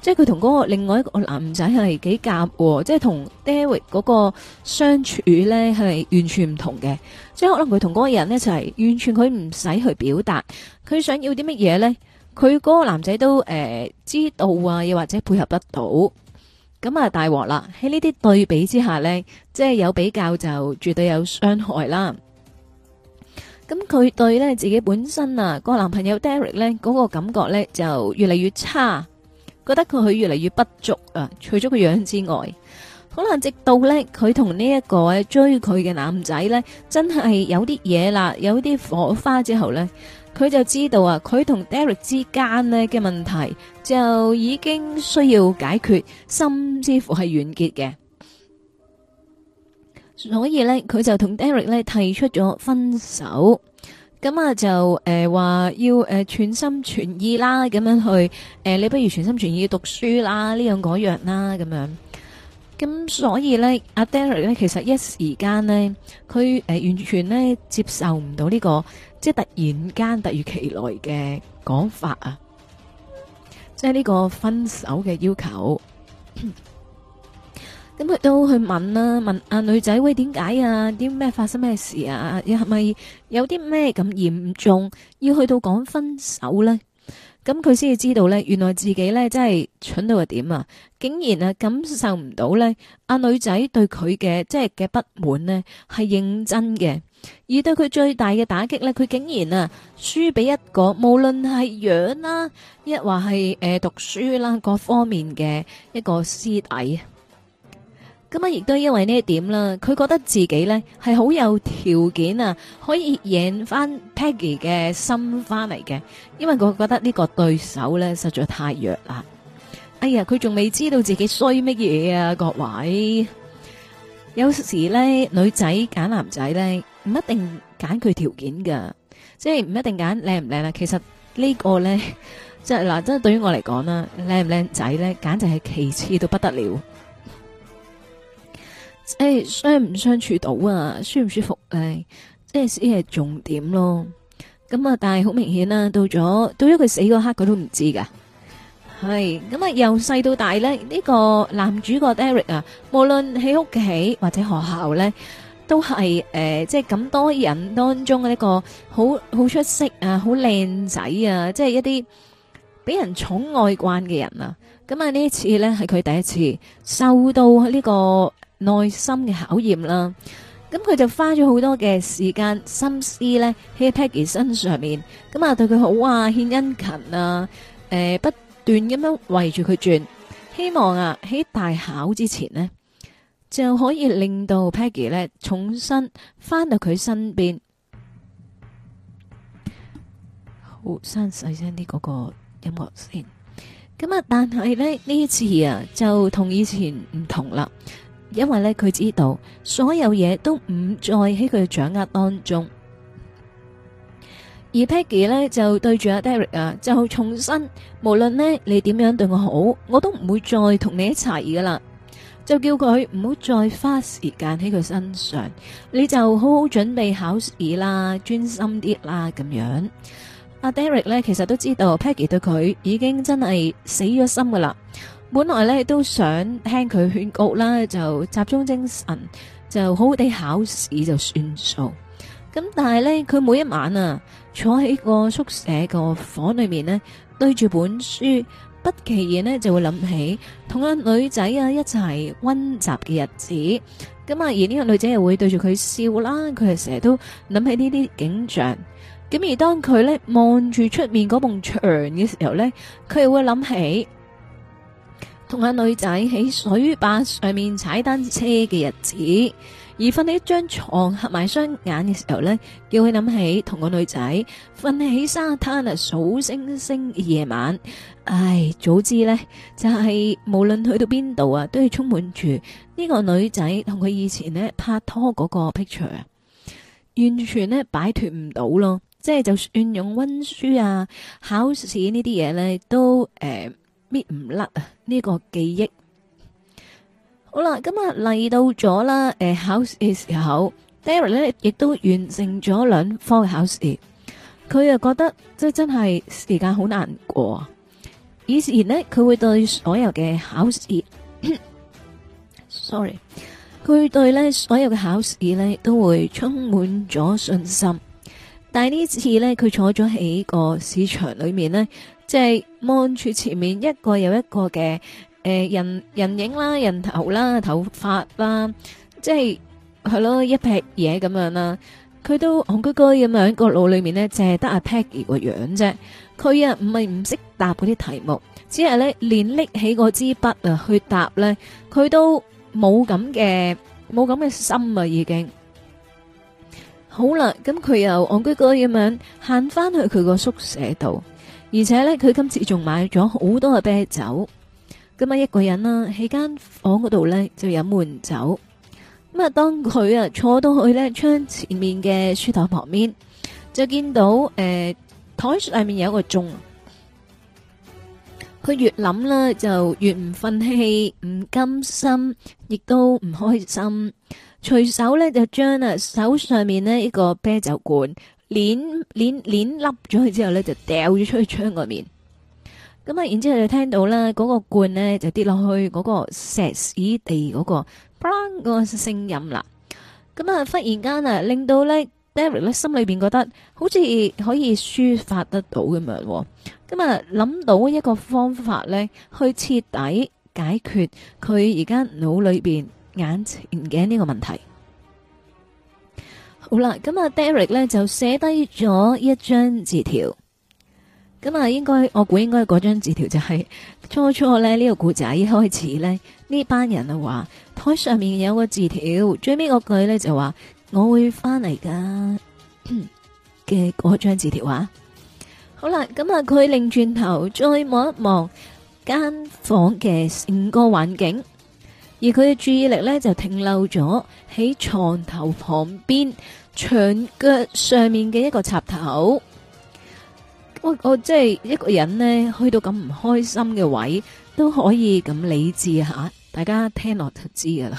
即係佢同嗰個另外一個男仔係幾夾喎，即係同 David 嗰個相處呢係完全唔同嘅，即係可能佢同嗰個人一齊，完全佢唔使去表達，佢想要啲乜嘢呢？佢嗰個男仔都誒、呃、知道啊，又或者配合得到，咁啊大鑊啦！喺呢啲對比之下呢，即係有比較就絕對有傷害啦。咁佢對咧自己本身啊、個男朋友 Derek 咧嗰個感覺咧就越嚟越差，覺得佢越嚟越不足啊。除咗個樣之外，可能，直到咧佢同呢一個追佢嘅男仔咧，真係有啲嘢啦，有啲火花之後咧，佢就知道啊，佢同 Derek 之間呢嘅問題就已經需要解決，甚至乎係完結嘅。所以呢，佢就同 Derek 呢提出咗分手，咁啊就誒話、呃、要誒全、呃、心全意啦，咁樣去誒、呃，你不如全心全意讀書啦，呢樣嗰樣啦，咁樣。咁所以呢，阿、啊、Derek 呢，其實一時間呢，佢誒、呃、完全呢接受唔到呢個，即係突然間突如其來嘅講法啊，即係呢個分手嘅要求。 咁佢都去問啦、啊，問阿女仔喂，點解啊？點咩發生咩事啊？又係咪有啲咩咁嚴重，要去到講分手呢？」咁佢先至知道呢，原來自己呢真係蠢到係點啊！竟然啊感受唔到呢。阿女仔對佢嘅，即係嘅不滿呢係認真嘅，而對佢最大嘅打擊呢，佢竟然啊輸俾一個無論係樣啦，一話係誒讀書啦各方面嘅一個師弟。咁啊，亦都因為呢一點啦，佢覺得自己咧係好有條件啊，可以贏翻 Peggy 嘅心翻嚟嘅。因為佢覺得呢個對手咧實在太弱啦。哎呀，佢仲未知道自己衰乜嘢啊，各位。有時咧，女仔揀男仔咧，唔一定揀佢條件噶，即係唔一定揀靚唔靚啦。其實呢個咧，即係嗱，即係對於我嚟講啦，靚唔靚仔咧，簡直係其次到不得了。誒、哎，相唔相處到啊？舒唔舒服？誒、哎，即係呢係重點咯。咁啊，但係好明顯啦，到咗到咗佢死嗰刻，佢都唔知㗎。係咁啊，由、嗯、細到大咧，呢、這個男主角 d Eric 啊，無論喺屋企或者學校咧，都係誒，即係咁多人當中嘅一個好好出色啊，好靚仔啊，即、就、係、是、一啲俾人寵愛慣嘅人啊。咁、嗯、啊，次呢次咧係佢第一次受到呢、這個。內心嘅考驗啦，咁佢就花咗好多嘅時間心思呢喺 Peggy 身上面，咁啊，對佢好啊，獻殷勤啊，誒不斷咁樣圍住佢轉，希望啊喺大考之前呢就可以令到 Peggy 呢重新返到佢身邊。好，刪細聲啲嗰個音樂先。咁啊，但係呢呢一次啊，就同以前唔同啦。因為咧，佢知道所有嘢都唔再喺佢掌握當中，而 Peggy 呢，就對住阿 Derek 啊，就重申，無論呢，你點樣對我好，我都唔會再同你一齊噶啦，就叫佢唔好再花時間喺佢身上，你就好好準備考試啦，專心啲啦，咁樣。阿、啊、Derek 呢，其實都知道 Peggy 對佢已經真係死咗心噶啦。本來咧都想聽佢勸告啦，就集中精神，就好好地考試就算數。咁但係呢，佢每一晚啊，坐喺個宿舍個房裏面呢，對住本書，不其然呢就會諗起同個女仔啊一齊温習嘅日子。咁啊，而呢個女仔又會對住佢笑啦，佢係成日都諗起呢啲景象。咁而當佢呢望住出面嗰埲牆嘅時候呢，佢又會諗起。同個女仔喺水壩上面踩單車嘅日子，而瞓喺一張床合埋雙眼嘅時候呢，叫佢諗起同個女仔瞓喺沙灘啊數星星夜晚。唉，早知呢，就係、是、無論去到邊度啊，都係充滿住呢、這個女仔同佢以前呢拍拖嗰個 picture 啊，完全呢擺脫唔到咯。即係就算用溫書啊、考試呢啲嘢呢，都誒。欸搣唔甩啊！呢、這個記憶好啦，今日嚟到咗啦。誒、呃，考試嘅時候 Derek 咧亦都完成咗兩科嘅考試。佢又覺得即係真係時間好難過。以前呢，佢會對所有嘅考試，sorry，佢對呢所有嘅考試呢都會充滿咗信心。但係呢次呢，佢坐咗喺個市場裏面呢。即係望住前面一個又一個嘅誒人人影啦、人頭啦、頭髮啦，即係係咯一撇嘢，咁樣啦。佢都戇居居咁樣個腦裏面咧，淨係得阿 Peggy 個樣啫。佢啊唔係唔識答嗰啲題目，只係咧連拎起個支筆啊去答咧，佢都冇咁嘅冇咁嘅心啊，已經好啦。咁佢又戇居居咁樣行翻去佢個宿舍度。而且呢，佢今次仲買咗好多嘅啤酒。咁啊，一個人啦，喺間房嗰度呢，就飲悶酒。咁、呃、啊，當佢啊坐到去呢窗前面嘅書台旁邊，就見到誒台上面有一個鐘。佢越諗呢，就越唔忿氣、唔甘心，亦都唔開心。隨手呢，就將啊手上面呢一個啤酒罐，捻捻捻凹咗佢之後咧，就掉咗出去窗外面。咁啊，然之後就聽到咧，嗰個罐咧就跌落去嗰、嗰個石屎地嗰個，嗰個聲音啦。咁啊，忽然間啊，令到咧，David 咧心裏邊覺得好似可以抒發得到咁樣。咁啊，諗到一個方法咧，去徹底解決佢而家腦裏邊眼前嘅呢個問題。好啦，咁啊，Derek 咧就寫低咗一張字條，咁啊，應該我估應該嗰張字條就係、是、初初咧，呢、呢個故仔一開始呢呢班人啊話台上面有個字條，最尾嗰句呢就話我會翻嚟噶嘅嗰張字條啊！好啦，咁啊，佢擰轉頭再望一望間房嘅成個環境，而佢嘅注意力呢就停留咗喺床頭旁邊。牆腳上面嘅一個插頭，我我即係一個人呢，去到咁唔開心嘅位，都可以咁理智吓，大家聽落就知噶啦。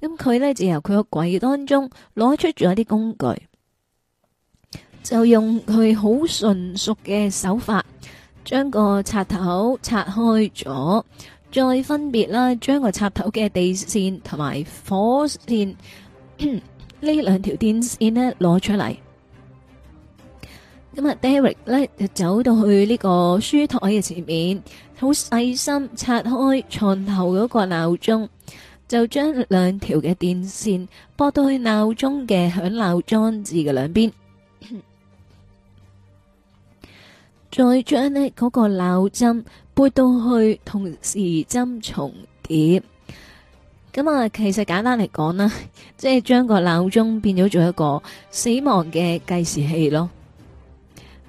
咁、嗯、佢呢，就由佢個櫃當中攞出咗一啲工具，就用佢好純熟嘅手法，將個插頭拆開咗，再分別啦，將個插頭嘅地線同埋火線。呢兩條電線咧攞出嚟，咁啊，Derek 咧就走到去呢個書台嘅前面，好細心拆開床頭嗰個鬧鐘，就將兩條嘅電線駁到去鬧鐘嘅響鬧裝置嘅兩邊，再將咧嗰個鬧針撥到去同時針重疊。咁啊，其實簡單嚟講咧，即係將個鬧鐘變咗做一個死亡嘅計時器咯。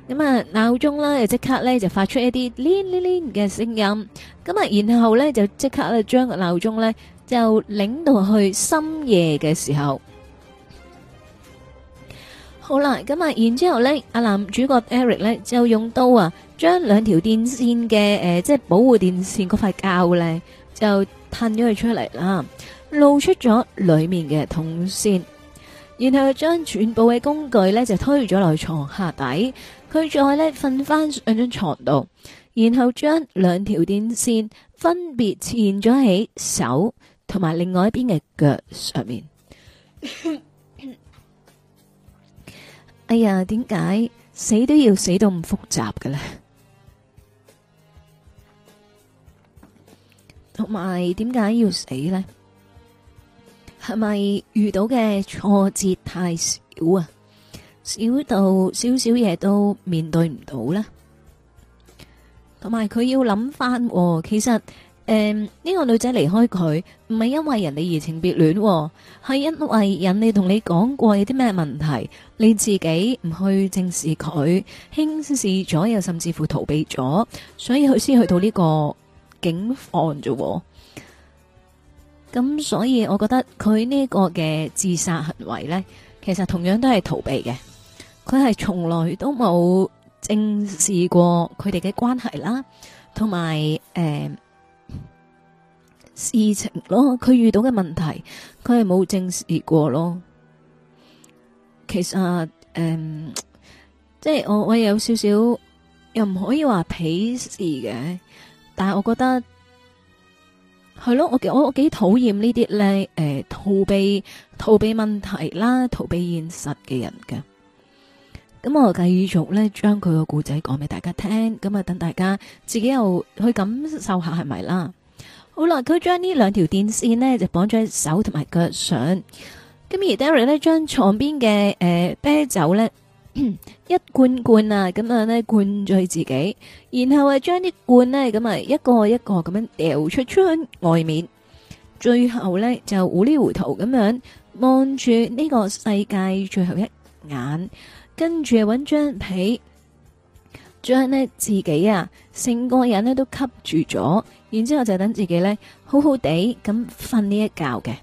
咁啊，鬧鐘啦，又即刻咧就發出一啲鈴鈴鈴嘅聲音。咁啊，然後咧就即刻咧將個鬧鐘咧就擰到去深夜嘅時候。好啦，咁啊，然之後咧，阿男主角 Eric 咧就用刀啊，將兩條電線嘅誒，即係保護電線嗰塊膠咧就。噴咗佢出嚟啦，露出咗裏面嘅銅線，然後將全部嘅工具呢就推咗落床下底，佢再呢瞓翻上張床度，然後將兩條電線分別纏咗喺手同埋另外一邊嘅腳上面。 哎呀，點解死都要死到咁複雜嘅呢？同埋點解要死呢？係咪遇到嘅挫折太少啊？少到少少嘢都面對唔到呢？同埋佢要諗翻，其實誒呢個女仔離開佢唔係因為人哋移情別戀，係因為人哋同你講過有啲咩問題，你自己唔去正視佢，輕視咗又甚至乎逃避咗，所以佢先去到呢個。警方啫，咁所以我覺得佢呢個嘅自殺行為呢，其實同樣都係逃避嘅。佢係從來都冇正視過佢哋嘅關係啦，同埋誒事情咯。佢遇到嘅問題，佢係冇正視過咯。其實誒，即係我我有少少，又唔可以話鄙視嘅。但係我覺得係咯，我我我幾討厭呢啲咧誒逃避逃避問題啦，逃避現實嘅人㗎。咁我繼續咧將佢個故仔講俾大家聽，咁啊等大家自己又去感受下係咪啦。好啦，佢將呢兩條電線呢就綁咗手同埋腳上，咁而 Darry 咧將床邊嘅誒啤酒咧。 一罐罐啊，咁樣咧灌醉自己，然後啊，將啲罐呢咁啊，一個一個咁樣掉出出外面，最後呢就糊裏糊塗咁樣望住呢個世界最後一眼，跟住揾搵張被，將呢自己啊成個人呢都吸住咗，然之後就等自己呢好好地咁瞓呢一覺嘅。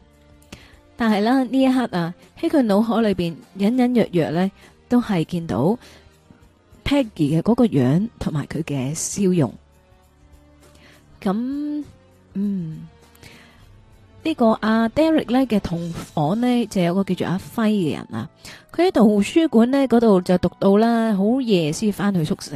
但係啦，呢一刻啊喺佢腦海裏邊隱隱約約呢。都係見到 Peggy 嘅嗰個樣同埋佢嘅笑容，咁嗯呢、這個阿、啊、Derek 咧嘅同房呢，就有一個叫做阿輝嘅人啊，佢喺度圖書館咧嗰度就讀到啦，好夜先返去宿舍。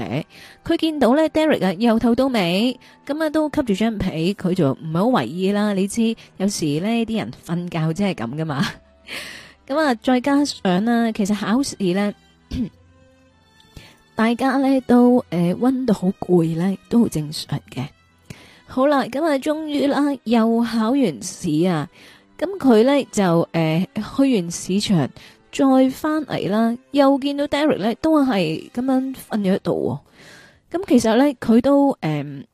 佢見到咧 Derek 啊，由頭到尾咁啊都吸住張被，佢就唔係好為意啦。你知有時呢啲人瞓覺真係咁噶嘛，咁 啊再加上咧、啊，其實考試呢。大家咧都誒溫到好攰咧，都好，呃、正常嘅。好啦，咁，嗯、今日終於啦，又考完試啊！咁佢咧就誒，呃、去完市場，再翻嚟啦，又見到 Derek 咧，都係咁樣瞓咗喺度。咁，嗯、其實咧，佢都誒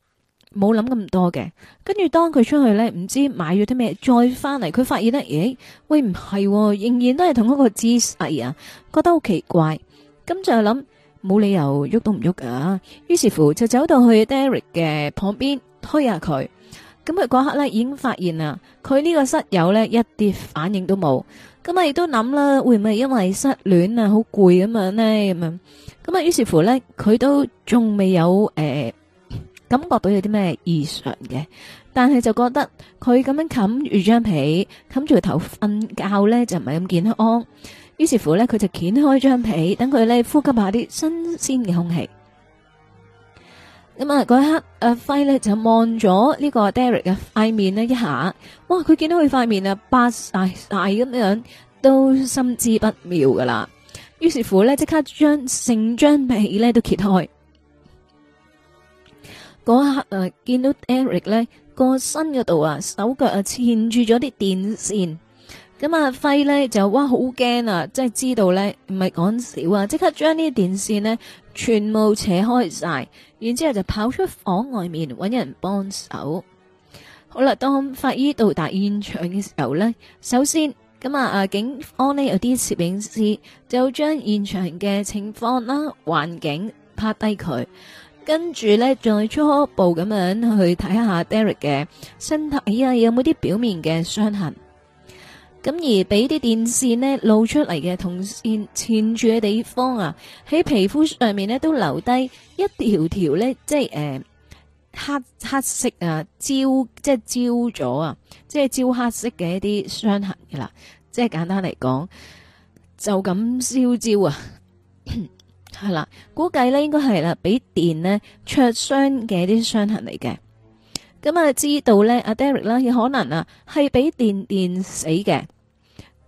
冇諗咁多嘅。跟住當佢出去咧，唔知買咗啲咩，再翻嚟，佢發現咧，咦，哎？喂，唔係，哦，仍然都係同一個姿勢啊，覺得好奇怪。咁、嗯、就諗冇理由喐都唔喐㗎。於是乎就走到去 Derek 嘅旁邊推下佢。咁佢嗰刻咧已經發現啦，佢呢個室友咧一啲反應都冇。咁啊，亦都諗啦，會唔會因為失戀啊好攰咁樣、嗯嗯嗯、於呢？咁樣咁啊，於是乎咧佢都仲未有誒感覺到有啲咩異常嘅，但係就覺得佢咁樣冚住張被冚住個頭瞓覺咧就唔係咁健康。於是乎呢佢就掀開一張被，等佢呢呼吸一下啲新鮮嘅空氣。咁、嗯、啊，嗰一刻，阿輝、啊、呢就望咗呢個 Derek 嘅塊面呢一下，哇！佢見到佢塊面啊，白晒晒咁樣，都心知不妙噶啦。於是乎呢即刻將成張被呢都揭開。嗰一刻，誒、啊，見到 Derek 呢個身嗰度啊，手腳啊纏住咗啲電線。咁阿輝咧就哇好驚啊！即係知道咧，唔係講笑啊，即刻將呢啲電線呢全部扯開晒，然之後就跑出房外面揾人幫手。好啦，當法醫到達現場嘅時候咧，首先咁啊，警方呢有啲攝影師就將現場嘅情況啦、啊、環境拍低佢，跟住咧再初步咁樣去睇下 Derek 嘅身體啊，有冇啲表面嘅傷痕？咁而俾啲電線呢露出嚟嘅銅線纏住嘅地方啊，喺皮膚上面呢都留低一條條咧，即係、呃、黑黑色啊焦，即係焦咗啊，即係焦黑色嘅一啲傷痕㗎啦。即係簡單嚟講，就咁燒焦啊，係 啦，估計呢應該係啦，俾電呢灼傷嘅一啲傷痕嚟嘅。咁啊，知道咧阿、啊、Derek 啦，有可能啊係俾電電死嘅。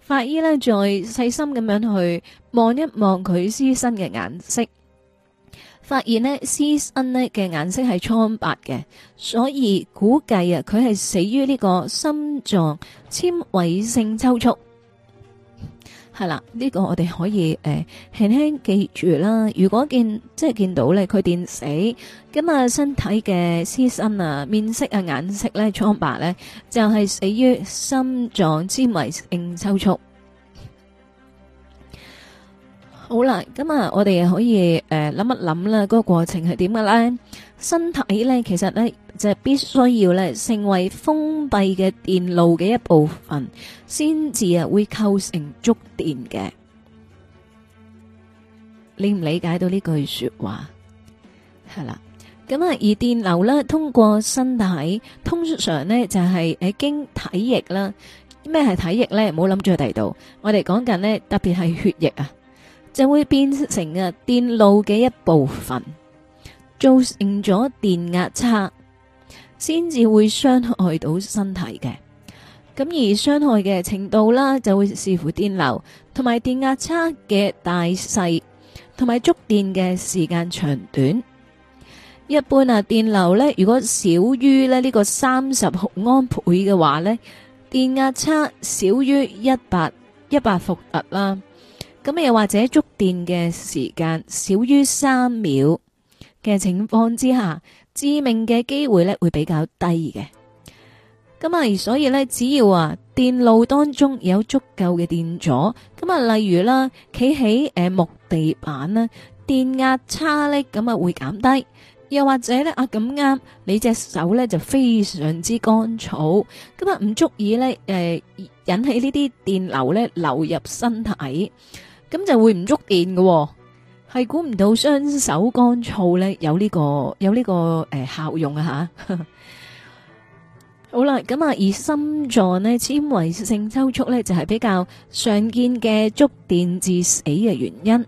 法醫呢再細心咁樣去望一望佢屍身嘅顏色，發現呢屍身嘅顏色係蒼白嘅，所以估計啊佢係死於呢個心臟纖維性抽搐。係啦，呢、這個我哋可以誒、呃，輕輕記住啦。如果見即係見到咧，佢電死咁啊，身體嘅屍身啊，面色啊，眼色咧蒼白咧，就係、是、死於心臟纖維性抽搐。好啦，咁啊，我哋可以誒諗一諗啦。嗰個過程係點嘅咧？身體咧，其實咧就係必須要咧成為封閉嘅電路嘅一部分，先至啊會構成觸電嘅。你唔理解到呢句說話係啦？咁啊，而電流咧通過身體，通常咧就係誒經體液啦。咩係體液咧？唔好諗住去第度。我哋講緊咧，特別係血液啊。就會變成啊電路嘅一部分，造成咗電壓差，先至會傷害到身體嘅。咁而傷害嘅程度啦，就會視乎電流同埋電壓差嘅大細，同埋觸電嘅時間長短。一般啊，電流呢，如果少於咧呢個三十毫安培嘅話呢，電壓差少於一百一百伏特啦，咁又或者觸電嘅時間少於三秒嘅情況之下，致命嘅機會呢會比較低嘅。咁啊，所以呢，只要啊電路當中有足夠嘅電阻，咁啊，例如啦，企喺誒木地板啦，電壓差呢，咁啊會減低。又或者呢，啊咁啱，你隻手呢就非常之乾燥，咁啊唔足以呢，誒、呃、引起呢啲電流呢流入身體。咁就會唔觸電嘅，係估唔到雙手乾燥呢有呢個有呢個誒效用啊吓！好啦，咁啊，而心臟呢纖維性抽搐呢就係比較常見嘅觸電致死嘅原因。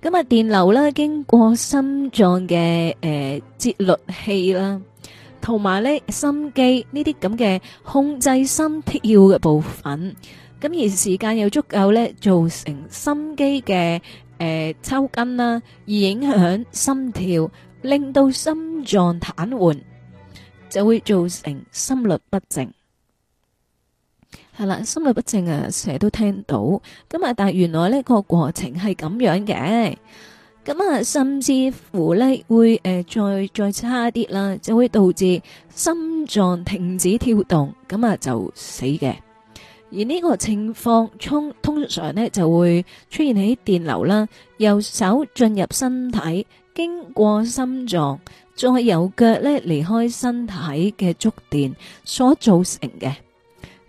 咁啊電流呢經過心臟嘅誒節律器啦，同埋呢心肌呢啲咁嘅控制心跳嘅部分。咁而時間又足夠咧，造成心肌嘅誒抽筋啦，而影響心跳，令到心臟癱瘓，就會造成心律不整。係啦，心律不正啊，成日都聽到。咁啊，但係原來呢個過程係咁樣嘅。咁啊，甚至乎咧會誒再再差啲啦，就會導致心臟停止跳動，咁啊就死嘅。而呢個情況，通通常呢就會出現喺電流啦，右手進入身體，經過心臟，再由腳呢離開身體嘅觸電所造成嘅。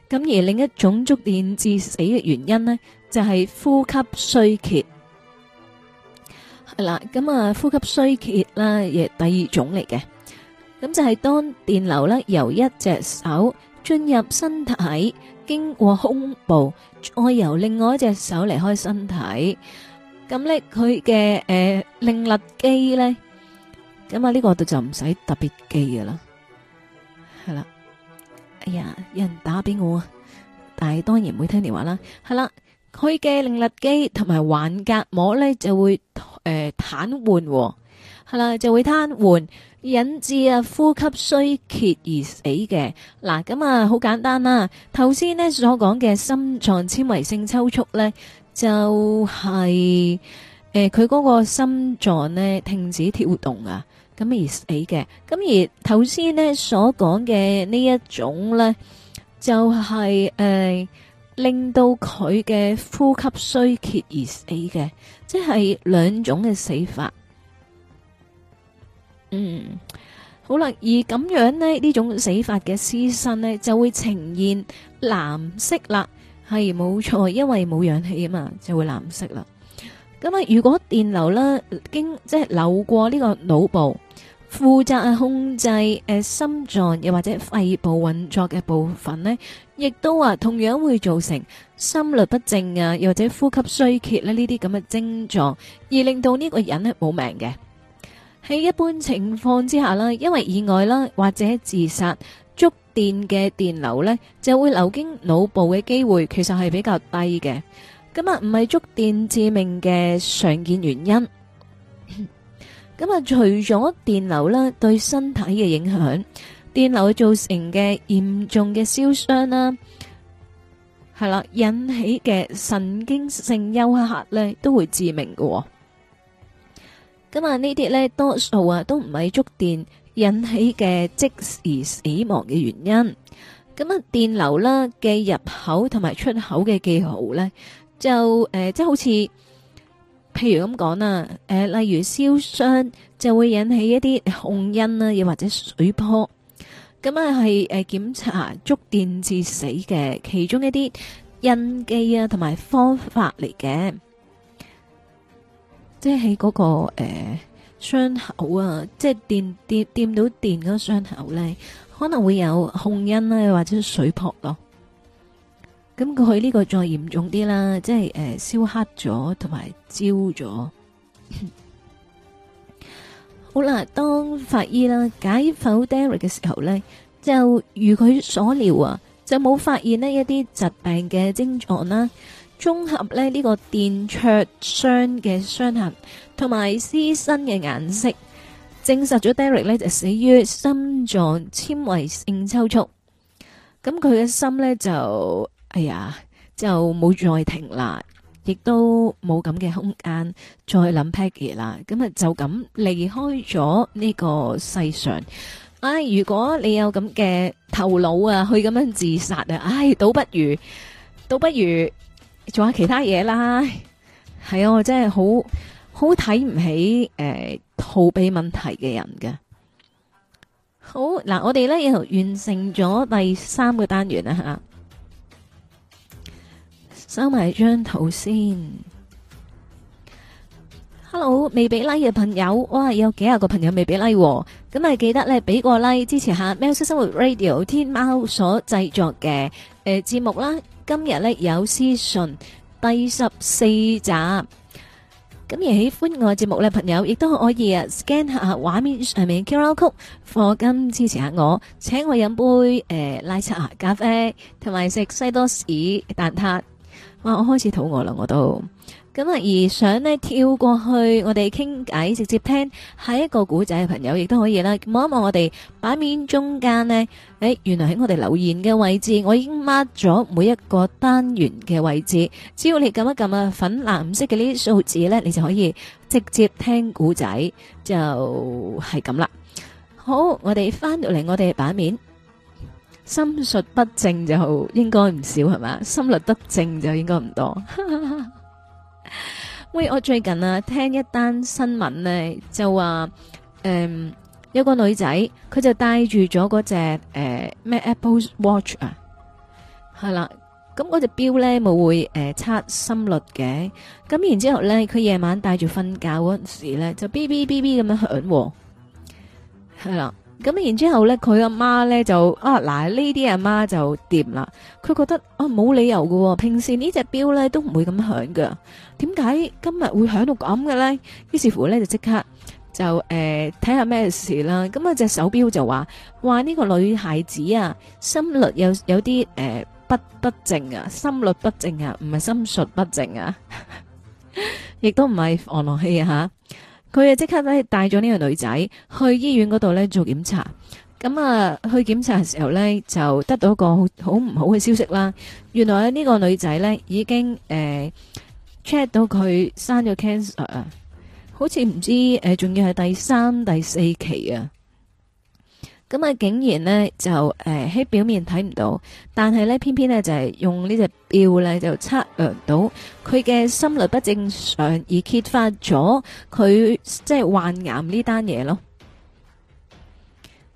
咁而另一種觸電致死嘅原因呢，就係呼吸衰竭係啦。咁啊，呼吸衰竭啦，亦第二種嚟嘅。咁就係當電流呢由一隻手進入身體。經過胸部，再由另外一隻手離開身體，咁咧佢嘅誒令力肌咧，咁啊呢個就唔使特別記噶啦，係啦。哎呀，有人打俾我啊，但係當然唔會聽電話啦。係啦，佢嘅令力肌同埋橫膈膜咧就會誒癱瘓。係啦，就會癱瘓，引致啊呼吸衰竭而死嘅。嗱，咁啊好簡單啦。頭先呢所講嘅心臟纖維性抽搐呢，就係誒佢嗰個心臟呢停止跳動啊，咁而死嘅。咁而頭先呢所講嘅呢一種呢，就係誒令到佢嘅呼吸衰竭而死嘅，即係兩種嘅死法。嗯，好啦，而咁樣咧，呢種死法嘅屍身咧，就會呈現藍色啦，係冇錯，因為冇氧氣啊嘛，就會藍色啦。咁啊，如果電流呢經即係流過呢個腦部，負責控制誒心臟又或者肺部運作嘅部分咧，亦都啊同樣會造成心律不正啊，又或者呼吸衰竭咧呢啲咁嘅症狀，而令到呢個人咧冇命嘅。喺一般情況之下咧，因為意外啦或者自殺觸電嘅電流咧，就會流經腦部嘅機會，其實係比較低嘅。咁啊，唔係觸電致命嘅常見原因。咁啊，除咗電流啦對身體嘅影響，電流造成嘅嚴重嘅燒傷啦，係啦，引起嘅神經性休克咧，都會致命㗎。咁啊，這些呢啲咧多數啊都唔係觸電引起嘅即時死亡嘅原因。咁啊，電流啦嘅入口同埋出口嘅記號咧，就誒、即、呃、係好似譬如咁講啦，誒、呃，例如燒傷就會引起一啲紅印啦，又或者水泡。咁啊，係誒檢查觸電致死嘅其中一啲印記啊，同埋方法嚟嘅。即係嗰、那個誒傷、呃、口啊，即係掂跌跌到電嗰個傷口咧，可能會有紅印咧、啊，或者水泡咯、啊。咁佢呢個再嚴重啲啦，即係誒燒黑咗同埋焦咗。 好啦，當法醫啦解剖 Darry 嘅時候咧，就如佢所料啊，就冇發現呢一啲疾病嘅症狀啦、啊。綜合咧呢個電灼傷嘅傷痕，同埋屍身嘅顏色，證實咗 Derek 咧就死於心臟纖維性抽搐。咁佢嘅心咧就哎呀，就冇再停啦，亦都冇咁嘅空間再諗 Peggy 啦。咁啊就咁離開咗呢個世上。唉，如果你有咁嘅頭腦啊，去咁樣自殺啊，唉，倒不如，倒不如。做下其他嘢啦，係啊！我真係好好睇唔起誒、呃，逃避問題嘅人嘅。好嗱，我哋咧又完成咗第三個單元啦吓，收埋張圖先。Hello，未俾 like 嘅朋友，哇，有幾廿個朋友未俾 like，咁咪記得咧俾個 like 支持下喵式生活 Radio 天喵所製作嘅誒節目啦。今日咧有屍訊第十四集，咁而喜歡我的節目咧，朋友亦都可以啊 scan 下畫面上面 QR Code，課金支持下我，請我飲杯誒、呃、拉茶咖啡，同埋食西多士蛋撻。哇，我開始肚餓啦，我都。咁啊！而想呢跳過去，我哋傾偈，直接聽下一個古仔嘅朋友亦都可以啦。望一望我哋版面中間呢，誒，原來喺我哋留言嘅位置，我已經 mark 咗每一個單元嘅位置。只要你撳一撳啊，粉藍色嘅呢啲數字呢，你就可以直接聽古仔，就係咁啦。好，我哋翻到嚟我哋版面，心術不正就好，應該唔少係嘛，心律得正就應該唔多。喂，我最近啊聽一單新聞呢，就話，誒、嗯，一個女仔佢就戴住咗嗰隻誒咩、呃、Apple Watch 啊，係啦，咁嗰隻錶呢冇會誒測、呃、心率嘅，咁然之後呢佢夜晚戴住瞓覺嗰陣時呢就嗶嗶嗶嗶咁樣響，係啦。B 咁然之後咧，佢阿媽咧就啊嗱，呢啲阿媽就掂啦。佢覺得啊，冇理由噶、哦，平時隻呢隻表咧都唔會咁響噶。點解今日會響到咁嘅咧？於是乎咧就即刻就誒睇下咩事啦。咁啊隻手表就話，話呢、這個女孩子啊，心律有有啲誒、呃、不不正啊，心律不正啊，唔係心術不正啊，亦、啊、 都唔係防狼器啊。佢啊，即刻咧帶咗呢個女仔去醫院嗰度咧做檢查，咁啊去檢查嘅時候咧就得到一個好好唔好嘅消息啦。原來呢個女仔咧已經 check、呃、到佢生咗 cancer 啊，好似唔知誒仲、呃、要係第三、第四期啊。咁啊，竟然呢就誒喺、呃、表面睇唔到，但係呢，偏偏呢就係、是、用呢隻表呢，就測量到佢嘅心率不正常，而揭發咗佢即係患癌呢單嘢咯。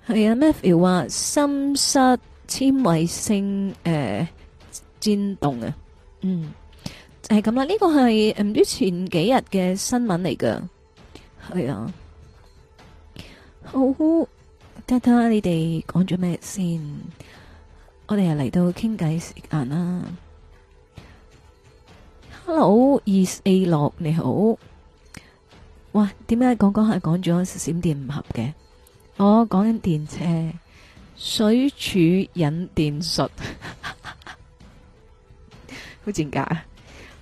係啊，Matthew 話心室纖維性誒顫、呃、動啊，嗯，係、就、咁、是、啦，呢、這個係唔知前幾日嘅新聞嚟㗎，係啊，好，好。睇下你哋講咗咩先，我哋又嚟到傾偈時間啦。Hello，二四六你好，哇，點解講講下講咗閃電唔合嘅？我講緊電車水柱引電術， 好賤格啊！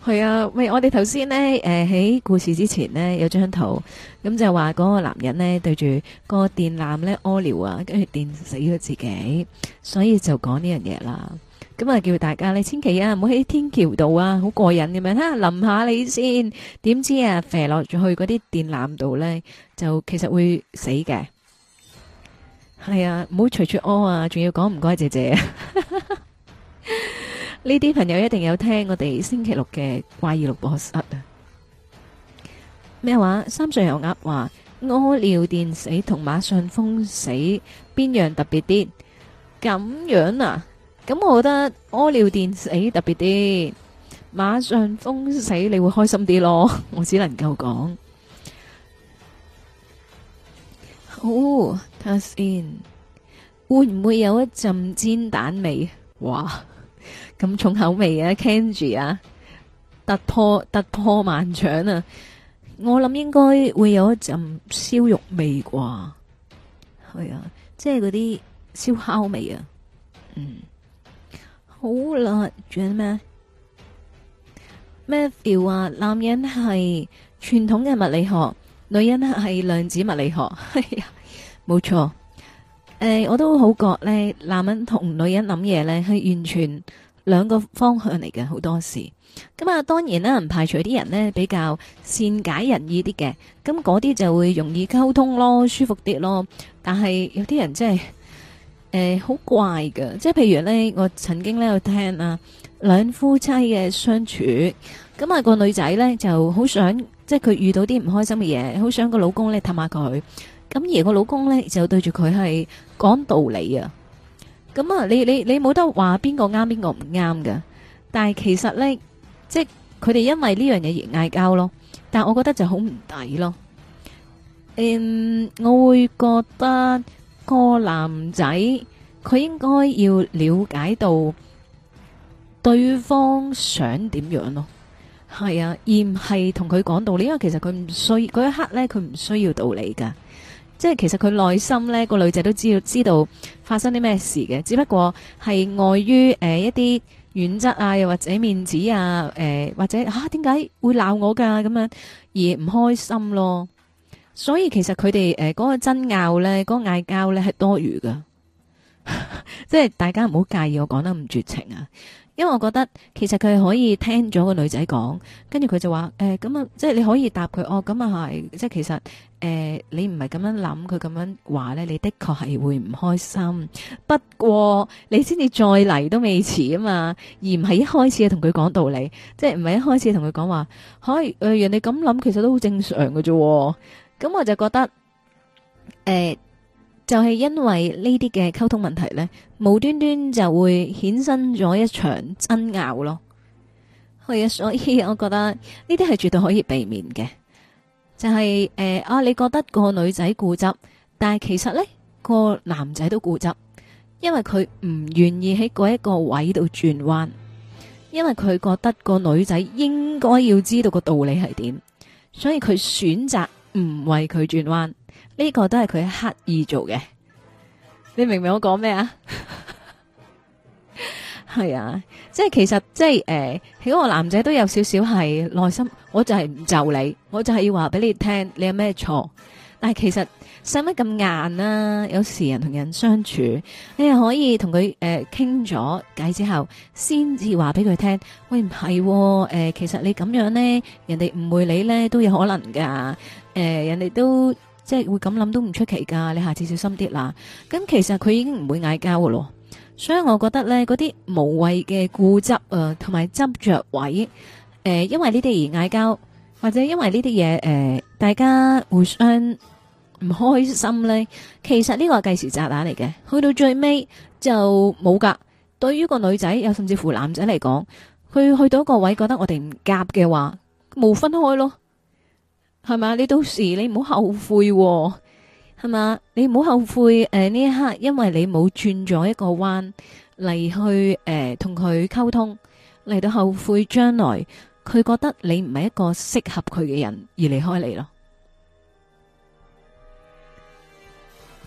係啊，喂！我哋頭先呢，誒、呃、喺故事之前呢，有張圖，咁、嗯、就話嗰個男人呢對住個電纜呢屙尿啊，跟住電死咗自己，所以就講呢樣嘢啦。咁啊叫大家你千祈啊唔好喺天橋度啊，好過癮咁樣啊淋下你先。點知啊，肥落咗去嗰啲電纜度呢，就其實會死嘅。係啊，唔好隨處屙啊，仲要講唔該，謝謝。呢啲朋友一定有聽我哋星期六嘅怪異錄播室啊？咩話？三歲油鴨話屙尿電死同馬上風死邊樣特別啲？咁樣啊？咁我覺得屙尿電死特別啲，馬上風死你會開心啲咯。我只能夠講好。睇下先，會唔會有一陣煎蛋味？哇！咁重口味啊，Candy 啊，突破突破萬丈啊！我諗應該會有一陣燒肉味啩，係啊，即係嗰啲燒烤味啊，嗯，好啦，仲有咩？咩啊？男人係傳統嘅物理學，女人係量子物理學，係 啊，冇錯。誒，我都好覺咧，男人同女人諗嘢咧係完全。兩個方向嚟嘅，好多事。咁啊，當然啦，唔排除啲人呢比較善解人意啲嘅，咁嗰啲就會容易溝通咯，舒服啲咯。但係有啲人真係誒好怪嘅，即係譬如呢，我曾經呢有聽啊兩夫妻嘅相處，咁、那、啊個女仔呢就好想，即係佢遇到啲唔開心嘅嘢，好想個老公呢氹下佢，咁而個老公呢，就對住佢係講道理啊。咁啊，你你你冇得話邊個啱邊個唔啱噶但係其實咧，即係佢哋因為呢樣嘢而嗌交咯。但係我覺得就好唔抵咯。嗯，我會覺得個男仔佢應該要了解到對方想點樣咯，係啊，而唔係同佢講道理。因為其實佢唔需要，嗰一刻咧，佢唔需要道理噶。即係其實佢內心呢，個女仔都知道知道發生啲咩事嘅，只不過係礙於誒一啲原則啊，又或者面子啊，誒、呃、或者嚇，點解會鬧我㗎？咁樣而唔開心咯。所以其實佢哋誒嗰個爭拗呢，嗰、嗰個嗌交呢，係多餘㗎。 即係大家唔好介意我講得咁絕情啊！因為我覺得其實佢可以聽咗個女仔講，跟住佢就話誒咁啊，即係你可以答佢哦，咁啊係，即係其實誒、欸、你唔係咁樣諗，佢咁樣話咧，你的確係會唔開心。不過你先至再嚟都未遲啊嘛，而唔係一開始就同佢講道理，即係唔係一開始同佢講話，可以誒，人哋咁諗其實都好正常嘅啫。咁、嗯、我就覺得誒。欸就係因為呢啲嘅溝通問題呢，無端端就會衍生咗一場爭拗咯。係啊，所以我覺得呢啲係絕對可以避免嘅。就係、是、誒、呃，啊，你覺得個女仔固執，但係其實呢個男仔都固執，因為佢唔願意喺嗰一個位度轉彎，因為佢覺得個女仔應該要知道個道理係點，所以佢選擇唔為佢轉彎。呢個都係佢刻意做嘅，你明唔明我講咩啊？係 啊，即係其實即係誒，如、呃、個男仔都有少少係內心，我就係唔就你，我就係要話俾你聽，你有咩錯？但係其實使乜咁硬啦、啊，有時人同人相處，你又可以同佢誒傾咗偈之後，先至話俾佢聽。喂，唔係誒，其實你咁樣呢，人哋誤會你呢，都有可能噶。誒、呃，人哋都。即係會咁諗都唔出奇噶，你下次小心啲啦。咁其實佢已經唔會嗌交㗎咯，所以我覺得咧，嗰啲無謂嘅固執啊，同埋執着位誒、呃，因為呢啲而嗌交，或者因為呢啲嘢誒，大家互相唔開心咧，其實呢個係計時炸彈嚟嘅，去到最尾就冇噶。對於個女仔又甚至乎男仔嚟講，佢去到個位覺得我哋唔夾嘅話，冇分開咯。係嘛？你到時你唔好後悔、哦、後悔，係、呃、嘛？你唔好後悔。誒呢一刻，因為你冇轉咗一個彎嚟去，誒同佢溝通嚟到後悔將，將來佢覺得你唔係一個適合佢嘅人而離開你咯。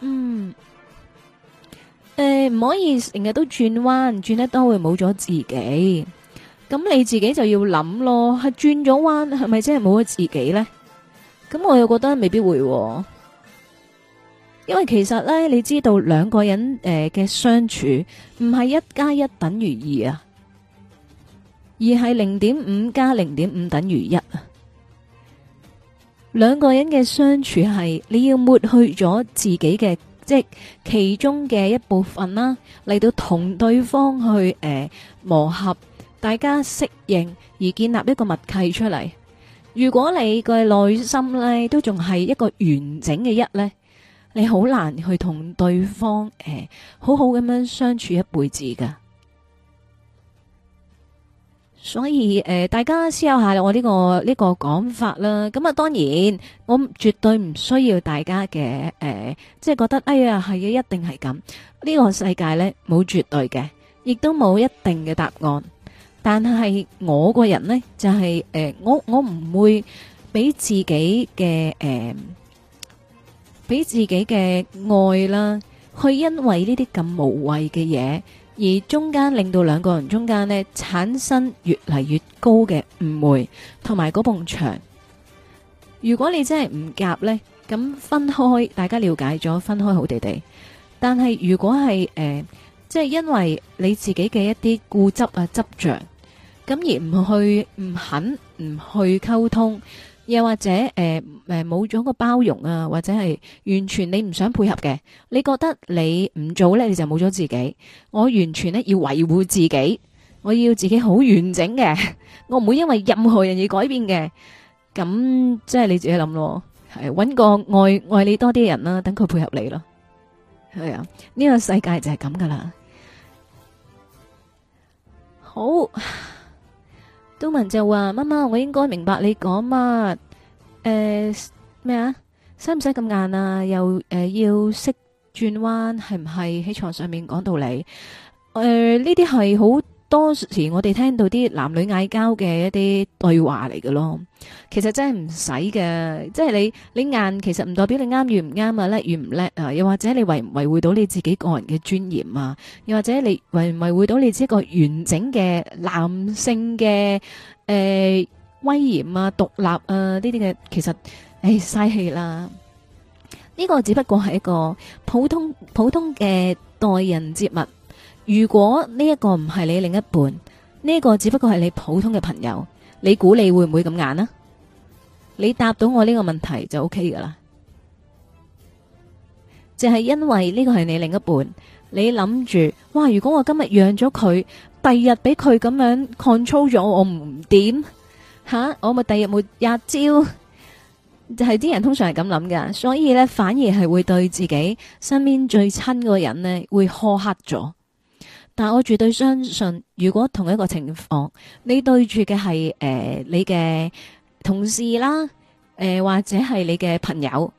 嗯，誒、呃、唔可以成日都轉彎轉得多會冇咗自己。咁你自己就要諗咯，係轉咗彎係咪真係冇咗自己呢？咁我又覺得未必會、喎，因為其實呢，你知道兩個人嘅、呃、相處唔係一加一等於二啊，而係零點五加零點五等於一啊。兩個人嘅相處係你要抹去咗自己嘅，即其中嘅一部分啦、啊，嚟到同對方去誒、呃、磨合，大家適應而建立一個默契出嚟。如果你嘅內心呢都仲係一個完整嘅一呢，你好難去同對方誒、呃、好好咁樣相處一輩子噶。所以誒、呃，大家思考下我呢、呢個呢、呢個講法啦。咁啊，當然我絕對唔需要大家嘅誒，即、呃、係、即係、覺得哎呀係啊，一定係咁。呢、呢個世界呢，冇絕對嘅，亦都冇一定嘅答案。但係我個人呢，就係誒，我我唔會俾自己嘅誒，俾自己嘅愛啦，去因為呢啲咁無謂嘅嘢，而中間令到兩個人中間呢產生越嚟越高嘅誤會，同埋嗰埲牆。如果你真係唔夾呢，咁分開，大家了解咗，分開好地地。但係如果係誒，即係因為你自己嘅一啲固執啊，執着。咁而唔去，唔肯，唔去溝通，又或者誒誒冇咗個包容啊，或者係完全你唔想配合嘅，你覺得你唔做咧，你就冇咗自己。我完全咧要維護自己，我要自己好完整嘅，我唔會因為任何人而改變嘅。咁即係你自己諗咯，係搵個愛愛你多啲嘅人啦，等佢配合你咯。係啊，呢個世界就係咁噶啦。好。都文就話，媽媽，我應該明白你講乜？誒，咩啊？使唔使咁硬啊？又誒，要識轉彎，係唔係喺床上面講道理？誒，呢啲係好。多時我哋聽到啲男女嗌交嘅一啲對話嚟嘅咯，其實真係唔使嘅，即係你你硬其實唔代表你啱與唔啱啊，叻與唔叻啊，又 或者你維唔維護到你自己個人嘅尊嚴啊，又或者你維唔維護到你自己一個完整嘅男性嘅誒、呃、威嚴啊、獨立啊呢啲嘅，其實誒嘥氣啦，呢、這個只不過係一個普通普通嘅待人接物。如果呢一個唔係你另一半，呢個只不過係你普通嘅朋友，你估你會唔會咁眼啊？你答到我呢個問題就 O K 噶啦。就係因為呢個係你另一半，你諗住哇，如果我今日讓咗佢，第日俾佢咁樣 control 咗我，唔點吓，我咪第日冇吔焦，就係啲人通常係咁諗噶，所以呢，反而係會對自己身邊最親嗰個人呢會苛刻咗。但我絕對相信，如果同一個情況，你對住嘅係誒你嘅同事啦，誒、呃、或者係你嘅朋友，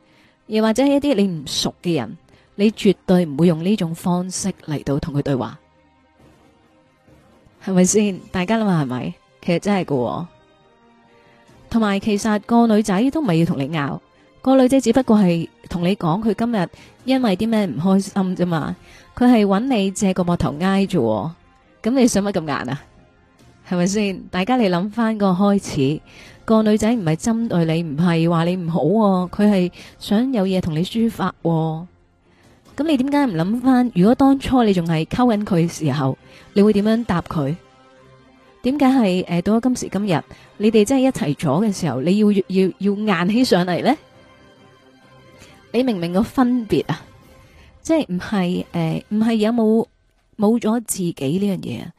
又或者係一啲你唔熟嘅人，你絕對唔會用呢種方式嚟到同佢對話，係咪先？大家諗下係咪？其實真係噶，同埋其實個女仔都唔係要同你拗，個女仔只不過係同你講佢今日因為啲咩唔開心啫嘛。佢係揾你借個膊頭挨住喎。咁你想乜咁硬啊？係咪先？大家你諗翻個開始，個女仔唔係針對你，唔係話你唔好，啊，佢係想有嘢同你抒發，啊。咁你點解唔諗翻？如果當初你仲係溝緊佢嘅時候，你會點樣答佢？點解係誒到今時今日，你哋真係一齊咗嘅時候，你要要要，要硬起上嚟咧？你明唔明個分別啊！即係唔係誒，唔、呃、係有冇冇咗自己呢樣嘢啊？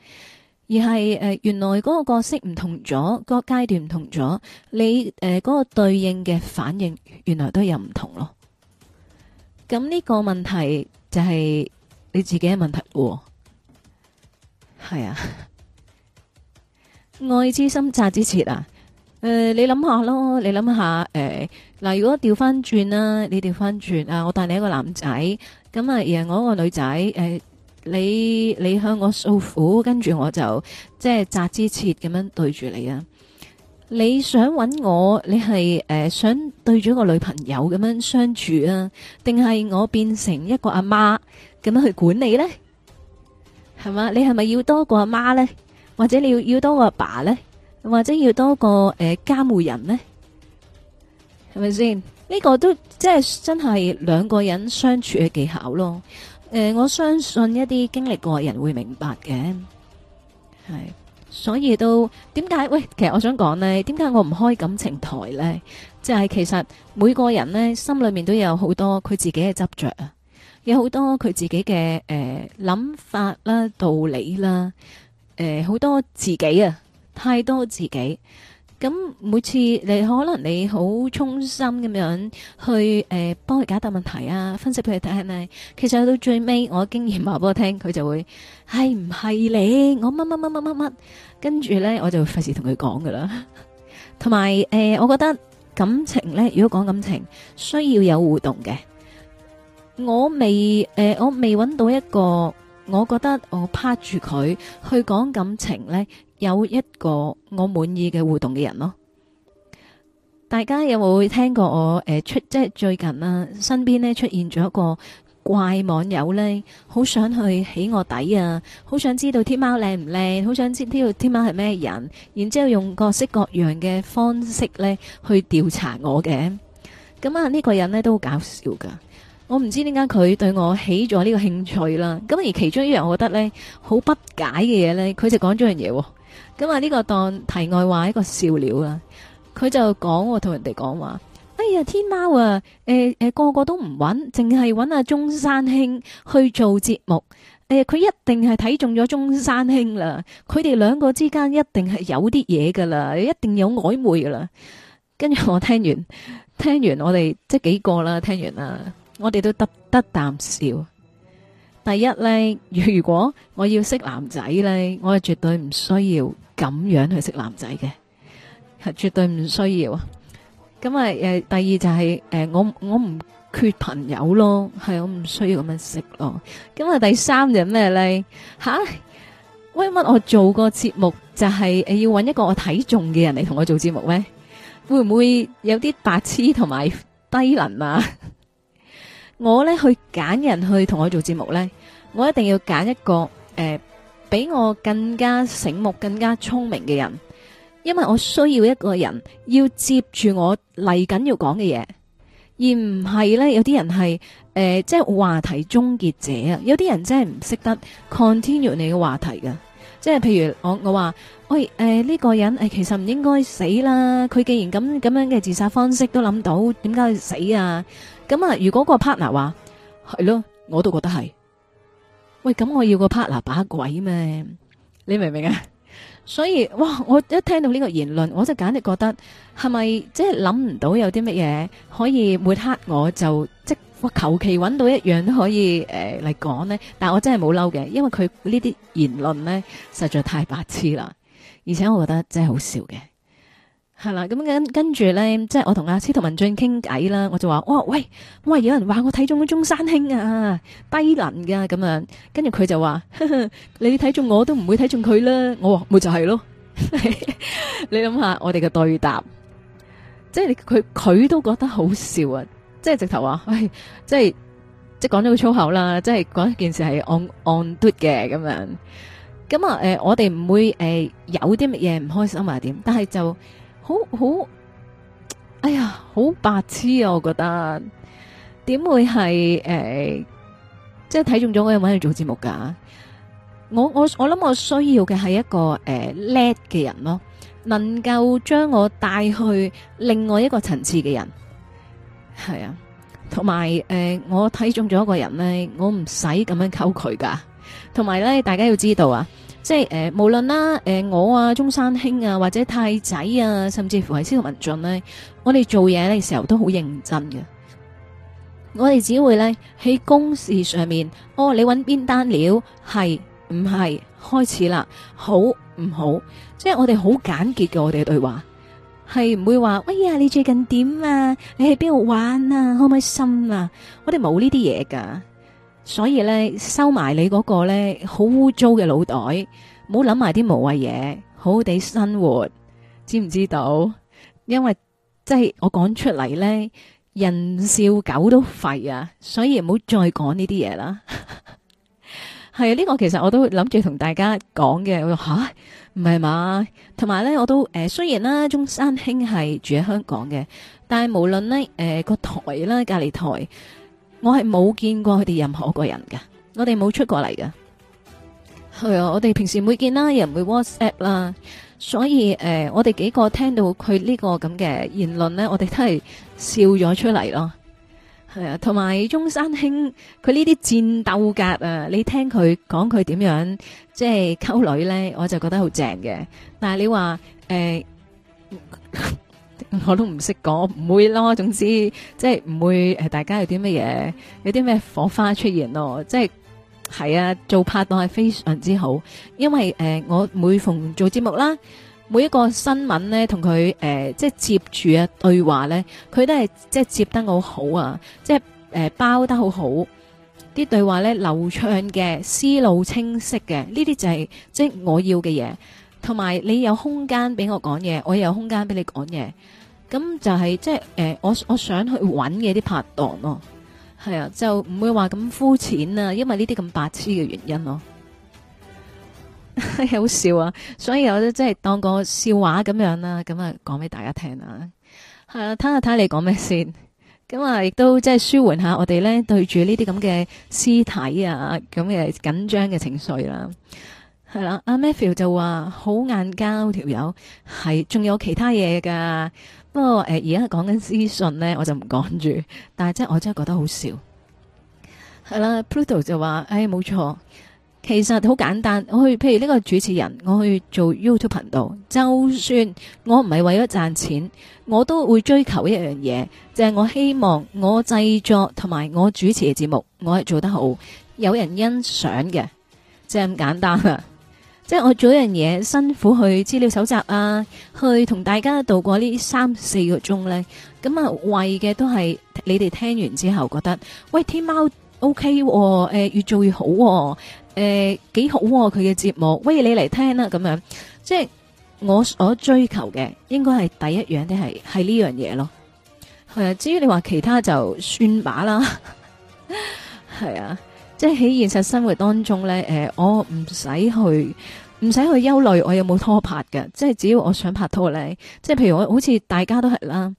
而係誒、呃，原來嗰個角色唔同咗，個階段唔同咗，你誒嗰、呃那個對應嘅反應原來都有唔同咯。咁呢個問題就係你自己嘅問題喎。係、哦、啊，愛之深，責之切啊。誒、呃，你諗下咯，你諗下誒，嗱、呃，如果調翻轉啦，你調翻轉啊，我帶你一個男仔。咁啊，而我個女仔，誒、呃，你你向我訴苦，跟住我就即係扎之切咁樣對住你啊！你想揾我，你係誒、呃、想對住個女朋友咁樣相處啊？定係我變成一個阿媽咁樣去管理呢？係嘛？你係咪要多個阿媽、媽呢？或者你要要多個阿爸、爸呢？或者要多個誒監護人呢？係咪先？呢個都即係真係兩個人相處嘅技巧咯。誒、呃，我相信一啲經歷過嘅人會明白嘅。係，所以都點解？喂，其實我想講呢，點解我唔開感情台呢？即、就、係、是、其實每個人呢，心裏面都有好多佢自己嘅執着啊，有好多佢自己嘅誒諗法啦、道理啦，誒、呃、好多自己啊，太多自己。咁每次你可能你好衷心咁樣去誒，幫佢解答問題啊，分析俾佢睇係咪？其實去到最尾，我經驗話俾我聽，佢就會係唔係你我乜乜乜乜乜乜，跟住咧我就費事同佢講噶啦。同埋誒，我覺得感情咧，如果講感情，需要有互動嘅。我未誒，我未揾到一個。我覺得我趴住佢去講感情呢，有一個我滿意嘅互動嘅人咯。大家有冇聽過我誒出，即係最近啊，身邊呢出現咗一個怪網友呢，好想去起我底啊，好想知道天喵靚唔靚，好想知道天喵係咩人，然之後用各式各樣嘅方式呢去調查我嘅。咁啊呢個人呢都好搞笑噶。我唔知點解佢對我起咗呢個興趣啦。咁而其中一樣，我覺得咧好不解嘅嘢咧，佢就講咗樣嘢。咁啊，呢個當題外話一個笑料啦。佢就講我同人哋講話：哎呀，天貓啊，誒、呃、誒，個個都唔搵，淨係搵阿中山興去做節目。誒、呃，佢一定係睇中咗中山興啦。佢哋兩個之間一定係有啲嘢噶啦，一定有曖昧噶啦。跟住我聽完聽完，我哋即幾個啦，聽完啦。即幾個我哋都得得啖笑。第一咧，如果我要識男仔咧，我係絕對唔需要咁樣去識男仔嘅，係絕對唔需要啊。咁啊，誒，第二就係、是、誒，我我唔缺朋友咯，係我唔需要咁樣識咯。咁啊，第三就咩咧吓？為乜我做個節目就係、是、要揾一個我睇中嘅人嚟同我做節目咩？會唔會有啲白痴同埋低能啊？我咧，去揀人去同我做節目呢，我一定要揀一個誒、呃，比我更加醒目、更加聰明嘅人，因為我需要一個人要接住我嚟緊要講嘅嘢，而唔係呢，有啲人係誒、呃，即係話題終結者啊！有啲人真係唔識得 continue 你嘅話題㗎，即係譬如我我話，喂，誒呢個人誒、哎、其實唔應該死啦，佢既然咁咁樣嘅自殺方式都諗到，點解去死啊？咁啊！如果個 partner 話係咯，我都覺得係。喂，咁我要個 partner 把鬼咩？你明唔明啊？所以哇，我一聽到呢個言論，我就簡直覺得係咪即係諗唔到有啲乜嘢可以抹黑我，就即我求其搵到一樣都可以誒嚟講呢？但係我真係冇嬲嘅，因為佢呢啲言論呢，實在太白痴啦，而且我覺得真係好笑嘅。係啦，咁、嗯、跟跟住咧，即係我同阿司徒文進傾偈啦，我就話：哇、哦、喂喂，有人話我睇中咗中山兄啊，低能噶咁樣。跟住佢就話呵呵：你睇中我都唔會睇中佢啦。我話：咪就係咯。 你諗下我哋嘅對答，即係佢佢都覺得好笑啊！即係直頭話：喂，即係即係講咗個粗口啦，即係講一件事係 on on g o 嘅咁樣。咁啊，誒、呃，我哋唔會誒、呃、有啲乜嘢唔開心啊點，但係就。好好，哎呀，好白痴啊！我覺得點會係誒、呃，即係睇中咗我有冇喺度做節目噶？我我我諗我需要嘅係一個誒叻嘅人咯，呃、 能夠將我帶去另外一個層次嘅人，係啊，同埋誒，我睇中咗一個人咧，我唔使咁樣溝佢噶，同埋咧，大家要知道啊。即係誒、呃，無論啦，誒、呃、我啊，中山兄啊，或者太仔啊，甚至乎係司徒文進咧，我哋做嘢嘅時候都好認真嘅。我哋只會咧喺公事上面，哦，你搵邊單料係唔係？開始啦，好唔好？即係我哋好簡潔嘅，我哋嘅對話係唔會話，喂、哎、呀，你最近點啊？你喺邊度玩啊？開唔開心啊？我哋冇呢啲嘢噶。所以咧，收埋你嗰個咧，好污糟嘅腦袋，唔好諗埋啲無謂嘢，好好地生活，知唔知道？因為即係我講出嚟咧，人笑狗都吠啊，所以唔好再講呢啲嘢啦。係 呢、呢個其實我都諗住同大家講嘅，我話吓唔係嘛？同埋咧，我都誒、呃，雖然啦，中山兄係住喺香港嘅，但係無論咧誒個台啦，隔籬台。我係冇見過佢哋任何個人嘅，我哋冇出過嚟噶。係啊，我哋平時唔會見啦，又唔會 WhatsApp 啦。所以誒、呃，我哋幾個聽到佢呢個咁嘅言論呢，我哋都係笑咗出嚟咯。係啊，同埋中山兄，佢呢啲戰鬥格啊，你聽佢講佢點樣即係溝女呢，我就覺得好正嘅。但係你話誒。呃 我都唔識講，唔會咯。總之，即係唔會誒，大家有啲乜嘢，有啲咩火花出現咯。即係係啊，做拍檔係非常之好，因為誒、呃，我每逢做節目啦，每一個新聞呢，同佢誒，即係接住啊對話呢，佢都係即係接得好好啊，即係誒、呃、包得好好，啲對話呢，流暢嘅，思路清晰嘅，呢啲就係、是、即係我要嘅嘢，同埋你有空間俾我講嘢，我有空間俾你講嘢。咁就係即係誒，我我想去揾嘅啲拍檔咯，係啊，就唔會話咁膚淺啊，因為呢啲咁白痴嘅原因咯、啊， 好笑啊，所以我都即係當個笑話咁樣啦，咁啊講俾大家聽啦，係啊，睇下睇你講咩先，咁啊亦都即係舒緩下我哋咧對住呢啲咁嘅屍體啊咁嘅緊張嘅情緒啦，係啦，阿 Matthew 就話好眼交條友，係，仲有其他嘢噶。不過誒，而家講緊資訊呢，我就唔講住。但係真係，我真係覺得好笑。係啦，Pluto 就話：誒、哎，冇錯，其實好簡單。我去，譬如呢個主持人，我去做 YouTube 頻道，就算我唔係為咗賺錢，我都會追求一樣嘢，就係、是、我希望我製作同埋我主持嘅節目，我係做得好，有人欣賞嘅，就咁、是、簡單啦。即係我做一樣嘢，辛苦去資料搜集啊，去同大家度過呢三四個鐘咧，咁啊為嘅都係你哋聽完之後覺得，喂天喵 OK，誒、哦呃、越做越好、哦，誒、呃、幾好佢嘅節目，喂你嚟聽啦、啊、咁樣，即係我所追求嘅，應該係第一樣都係係呢樣嘢咯，係啊，至於你話其他就算把啦，係 啊。即係喺現實生活當中呢，誒、呃，我唔使去唔使去憂慮我有冇拖拍嘅，即係只要我想拍拖咧，即係譬如我好似大家都係啦，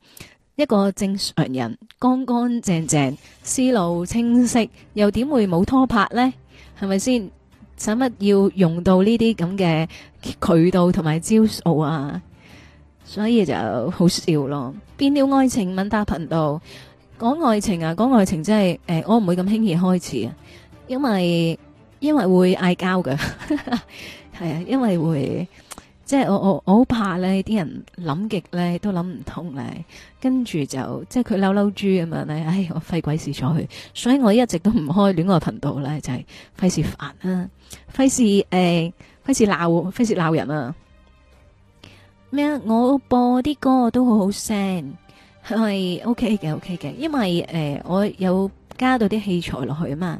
一個正常人，乾乾淨淨，思路清晰，又點會冇拖拍呢？係咪先？使乜要用到呢啲咁嘅渠道同埋招數啊？所以就好笑咯。變了愛情問答頻道，講愛情啊，講愛情真、就、係、是，誒、呃，我唔會咁輕易開始啊。因為因為會嗌交嘅，係啊，因為會，的呵呵是因為會，即係我我我好怕咧，啲人諗極咧都諗唔通咧，跟住就即係佢嬲嬲豬咁樣咧，唉、哎，我費鬼事咗佢，所以我一直都唔開戀愛頻道咧，就係費事煩啦，啊，費事誒，費事鬧，費事鬧人啊。咩啊？我播啲歌都好好聲，係 OK 嘅，OK 嘅，因為誒、呃、我有加到啲器材落去啊嘛。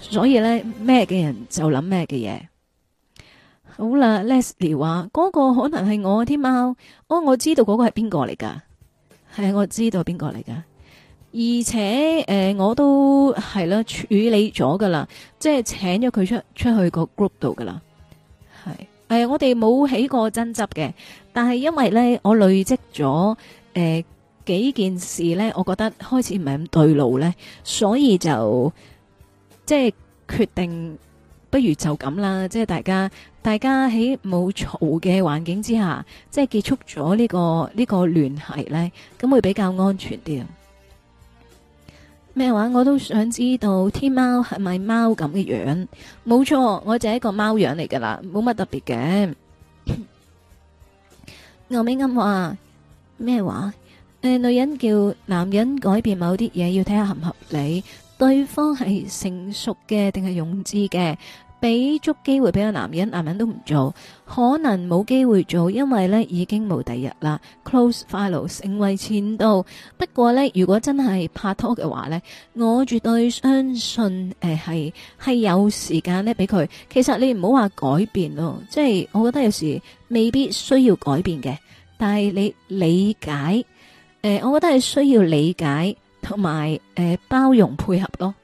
所以咧，咩嘅人就諗咩嘅嘢。好啦，Leslie 話嗰個可能係我添啊！哦，我知道嗰個係邊個嚟噶，係我知道邊個嚟噶。而且誒、呃，我都係啦，處理咗噶啦，即係請咗佢出出去個 group 度噶啦。係誒、呃，我哋冇起過爭執嘅，但係因為咧，我累積咗誒幾件事咧，我覺得開始唔係咁對路咧，所以就。即係決定，不如就咁啦！即係大家，大家喺冇嘈嘅環境之下，即係結束咗呢個呢個聯繫咧，咁會比較安全啲。咩話？我都想知道，天貓係咪貓咁嘅樣？冇錯，我就係一個貓樣嚟噶啦，冇乜特別嘅。 後尾啱話咩話？誒、呃，女人叫男人改變某啲嘢，要睇下合唔合理。對方係成熟嘅定係幼稚嘅，俾足機會俾個男人，男人都唔做，可能冇機會做，因為呢已經冇第日啦。Close file 成為前度，不過呢，如果真係拍拖嘅話呢，我絕對相信誒係係有時間呢俾佢。其實你唔好話改變咯，即係我覺得有時未必需要改變嘅，但係你理解誒、呃，我覺得係需要理解。同埋誒，包容配合咯。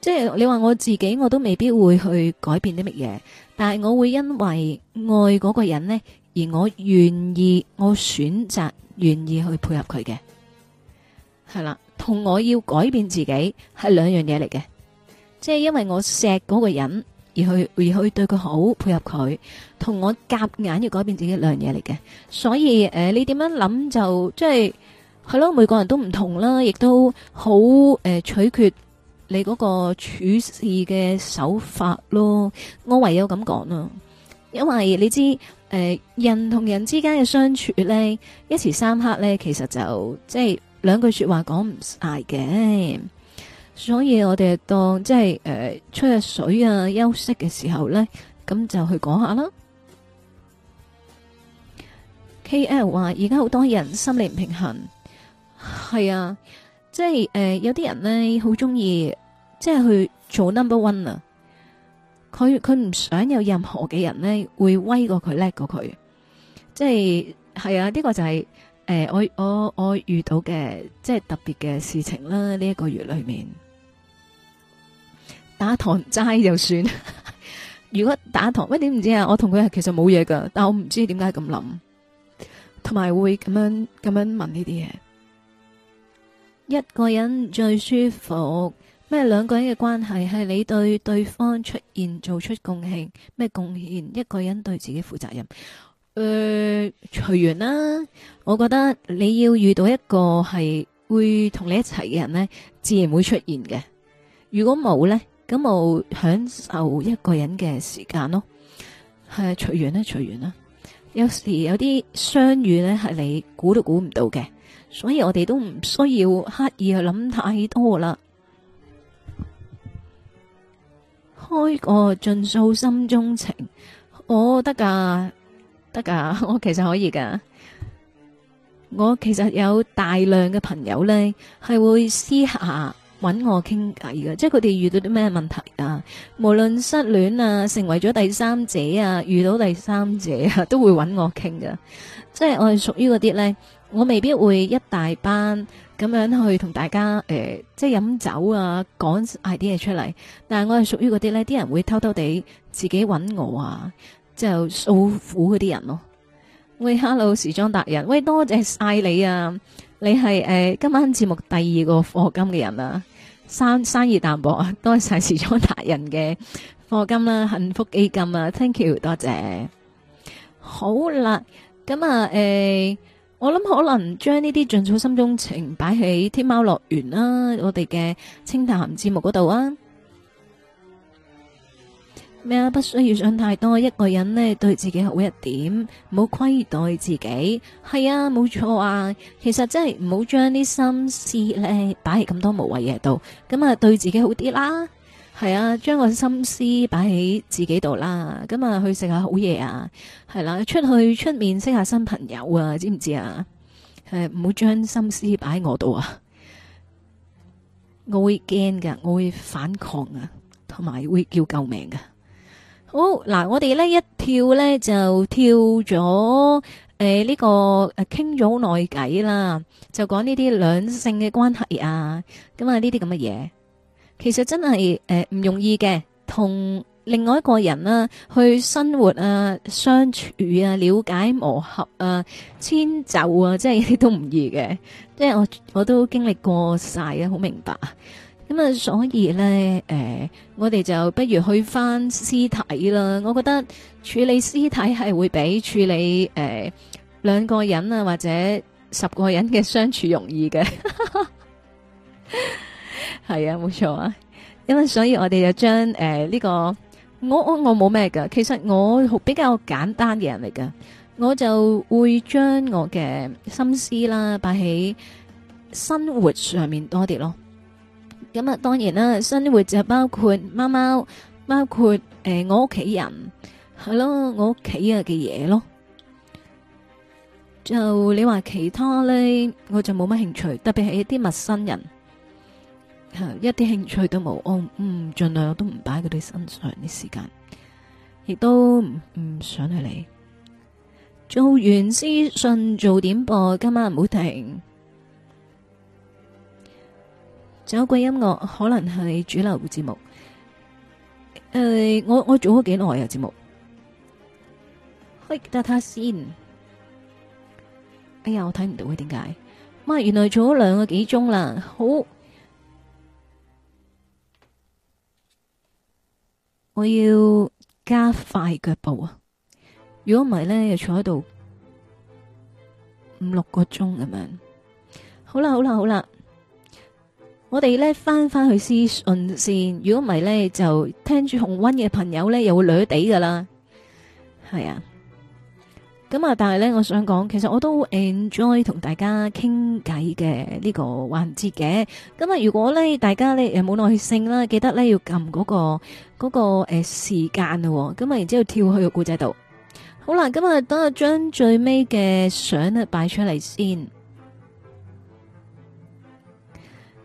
即係你話，我自己我都未必會去改變啲乜嘢，但係我會因為愛嗰個人呢，而我願意，我選擇願意去配合佢嘅。係啦，同我要改變自己係兩樣嘢嚟嘅，即係因為我錫嗰個人而去而去對佢好配合佢，同我夾硬要改變自己兩樣嘢嚟嘅，所以誒、呃、你點樣諗就即係。係咯，每個人都唔同啦，亦都好誒、呃，取決你嗰個處事嘅手法咯。我唯有咁講啦，因為你知誒、呃，人同人之間嘅相處咧，一時三刻咧，其實就即係兩句話說話講唔晒嘅。所以我哋當即係誒，吹、呃、下水啊，休息嘅時候咧，咁就去講下啦。K L 話而家好多人心理唔平衡。係啊，即係誒，有啲人咧好中意，即係去做 number one 啊。佢佢唔想有任何嘅人咧會威過佢叻過佢，即係係啊。呢個就係誒，我我我遇到嘅即係特別嘅事情啦。呢一個月裏面，打堂齋就算。 如果打堂，喂，點唔知啊？我同佢係其實冇嘢噶，但係我唔知點解咁諗，同埋會咁樣咁樣問呢啲嘢。一個人最舒服咩？兩個人嘅關係係你對對方出現做出貢獻咩貢獻？一個人對自己負責任。誒、呃，隨緣啦！我覺得你要遇到一個係會同你一齊嘅人呢，自然會出現嘅。如果冇呢，咁冇享受一個人嘅時間咯。係隨緣啦，隨緣啦。有時有啲相遇呢，係你估都估唔到嘅。所以我哋都唔需要刻意去諗太多啦。開個盡訴心中情、哦，我得噶，得噶，我其實可以噶。我其實有大量嘅朋友咧，係會私下揾我傾偈嘅，即係佢哋遇到啲咩問題啊，無論失戀啊，成為咗第三者啊，遇到第三者啊，都會揾我傾㗎。即係我係屬於嗰啲咧。我未必會一大班咁樣去同大家誒、呃，即係飲酒啊，講係啲嘢出嚟。但係我係屬於嗰啲呢啲人會偷偷地自己揾我啊，就訴苦嗰啲人咯、啊。喂，hello 時裝達人，喂，多謝晒你啊！你係誒、呃、今晚節目第二個課金嘅人啊，生生意淡薄啊，多謝時裝達人嘅課金啦、啊，幸福基金啊，thank you 多謝。好啦，咁啊誒。呃我諗可能將呢啲盡訴心中情擺喺天貓樂園啦，我哋嘅清談節目嗰度啊。咩啊？不需要想太多，一個人呢，對自己好一點，唔好虧待自己。係啊，冇錯啊。其實真係唔好將啲心思咧擺喺咁多無謂嘢度，咁啊對自己好啲啦。係啊，將個心思擺喺自己度啦，咁啊去食下好嘢啊，係啦，出去出面識下新朋友啊，知唔知啊？誒，唔好將心思擺喺我度啊，我會驚噶，我會反抗啊，同埋會叫救命噶。好嗱，我哋呢一跳呢、呃這個，就跳咗誒呢個誒傾咗好耐偈啦，就講呢啲兩性嘅關係啊，咁啊呢啲咁嘅嘢。其實真係誒唔容易嘅，同另外一個人啦、啊、去生活啊、相處啊、了解磨合啊、遷就啊，即係都唔易嘅。即係我我都經歷過晒啊，好明白。咁啊，所以呢，誒、呃，我哋就不如去返屍體啦。我覺得處理屍體係會比處理誒、呃、兩個人啊或者十個人嘅相處容易嘅。 係啊，冇錯啊，因為所以我哋就將誒呢、呃這個我我我冇咩噶，其實我比較簡單嘅人嚟噶，我就會將我嘅心思啦擺喺生活上面多啲咯。咁、嗯、啊，當然啦，生活就包括貓貓，包括誒我屋企人係咯，我屋企啊嘅嘢咯。就你話其他咧，我就冇乜興趣，特別係一啲陌生人。一啲興趣都冇，我唔盡、嗯、量都唔擺佢哋身上啲時間，亦都唔想去理。做完資訊做點播，今晚唔好停。仲有鬼音樂可能係主流節目。誒、呃，我我做咗幾耐啊節目？去睇下先。哎呀，我睇唔到啊，點解？哇，原來做咗兩個幾鐘啦，好。我要加快腳步啊！如果唔係咧，又坐喺度五六個鐘咁樣。好啦好啦好啦，我哋咧翻翻去私信先。如果唔係咧，就聽住紅溫嘅朋友咧，又會累地噶啦。係啊。咁啊！但係咧，我想講，其實我都好 enjoy 同大家傾偈嘅呢個環節嘅。咁啊，如果咧大家咧又冇耐性啦，記得咧要撳嗰、嗰個嗰、嗰個誒時間咯。咁啊，然之後跳去個故仔度。好啦，咁啊，等下將最尾嘅相咧擺出嚟先。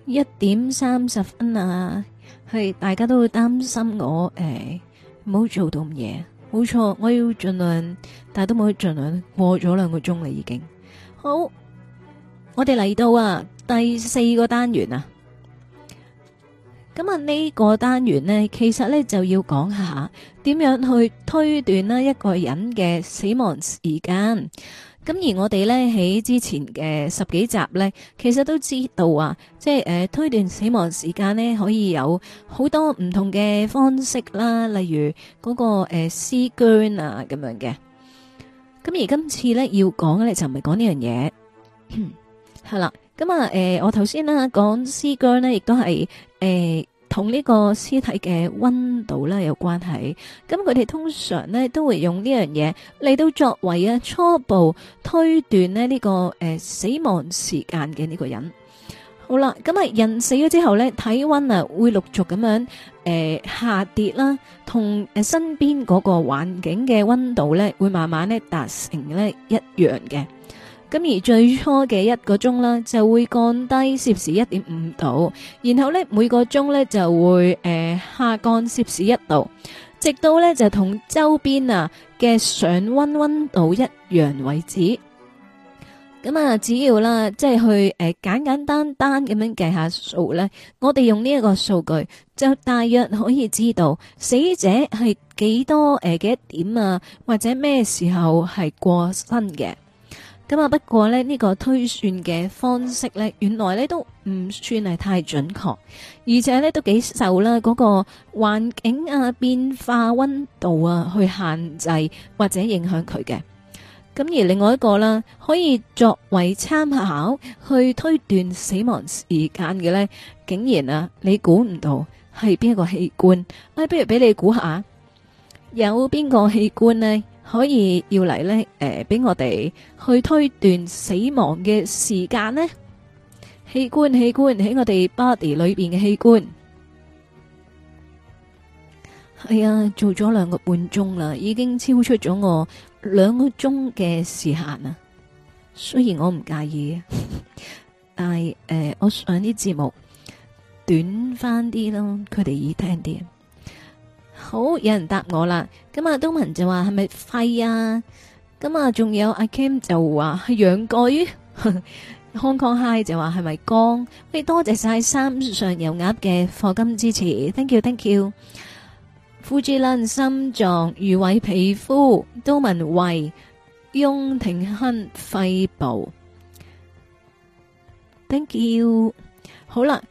一點三十分啊，係大家都會擔心我誒冇、哎、做到唔嘢。冇錯，我要盡量。但係都冇去盡量，過咗兩個鐘啦，已經好。我哋嚟到啊，第四個單元啊。咁啊，呢個單元呢，其實呢，就要講下點樣去推斷呢一個人嘅死亡時間。咁而我哋呢，喺之前嘅十幾集呢，其實都知道啊，即係誒、呃、推斷死亡時間呢，可以有好多唔同嘅方式啦，例如嗰、個誒屍僵啊咁樣嘅。咁而今次咧，要講咧，就唔係講呢樣嘢，係 啦。 咁啊，誒，我頭先啦講屍僵咧，亦都係誒同呢個屍體嘅溫度啦有關係。咁佢哋通常咧，都會用呢樣嘢嚟到作為啊初步推斷呢、呢個誒、呃、死亡時間嘅呢個人。好啦，咁啊，人死咗之後咧，體溫啊會陸續咁樣誒下跌啦，同誒身邊嗰個環境嘅溫度咧會慢慢咧達成咧一樣嘅。咁而最初嘅一個鐘啦，就會降低攝氏一點五度，然後咧每個鐘咧就會誒、呃、下降攝氏一度，直到咧就同周邊啊嘅上溫溫度一樣為止。咁啊，只要啦，即係去誒簡簡單單咁樣計下數咧，我哋用呢一個數據，就大約可以知道死者係幾多誒嘅、呃、幾多點啊，或者咩時候係過身嘅？咁啊，不過咧呢、呢個推算嘅方式咧，原來咧都唔算係太準確，而且咧都幾受啦嗰個環境啊變化溫度啊去限制或者影響佢嘅。咁而另外一個啦，可以作為參考去推斷死亡時間嘅呢，竟然啊，你估唔到係邊一個器官？不如俾你估下，有邊個器官呢可以要嚟？呢？誒，俾我哋去推斷死亡嘅時間呢？器官器官，喺我哋 body 裏邊嘅器官，係啊，做咗兩個半鐘啦，已經超出咗我。兩個鐘嘅時限啊，雖然我唔介意，但係誒、呃，我上啲節目短翻啲咯，佢哋耳聽啲。好，有人答我啦，咁啊，東文就話係咪肺啊？咁 啊，仲有阿 Kim 就話係羊肝，Hong Kong High 就話係咪光？多謝晒三上油鴨嘅課金支持，Thank you，Thank you thank you. 呼肌、心臟、腸胃、皮膚，都文胃、胸、挺、亨肺部。Thank you 好。好啦，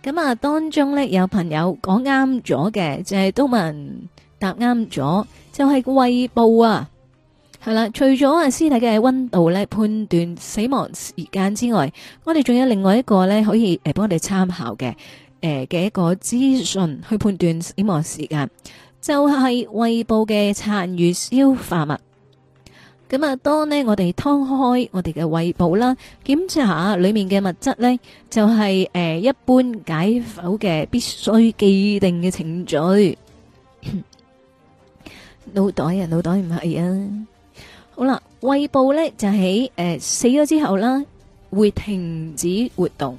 咁啊，當中呢，有朋友講啱咗嘅，就係、是、都文答啱咗，就係、是、胃部啊。係啦，除咗啊屍體嘅溫度咧判斷死亡時間之外，我哋仲有另外一個咧可以誒幫、呃、我哋參考嘅誒嘅一個資訊去判斷死亡時間。就係胃部嘅殘餘消化物，咁啊，當呢我哋劏開我哋嘅胃部啦，檢查下裏面嘅物質呢，就係誒一般解剖嘅必須既定嘅程序。腦袋啊，腦袋唔係啊，好啦，胃部呢就喺誒死咗之後啦，會停止活動。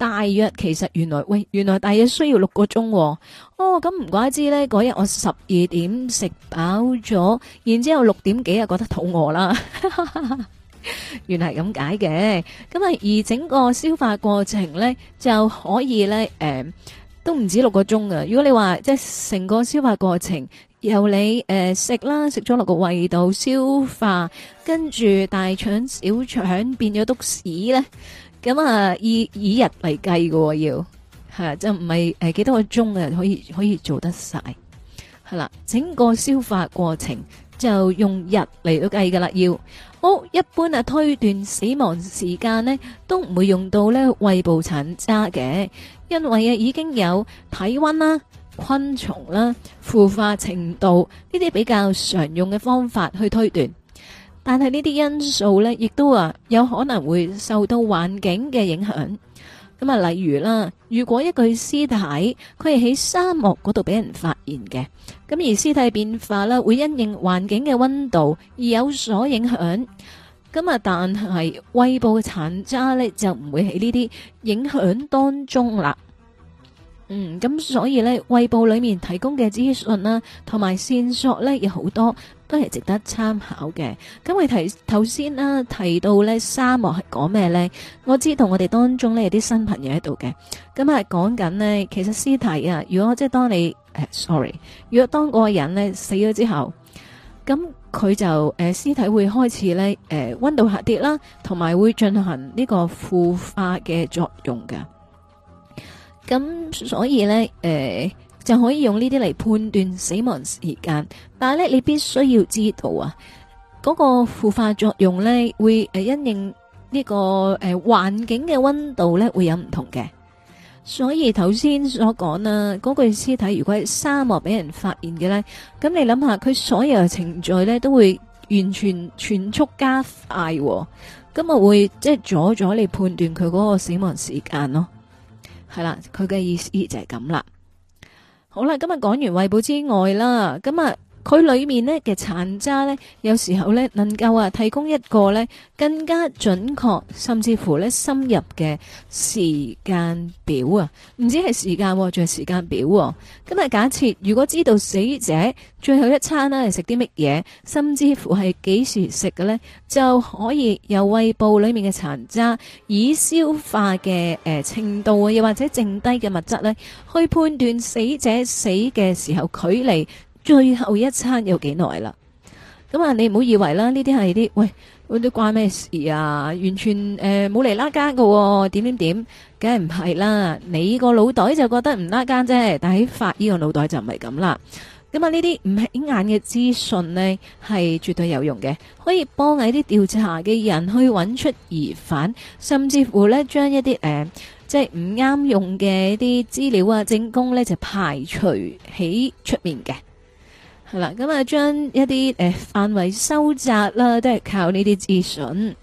大約其實原來喂，原來大約需要六個鐘哦。咁、哦、唔怪之呢。嗰日我十二點食飽咗，然之後六點幾啊覺得肚餓啦。 原來係咁解嘅。咁啊，而整個消化過程呢，就可以呢，誒、呃，都唔止六個鐘㗎。如果你話即係成個消化過程，由你誒食、呃、啦，食咗落個胃度消化，跟住大腸小腸變咗督屎呢。咁啊，以以日嚟計嘅要，吓即係唔係誒幾多個鐘嘅可以可以做得晒，係啦。整個消化過程就用日嚟去計㗎啦。要，好一般啊推斷死亡時間呢都唔會用到呢胃部殘渣嘅，因為啊已經有體溫啦、昆蟲啦、腐化程度呢啲比較常用嘅方法去推斷。但係呢啲因素呢，亦都啊有可能會受到環境嘅影響。咁啊，例如啦，如果一具屍體佢係喺沙漠嗰度俾人發現嘅，咁而屍體變化啦，會因應環境嘅溫度而有所影響。咁啊，但係胃部嘅殘渣呢，就唔會喺呢啲影響當中啦。嗯，咁所以呢，胃部裏面提供嘅資訊啦，同埋線索呢，有好多。都係值得參考嘅。咁我哋頭先呢，提到呢沙漠係講咩呢？我知道我哋當中呢有啲新朋友喺度嘅。咁係講緊呢，其實屍體啊，如果即係當你 sorry，如果當嗰個人呢死咗之後，咁佢就誒屍體會開始呢誒溫度下跌啦，同埋會進行呢個腐化嘅作用嘅。咁所以呢。誒、呃。就可以用呢啲嚟判斷死亡時間，但係咧你必須要知道啊，嗰、那個腐化作用咧會誒因應、這個呃、環呢個誒環境嘅溫度咧會有唔同嘅，所以頭先所講啦，嗰具屍體如果係沙漠俾人發現嘅咧，咁你諗下佢所有嘅程序咧都會完全全速加快、哦，咁啊會即係、就是、阻阻你判斷佢嗰個死亡時間咯，係啦，佢嘅意思就係咁啦。好啦，今日講完喂保之外啦，今日。佢裏面呢嘅殘渣呢，有時候呢能夠啊提供一個呢更加準確，甚至乎呢深入嘅時間表啊！唔止係時間，仲係時間表。咁但係假設如果知道死者最後一餐呢係食啲乜嘢，甚至乎係幾時食嘅呢，就可以由胃部裏面嘅殘渣以消化嘅誒、呃、程度啊，又或者剩低嘅物質呢，去判斷死者死嘅時候距離。最後一餐有幾耐啦？咁啊，你唔好以為啦，呢啲係啲喂，嗰啲關咩事啊？完全誒，冇、呃、嚟拉間噶、哦，點點點，梗係唔係啦？你個腦袋就覺得唔拉間啫，但喺法醫個腦袋就唔係咁啦。咁啊，呢啲唔起眼嘅資訊呢，係絕對有用嘅，可以幫啲調查嘅人去揾出疑犯，甚至乎呢，將一啲誒、呃，即係唔啱用嘅一啲資料啊、證供呢，就排除喺出面嘅。係啦，咁啊、嗯，將一啲誒範圍收窄啦，都係靠呢啲資訊。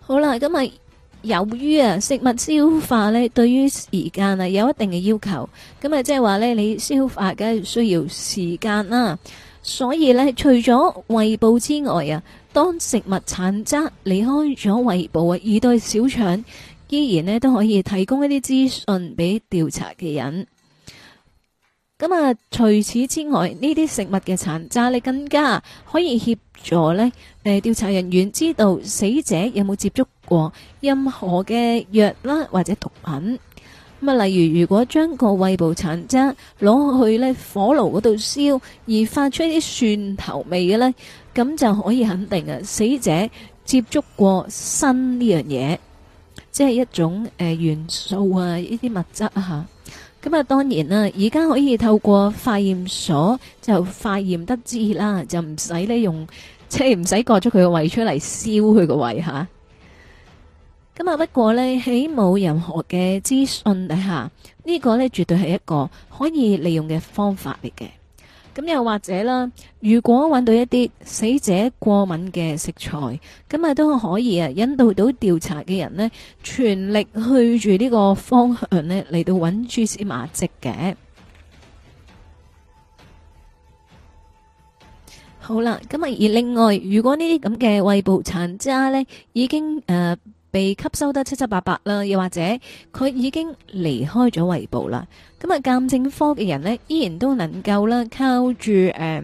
好啦，咁、嗯、啊，由於啊食物消化呢，對於時間啊有一定嘅要求，咁、嗯、啊，即係話呢，你消化梗係需要時間啦、啊，所以呢，除咗胃部之外啊，當食物殘渣離開咗胃部啊，而到小腸，依然呢都可以提供一啲資訊俾調查嘅人。咁啊！除此之外，呢啲食物嘅殘渣，你更加可以協助呢誒，調查人員知道死者有冇接觸過任何嘅藥啦，或者毒品。咁啊，例如如果將個胃部殘渣攞去呢火爐嗰度燒，而發出一啲蒜頭味嘅呢，咁就可以肯定啊，死者接觸過砷呢樣嘢，即係一種誒元素啊，呢啲物質啊。咁啊，當然啦，而家可以透過化驗所就化驗得知啦，就唔使咧用，即係唔使割咗佢個胃出嚟燒佢個胃吓。咁啊，不過呢，喺冇任何嘅資訊底下，呢、呢個呢，絕對係一個可以利用嘅方法嚟嘅。咁又或者啦，如果揾到一啲死者過敏嘅食材，咁啊都可以啊引導到調查嘅人呢，全力去住呢個方向呢，嚟到揾蛛絲馬跡嘅。好啦，咁啊而另外，如果呢啲咁嘅胃部殘渣呢，已經誒，呃被吸收得七七八八啦，又或者佢已經離開咗胃部啦。咁啊，鑒證科嘅人呢，依然都能夠啦、呃，靠住誒，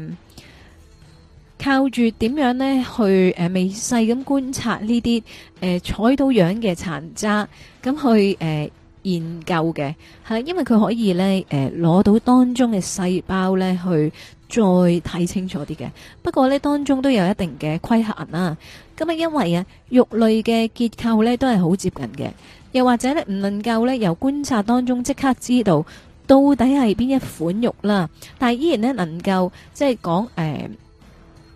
靠住點樣呢？去誒，微、呃、細咁觀察呢啲誒，採、呃、到樣嘅殘渣，咁去誒、呃、研究嘅，係因為佢可以呢，誒、呃，攞到當中嘅細胞呢，去再睇清楚啲嘅。不過呢，當中都有一定嘅規限啦、啊。咁啊，因為啊，肉類嘅結構咧都係好接近嘅，又或者咧唔能夠咧由觀察當中即刻知道到底係邊一款肉啦，但係依然呢能夠即係講誒，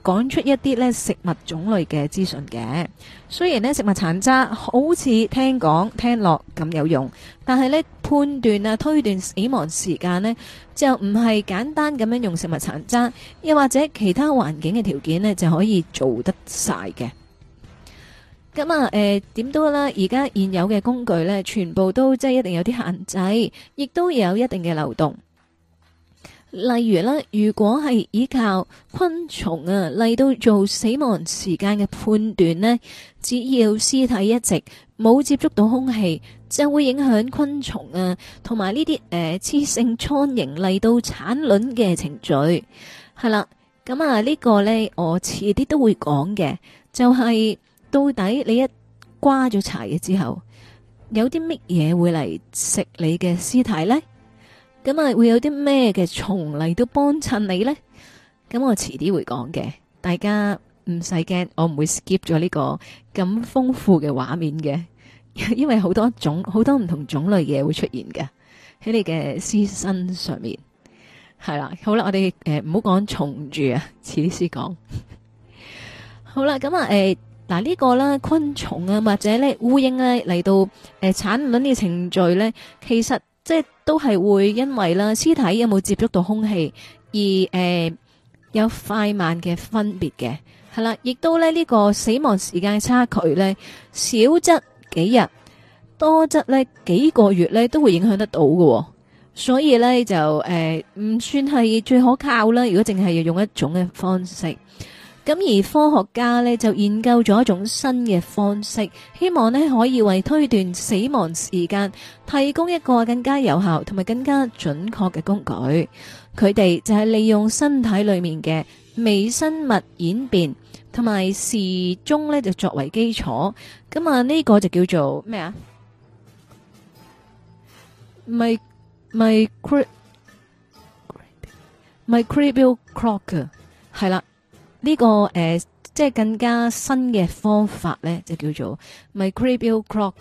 講、呃、出一啲咧食物種類嘅資訊嘅。雖然呢食物殘渣好似聽講聽落咁有用，但係咧判斷啊推斷死亡時間呢，就唔係簡單咁樣用食物殘渣，又或者其他環境嘅條件呢就可以做得晒嘅。咁啊，誒，點、呃、都啦。而家現有嘅工具呢，全部都即係一定有啲限制，亦都有一定嘅漏洞。例如呢，如果係依靠昆蟲啊嚟，到做死亡時間嘅判斷呢，只要屍體一直冇接觸到空氣，就會影響昆蟲啊，同埋呢啲誒雌性蒼蠅嚟到產卵嘅程序係啦。咁啊，呢個呢，我遲啲都會講嘅，就係、是。到底你一刮咗柴嘅之後，有啲乜嘢會嚟食你嘅屍體呢？咁啊，會有啲咩嘅蟲嚟到幫襯你呢？咁我遲啲會講嘅，大家唔使驚，我唔會 skip 咗呢個咁豐富嘅畫面嘅，因為好多種好多唔同種類嘢會出現嘅喺你嘅屍身上面，係啦。好啦，我哋誒唔好講蟲住啊，遲啲先講。好、呃、啦，咁啊誒。嗱呢、啊呢個啦昆蟲啊，或者咧烏蠅咧嚟到誒、呃、產卵嘅程序咧，其實即係都係會因為啦屍體有冇接觸到空氣而誒、呃、有快慢嘅分別嘅，係啦，亦都咧呢、呢個死亡時間差距咧少則幾日，多則咧幾個月咧都會影響得到嘅、哦，所以咧就誒唔、呃、算係最可靠啦。如果淨係要用一種嘅方式。咁而科學家呢就研究咗一種新嘅方式，希望呢可以為推斷死亡時間提供一個更加有效同埋更加準確嘅工具。佢哋就係利用身體裡面嘅微生物演變同埋時鐘呢，就作為基礎。咁啊，呢個就叫做咩啊？咪、咪、Microbial clock 係啦。呢個誒、呃、即係更加新嘅方法咧，就叫做 microbial clock。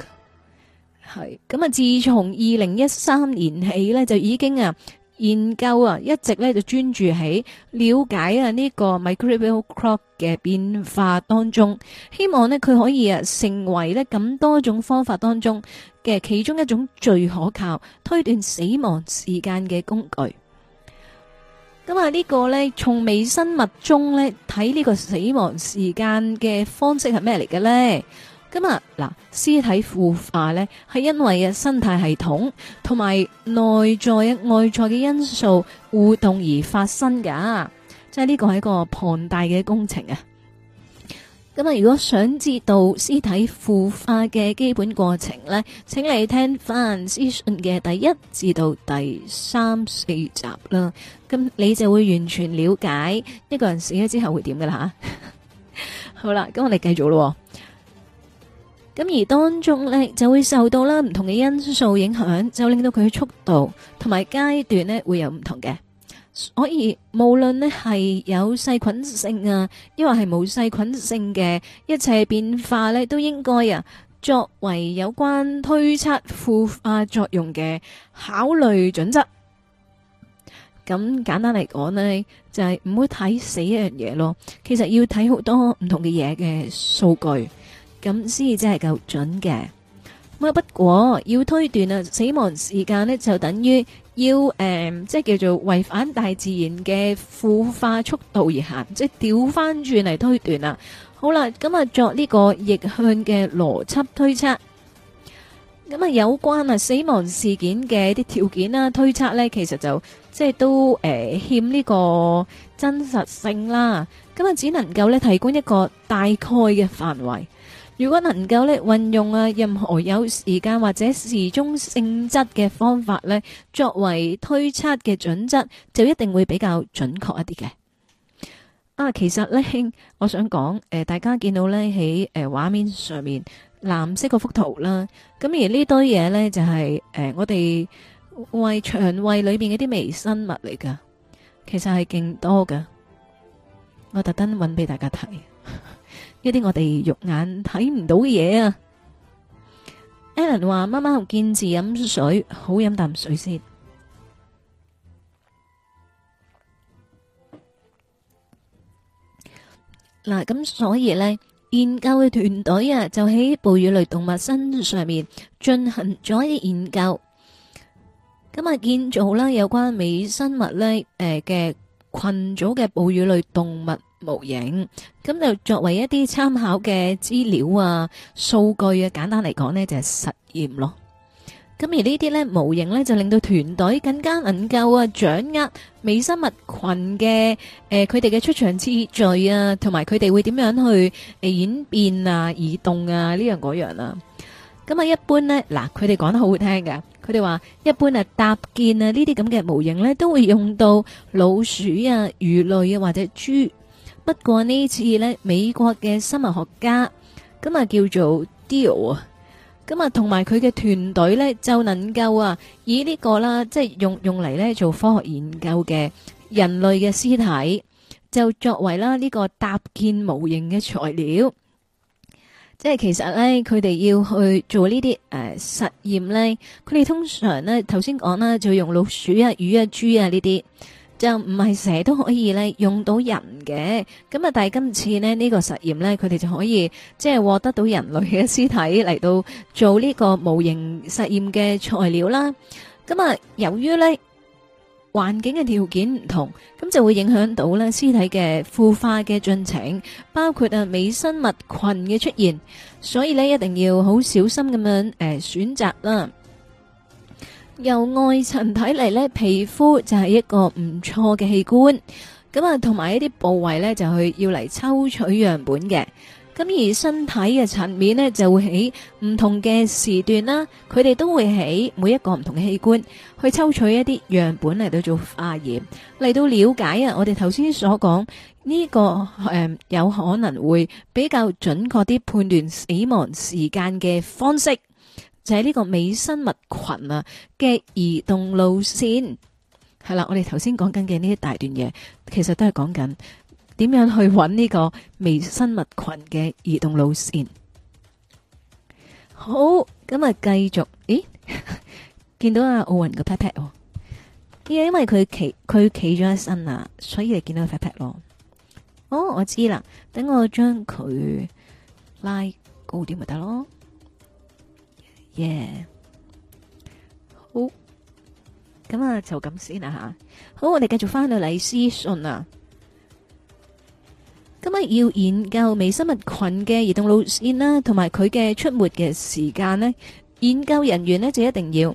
係咁啊，自從二零一三年起咧，就已經啊研究啊，一直咧就專注喺了解啊呢個 microbial clock 嘅變化當中，希望咧佢可以啊成為咧咁多種方法當中嘅其中一種最可靠推斷死亡時間嘅工具。咁啊！個呢個咧，從微生物中咧睇呢個死亡時間嘅方式係咩嚟嘅咧？咁啊，嗱，屍體腐化咧係因為啊生態系統同埋內在嘅外在嘅因素互動而發生噶，即係呢個係一個龐大嘅工程啊！咁啊，如果想知道屍體腐化嘅基本過程咧，請你聽翻屍訊嘅第一至到第三四集啦。咁你就會完全了解一個人死咗之後會點㗎啦吓。 好啦，咁我哋繼續咯。咁而當中呢，就會受到啦唔同嘅因素影響，就令到佢嘅速度同埋階段呢會有唔同嘅。所以無論呢係有細菌性啊，亦或係冇細菌性嘅一切變化呢，都應該啊作為有關推測腐化作用嘅考慮準則。咁簡單嚟講呢，就係唔好睇死一樣嘢咯。其實要睇好多唔同嘅嘢嘅數據，咁先至真係夠準嘅。咁啊，不過要推斷啊死亡時間呢，就等於。要誒、呃，即係叫做違反大自然嘅腐化速度而行，即係調翻轉嚟推斷啦。好啦，咁啊，作呢個逆向嘅邏輯推測，咁啊，有關啊死亡事件嘅一啲條件啦、啊，推測呢其實就即係都誒、呃、欠呢個真實性啦。咁啊，只能夠呢提供一個大概嘅範圍。如果能夠咧運用啊任何有時間或者時鐘性質嘅方法呢，作為推測嘅準則，就一定會比較準確一啲嘅。啊，其實呢，我想講，誒、呃，大家見到呢喺誒畫面上面藍色嗰幅圖啦，咁而呢堆嘢呢，就係、是、誒、呃、我哋胃腸胃裏面嗰啲微生物嚟噶，其實係勁多噶，我特登揾俾大家睇。 一啲我哋肉眼睇唔到嘅嘢啊！Alan 話媽媽學見字飲水，好飲啖水先。嗱，咁所以呢，研究嘅團隊啊，就喺哺乳類動物身上面進行咗一啲研究。咁啊建造啦，有關微生物呢，誒嘅群組嘅哺乳類動物。模型咁就作為一啲參考嘅資料啊、數據啊，簡單嚟講呢，就係實驗咯。咁而呢啲呢模型呢，就令到團隊更加能夠啊掌握微生物群嘅誒，佢哋嘅出場次序啊，同埋佢哋會點樣去誒演變啊、移動啊呢樣嗰樣啊。咁啊，一般呢，嗱，佢哋講得好聽嘅，佢哋話一般啊搭建啊呢啲咁嘅模型呢，都會用到老鼠啊、魚類啊或者豬。不過呢次呢美國嘅生物學家咁啊叫做 Deal 啊，咁啊同埋佢嘅團隊呢就能夠啊以呢、這個啦，即係用用嚟咧做科學研究嘅人類嘅屍體，就作為啦呢個搭建模型嘅材料。即係其實呢佢哋要去做、呃、呢啲誒實驗呢，佢哋通常呢頭先講啦，就用老鼠啊、魚啊、豬啊呢啲。就唔係成日都可以咧用到人嘅，咁啊！但係今次咧呢個實驗呢，佢哋就可以即係獲得到人類嘅屍體嚟到做呢個模型實驗嘅材料啦。咁啊，由於呢環境嘅條件唔同，咁就會影響到咧屍體嘅腐化嘅進程，包括啊微生物群嘅出現，所以呢，一定要好小心咁樣誒選擇啦。由外層睇嚟咧，皮膚就係一個唔錯嘅器官，咁啊，同埋一啲部位咧，就去要嚟抽取樣本嘅。咁而身體嘅層面呢，就會喺唔同嘅時段啦，佢哋都會喺每一個唔同嘅器官去抽取一啲樣本嚟到做化驗，嚟到了解啊，我哋頭先所講呢個誒、呃，有可能會比較準確啲判斷死亡時間嘅方式。就係呢個微生物群啊嘅移動路線，係啦，我哋頭先講緊嘅呢一大段嘢，其實都係講緊點樣去揾呢個微生物群嘅移動路線。好，咁咪繼續，咦、哎，見 到阿奧運個 pat pat 哦，因為佢企佢企咗一身啊，所以你見到 pat pat 咯。哦，我知啦，等我將佢拉高啲咪得咯。耶，yeah. 好，咁啊就咁先啦吓。好，我哋繼續翻到嚟屍訊啊。今日要研究微生物菌嘅移動路線啦，啊，同埋佢嘅出沒嘅時間呢，研究人員呢，就一定要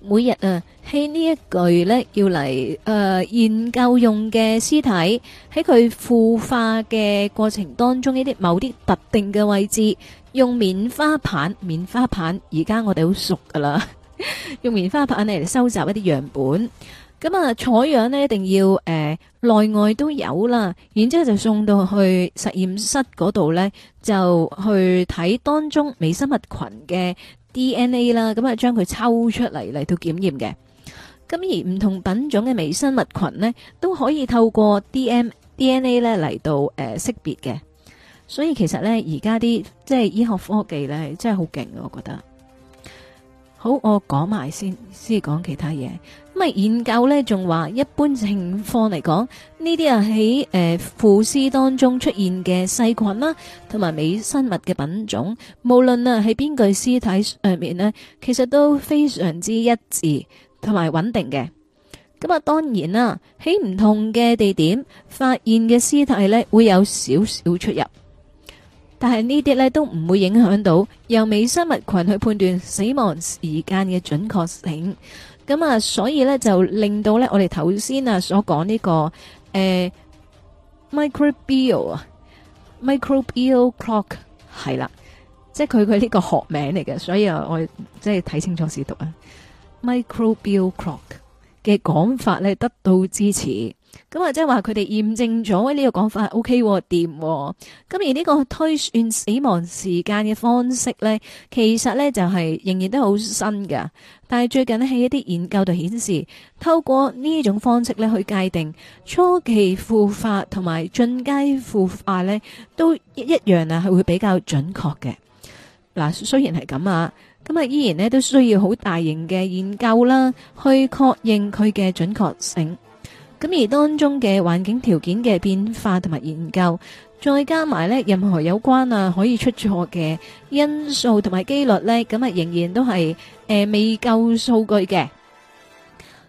每日啊喺呢一具呢要嚟誒、呃、研究用嘅屍體喺佢腐化嘅過程當中呢啲某啲特定嘅位置。用棉花棒，棉花棒，而家我哋好熟噶啦。用棉花棒咧嚟收集一啲樣本，咁啊，採樣呢一定要誒、呃、內外都有啦。然之後就送到去實驗室嗰度呢，就去睇當中微生物群嘅 DNA 啦。咁啊，將佢抽出嚟嚟到檢驗嘅。咁而唔同品種嘅微生物群呢，都可以透過 DM DNA 咧嚟到誒、呃、識別嘅。所以其實呢，而家啲即係醫學科技呢真係好勁，我覺得。好，我講埋先，先講其他嘢。咁啊，研究呢，仲話，一般情況嚟講，呢啲啊喺誒腐屍當中出現嘅細菌啦、啊，同埋微生物嘅品種，無論啊喺邊具屍體上面呢，其實都非常之一致同埋穩定嘅。咁啊，當然啦，喺唔同嘅地點發現嘅屍體呢，會有少少出入。但係呢啲咧，都唔會影響到由微生物群去判斷死亡時間嘅準確性，咁、嗯、啊，所以咧就令到咧我哋頭先啊所講呢、呢個、呃、microbial microbial clock 係啦，即係佢佢呢個學名嚟嘅，所以啊我即係睇清楚試讀啊 microbial clock 嘅講法咧得到支持。咁啊，即係話佢哋驗證咗呢個講法係 O K 掂。咁而呢個推算死亡時間嘅方式呢，其實呢就係仍然都好新㗎。但係最近呢，喺一啲研究度顯示，透過呢種方式呢去界定初期腐化同埋進階腐化呢，都一樣啊，係會比較準確嘅。嗱，雖然係咁啊，咁啊依然呢都需要好大型嘅研究啦，去確認佢嘅準確性。咁而當中嘅環境條件嘅變化同埋研究，再加埋呢，任何有關啊，可以出錯嘅因素同埋機率呢，咁啊仍然都係誒、呃、未夠數據嘅。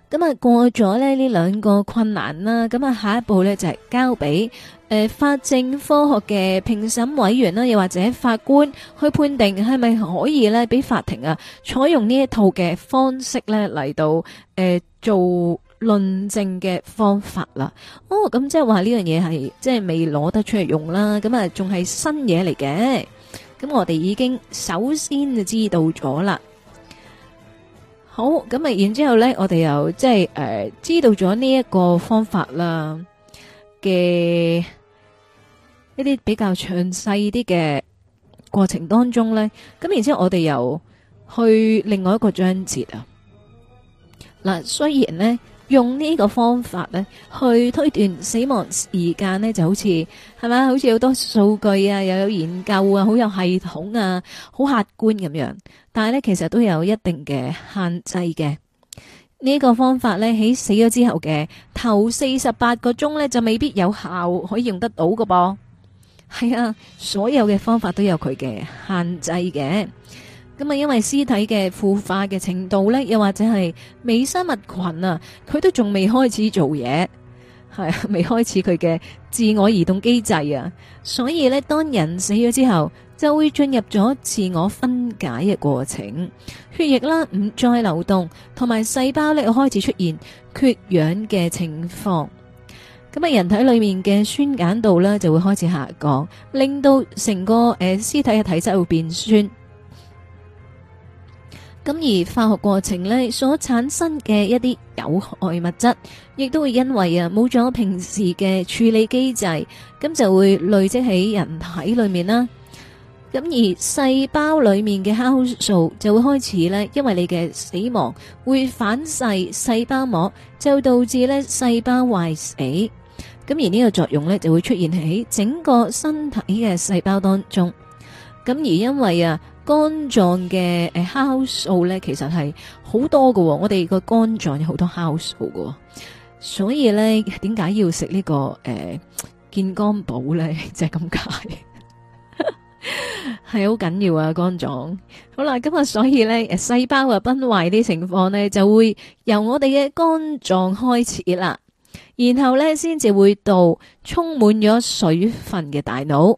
咁啊過咗呢呢兩個困難啦，咁啊下一步呢，就係交俾誒法證科學嘅評審委員啦，又或者法官去判定係咪可以呢？俾法庭啊採用呢一套嘅方式呢，嚟到誒做。論證嘅方法啦，哦，咁即係話呢樣嘢係即係未攞得出嚟用啦，咁啊仲係新嘢嚟嘅，咁我哋已經首先就知道咗啦。好，咁啊，然之後咧，我哋又即係誒，知道咗呢一個方法啦嘅一啲比較詳細啲嘅過程當中咧，咁然之後我哋又去另外一個章節啊。嗱，雖然呢。用呢個方法咧，去推斷死亡時間呢就好似係咪？好似好多數據啊，又有研究啊，好有系統啊，好客觀咁樣。但係呢，其實都有一定嘅限制嘅。呢個方法呢，喺死咗之後嘅頭四十八個鐘呢，就未必有效可以用得到嘅噃。係啊，所有嘅方法都有佢嘅限制嘅。咁啊，因為屍體嘅腐化嘅程度呢，又或者係微生物群啊，佢都仲未開始做嘢，係未開始佢嘅自我移動機制。啊，所以呢，當人死咗之後，就會進入咗自我分解嘅過程，血液啦唔再流動，同埋細胞呢又開始出現缺氧嘅情況。咁啊，人體裏面嘅酸鹼度呢，就會開始下降，令到成個誒屍體嘅體質會變酸。咁而化學過程咧，所產生嘅一啲有害物質，亦都會因為啊冇咗平時嘅處理機制，咁就會累積喺人體裏面啦。咁而細胞裏面嘅酵素就會開始咧，因為你嘅死亡會反噬細胞膜，就導致咧細胞壞死。咁而呢個作用咧就會出現喺整個身體嘅細胞當中。咁而因為啊。肝臟嘅，誒酵素咧，其實係好多喎、哦。我哋個肝臟有好多酵素喎、哦，所以咧點解要食呢、這個誒、呃、健肝寶咧，就係、是、咁解，係好緊要啊肝臟。好啦，咁啊，所以咧細細胞啊崩壞啲情況咧，就會由我哋嘅肝臟開始啦，然後咧先至會到充滿咗水分嘅大腦。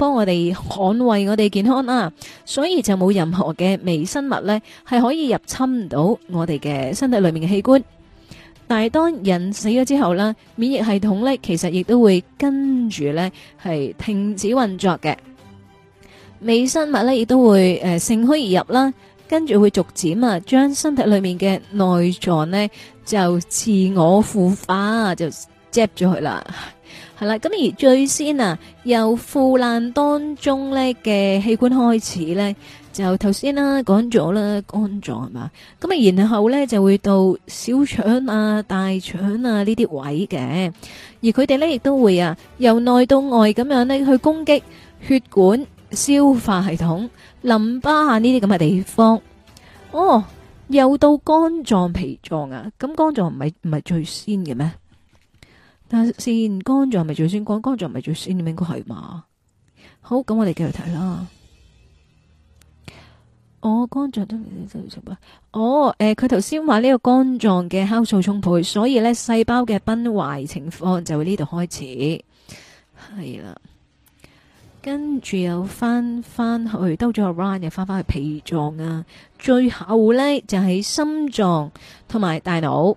幫我哋捍衛我哋健康啦、啊，所以就冇任何嘅微生物呢係可以入侵到我哋嘅身體裏面嘅器官。但係當人死咗之後啦，免疫系統呢其實亦都會跟住呢係停止運作嘅，微生物呢亦都會誒乘虛而入啦，跟住會逐漸啊將身體裏面嘅內臟呢就自我腐化，就接咗佢啦。係啦，咁而最先啊，由腐爛當中咧嘅器官開始咧，就頭先啦講咗啦肝臟係嘛，咁啊然後咧就會到小腸啊、大腸啊呢啲位嘅，而佢哋咧亦都會啊由內到外咁樣咧去攻擊血管、消化系統、淋巴啊呢啲咁嘅地方。哦，又到肝臟脾臟啊，咁肝臟唔係唔係最先嘅咩？但先，肝臟係咪最先肝？肝臟係咪最先應該係嘛？好，咁我哋繼續睇啦。我肝臟都就做乜？哦，誒，佢頭先話呢個肝臟嘅酵素充沛，所以咧細胞嘅崩壞情況就會呢度開始，係啦。跟住又翻翻去，兜咗個 round 又翻翻去脾臟啊。最後呢咧就係、是、心臟同埋大腦。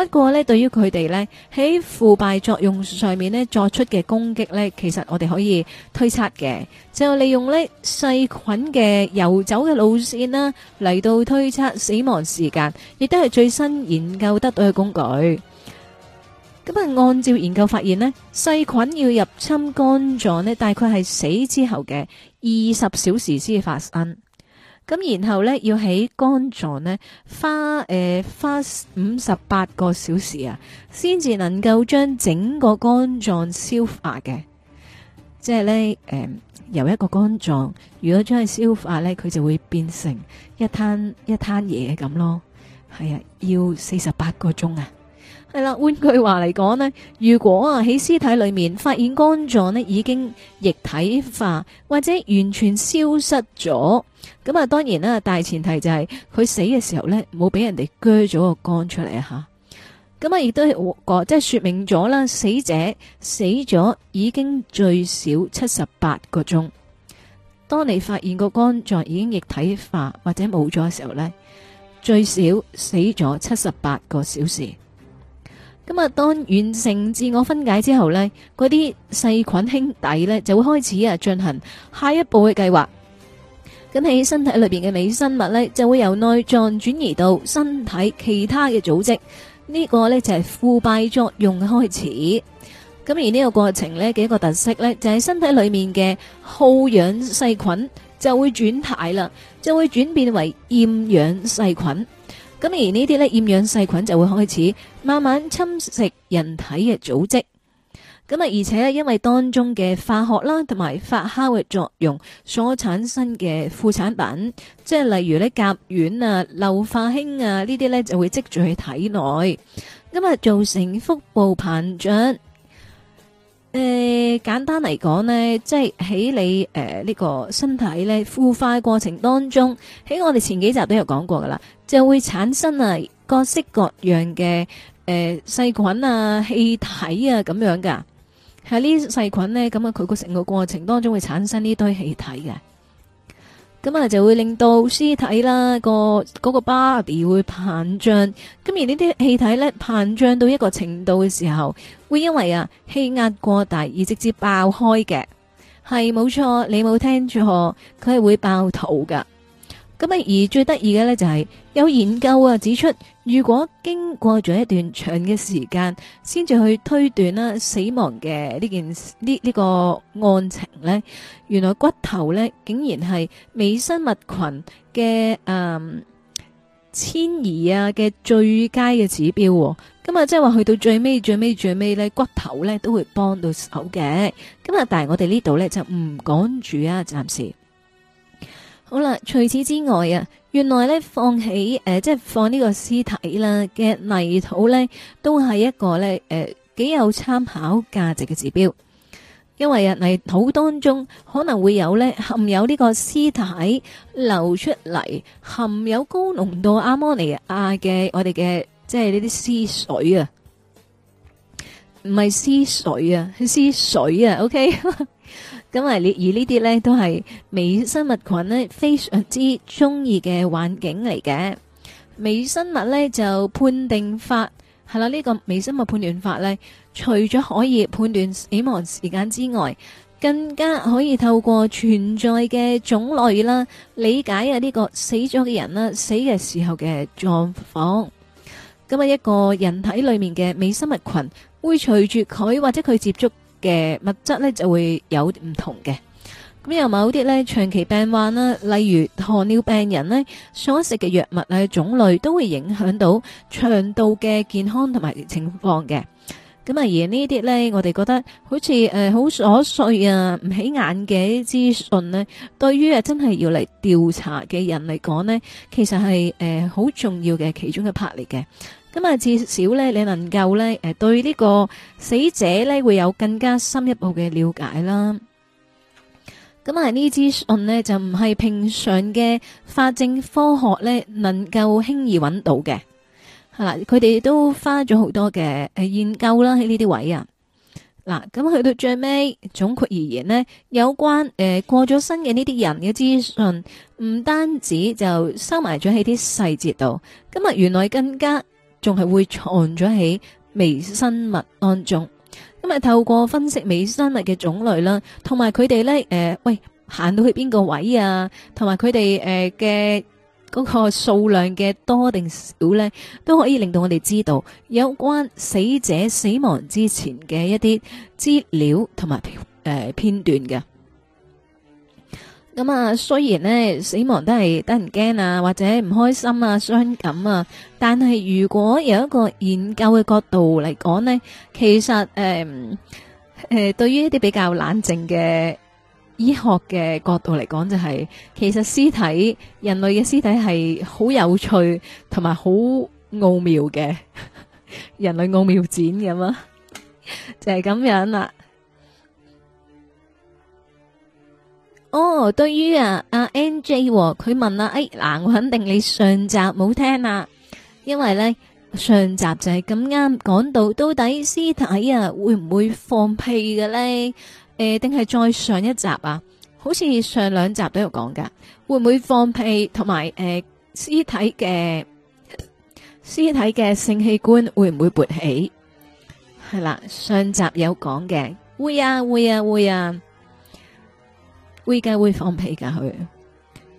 不過呢，對於佢哋呢喺腐敗作用上面呢作出嘅攻擊呢，其實我哋可以推測嘅，就利用呢細菌嘅游走嘅路線啦，嚟到推測死亡時間，亦都係最新研究得到嘅工具。咁啊，按照研究發現呢，細菌要入侵肝臟呢，大概係死之後嘅二十小時先發生。咁然後咧要喺肝臟咧花誒、呃、花五十八個小時啊，先至能夠將整個肝臟消化嘅，即係咧誒由一個肝臟，如果將佢消化咧，佢就會變成一攤一攤嘢咁咯。係啊，要四十八個鐘啊！係啦，換句話嚟講呢，如果啊喺屍體裏面發現肝臟呢，已經液體化或者完全消失咗，咁啊，當然啦，大前提就係、是、佢死嘅時候呢冇俾人哋鋸咗個肝出嚟啊，吓，咁啊亦都係即係說明咗啦，死者死咗已經最少七十八個鐘。當你發現個肝臟已經液體化或者冇咗嘅時候呢，最少死咗七十八個小時。咁啊，當完成自我分解之後咧，嗰啲細菌兄弟咧就會開始啊進行下一步嘅計劃。咁喺身體裏邊嘅微生物咧就會由內臟轉移到身體其他嘅組織，呢、呢個咧就係腐敗作用開始。咁而呢個過程咧嘅一個特色咧就係身體裏面嘅耗氧細菌就會轉態啦，就會轉變為厭氧細菌。咁而呢啲咧厭氧細菌就會開始慢慢侵蝕人體嘅組織，咁啊而且因為當中嘅化學啦同埋發酵嘅作用所產生嘅副產品，即係例如呢甲烷啊、硫化氫啊呢啲呢，就會積聚喺體內，咁啊造成腹部膨脹。誒、呃，簡單嚟講呢，即係喺你誒呢、呃這個身體咧腐化過程當中，喺我哋前幾集都有講過噶啦，就會產生啊各式各樣嘅誒細菌啊氣體啊咁樣噶，喺呢細菌呢，咁啊佢個成個過程當中會產生呢堆氣體嘅。咁啊，就會令到屍體啦、個嗰個 body 會膨脹，咁而呢啲氣體咧膨脹到一個程度嘅時候，會因為啊氣壓過大而直接爆開嘅，係冇錯，你冇聽錯，佢係會爆肚噶。咁啊，而最得意嘅咧就係、是、有研究啊指出，如果經過咗一段長嘅時間，先至去推斷啦死亡嘅呢件呢呢、這個案情咧，原來骨頭咧竟然係微生物群嘅嗯遷移啊嘅最佳嘅指標。咁、嗯、啊，即係話去到最尾最尾最尾咧，骨頭咧都會幫到手嘅。咁、嗯、啊，但係我哋呢度咧就唔講住啊，暫時。好啦，除此之外啊，原來咧放起誒、呃，即係放呢個屍體啦嘅泥土咧，都係一個咧誒，幾、呃、有參考價值嘅指標，因為啊泥土當中可能會有咧含有呢個屍體流出嚟，含有高濃度阿摩尼亞嘅我哋嘅即係呢啲屍水啊，唔係屍水啊，係屍水啊，OK。 咁啊！而呢啲咧都係微生物群咧非常之中意嘅環境嚟嘅。微生物咧就判定法係啦，呢個微生物判斷法咧，除咗可以判斷死亡時間之外，更加可以透過存在嘅種類啦，理解啊呢個死咗嘅人啦死嘅時候嘅狀況。咁啊，一個人體裏面嘅微生物群會隨住佢或者佢接觸，嘅物質呢就會有唔同嘅，咁有某啲呢長期病患啦，例如糖尿病人呢，所食嘅藥物嘅種類都會影響到腸道嘅健康同埋情況嘅，咁啊，而呢啲呢，我哋覺得好似誒好瑣碎啊唔起眼嘅資訊呢，對於啊真係要嚟調查嘅人嚟講呢，其實係誒好重要嘅其中嘅 part 嚟嘅。咁啊，至少咧，你能夠咧，誒，對呢個死者咧，會有更加深一步嘅了解啦。咁啊，呢資訊呢，就唔係平常嘅法證科學咧，能夠輕易揾到嘅係啦。佢哋亦都花咗好多嘅誒研究啦，喺呢啲位啊。嗱，咁去到最尾，總括而言呢，有關誒、呃、過咗身嘅呢啲人嘅資訊，唔單止就收埋咗喺啲細節度，咁啊，原來更加。仲係會藏咗喺微生物當中。咁啊，透過分析微生物嘅種類啦，同埋佢哋咧，誒、呃、喂行到去邊個位置啊，同埋佢哋誒嘅嗰個數量嘅多定少咧，都可以令到我哋知道有關死者死亡之前嘅一啲資料同埋誒片段嘅。咁啊，雖然咧死亡都係得人驚啊，或者唔開心啊、傷感啊，但係如果有一個研究嘅角度嚟講咧，其實誒誒、呃呃，對於一啲比較冷靜嘅醫學嘅角度嚟講、就是，就係其實屍體，人類嘅屍體係好有趣同埋好奧妙嘅，人類奧妙展咁啊，就係、是、咁樣啦。哦，對於啊阿 N J 佢、哦、問啦、啊，哎嗱、呃，我肯定你上集冇聽啦，因為咧上集就係咁啱講到到底屍體啊會唔會放屁嘅咧？誒、呃，定係再上一集啊？好似上兩集都有講噶，會唔會放屁？同埋誒屍體嘅屍體嘅性器官會唔會勃起？係啦，上集有講嘅，會啊會啊會啊！會啊會解會放屁噶佢，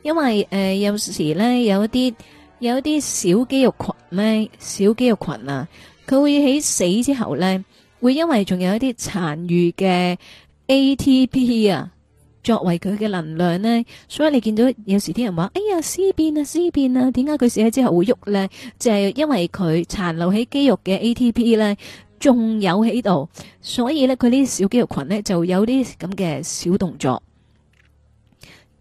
因為誒、呃、有時咧有一啲有一啲小肌肉群咧小肌肉群啊，佢會喺死之後咧會因為仲有一啲殘餘嘅 A T P 啊，作為佢嘅能量咧，所以你見到有時啲人話哎呀屍變啊屍變啊，點解佢死咗之後會喐咧？就係、是、因為佢殘留喺肌肉嘅 A T P 咧，仲有喺度，所以咧佢呢啲小肌肉群咧就有啲咁嘅小動作。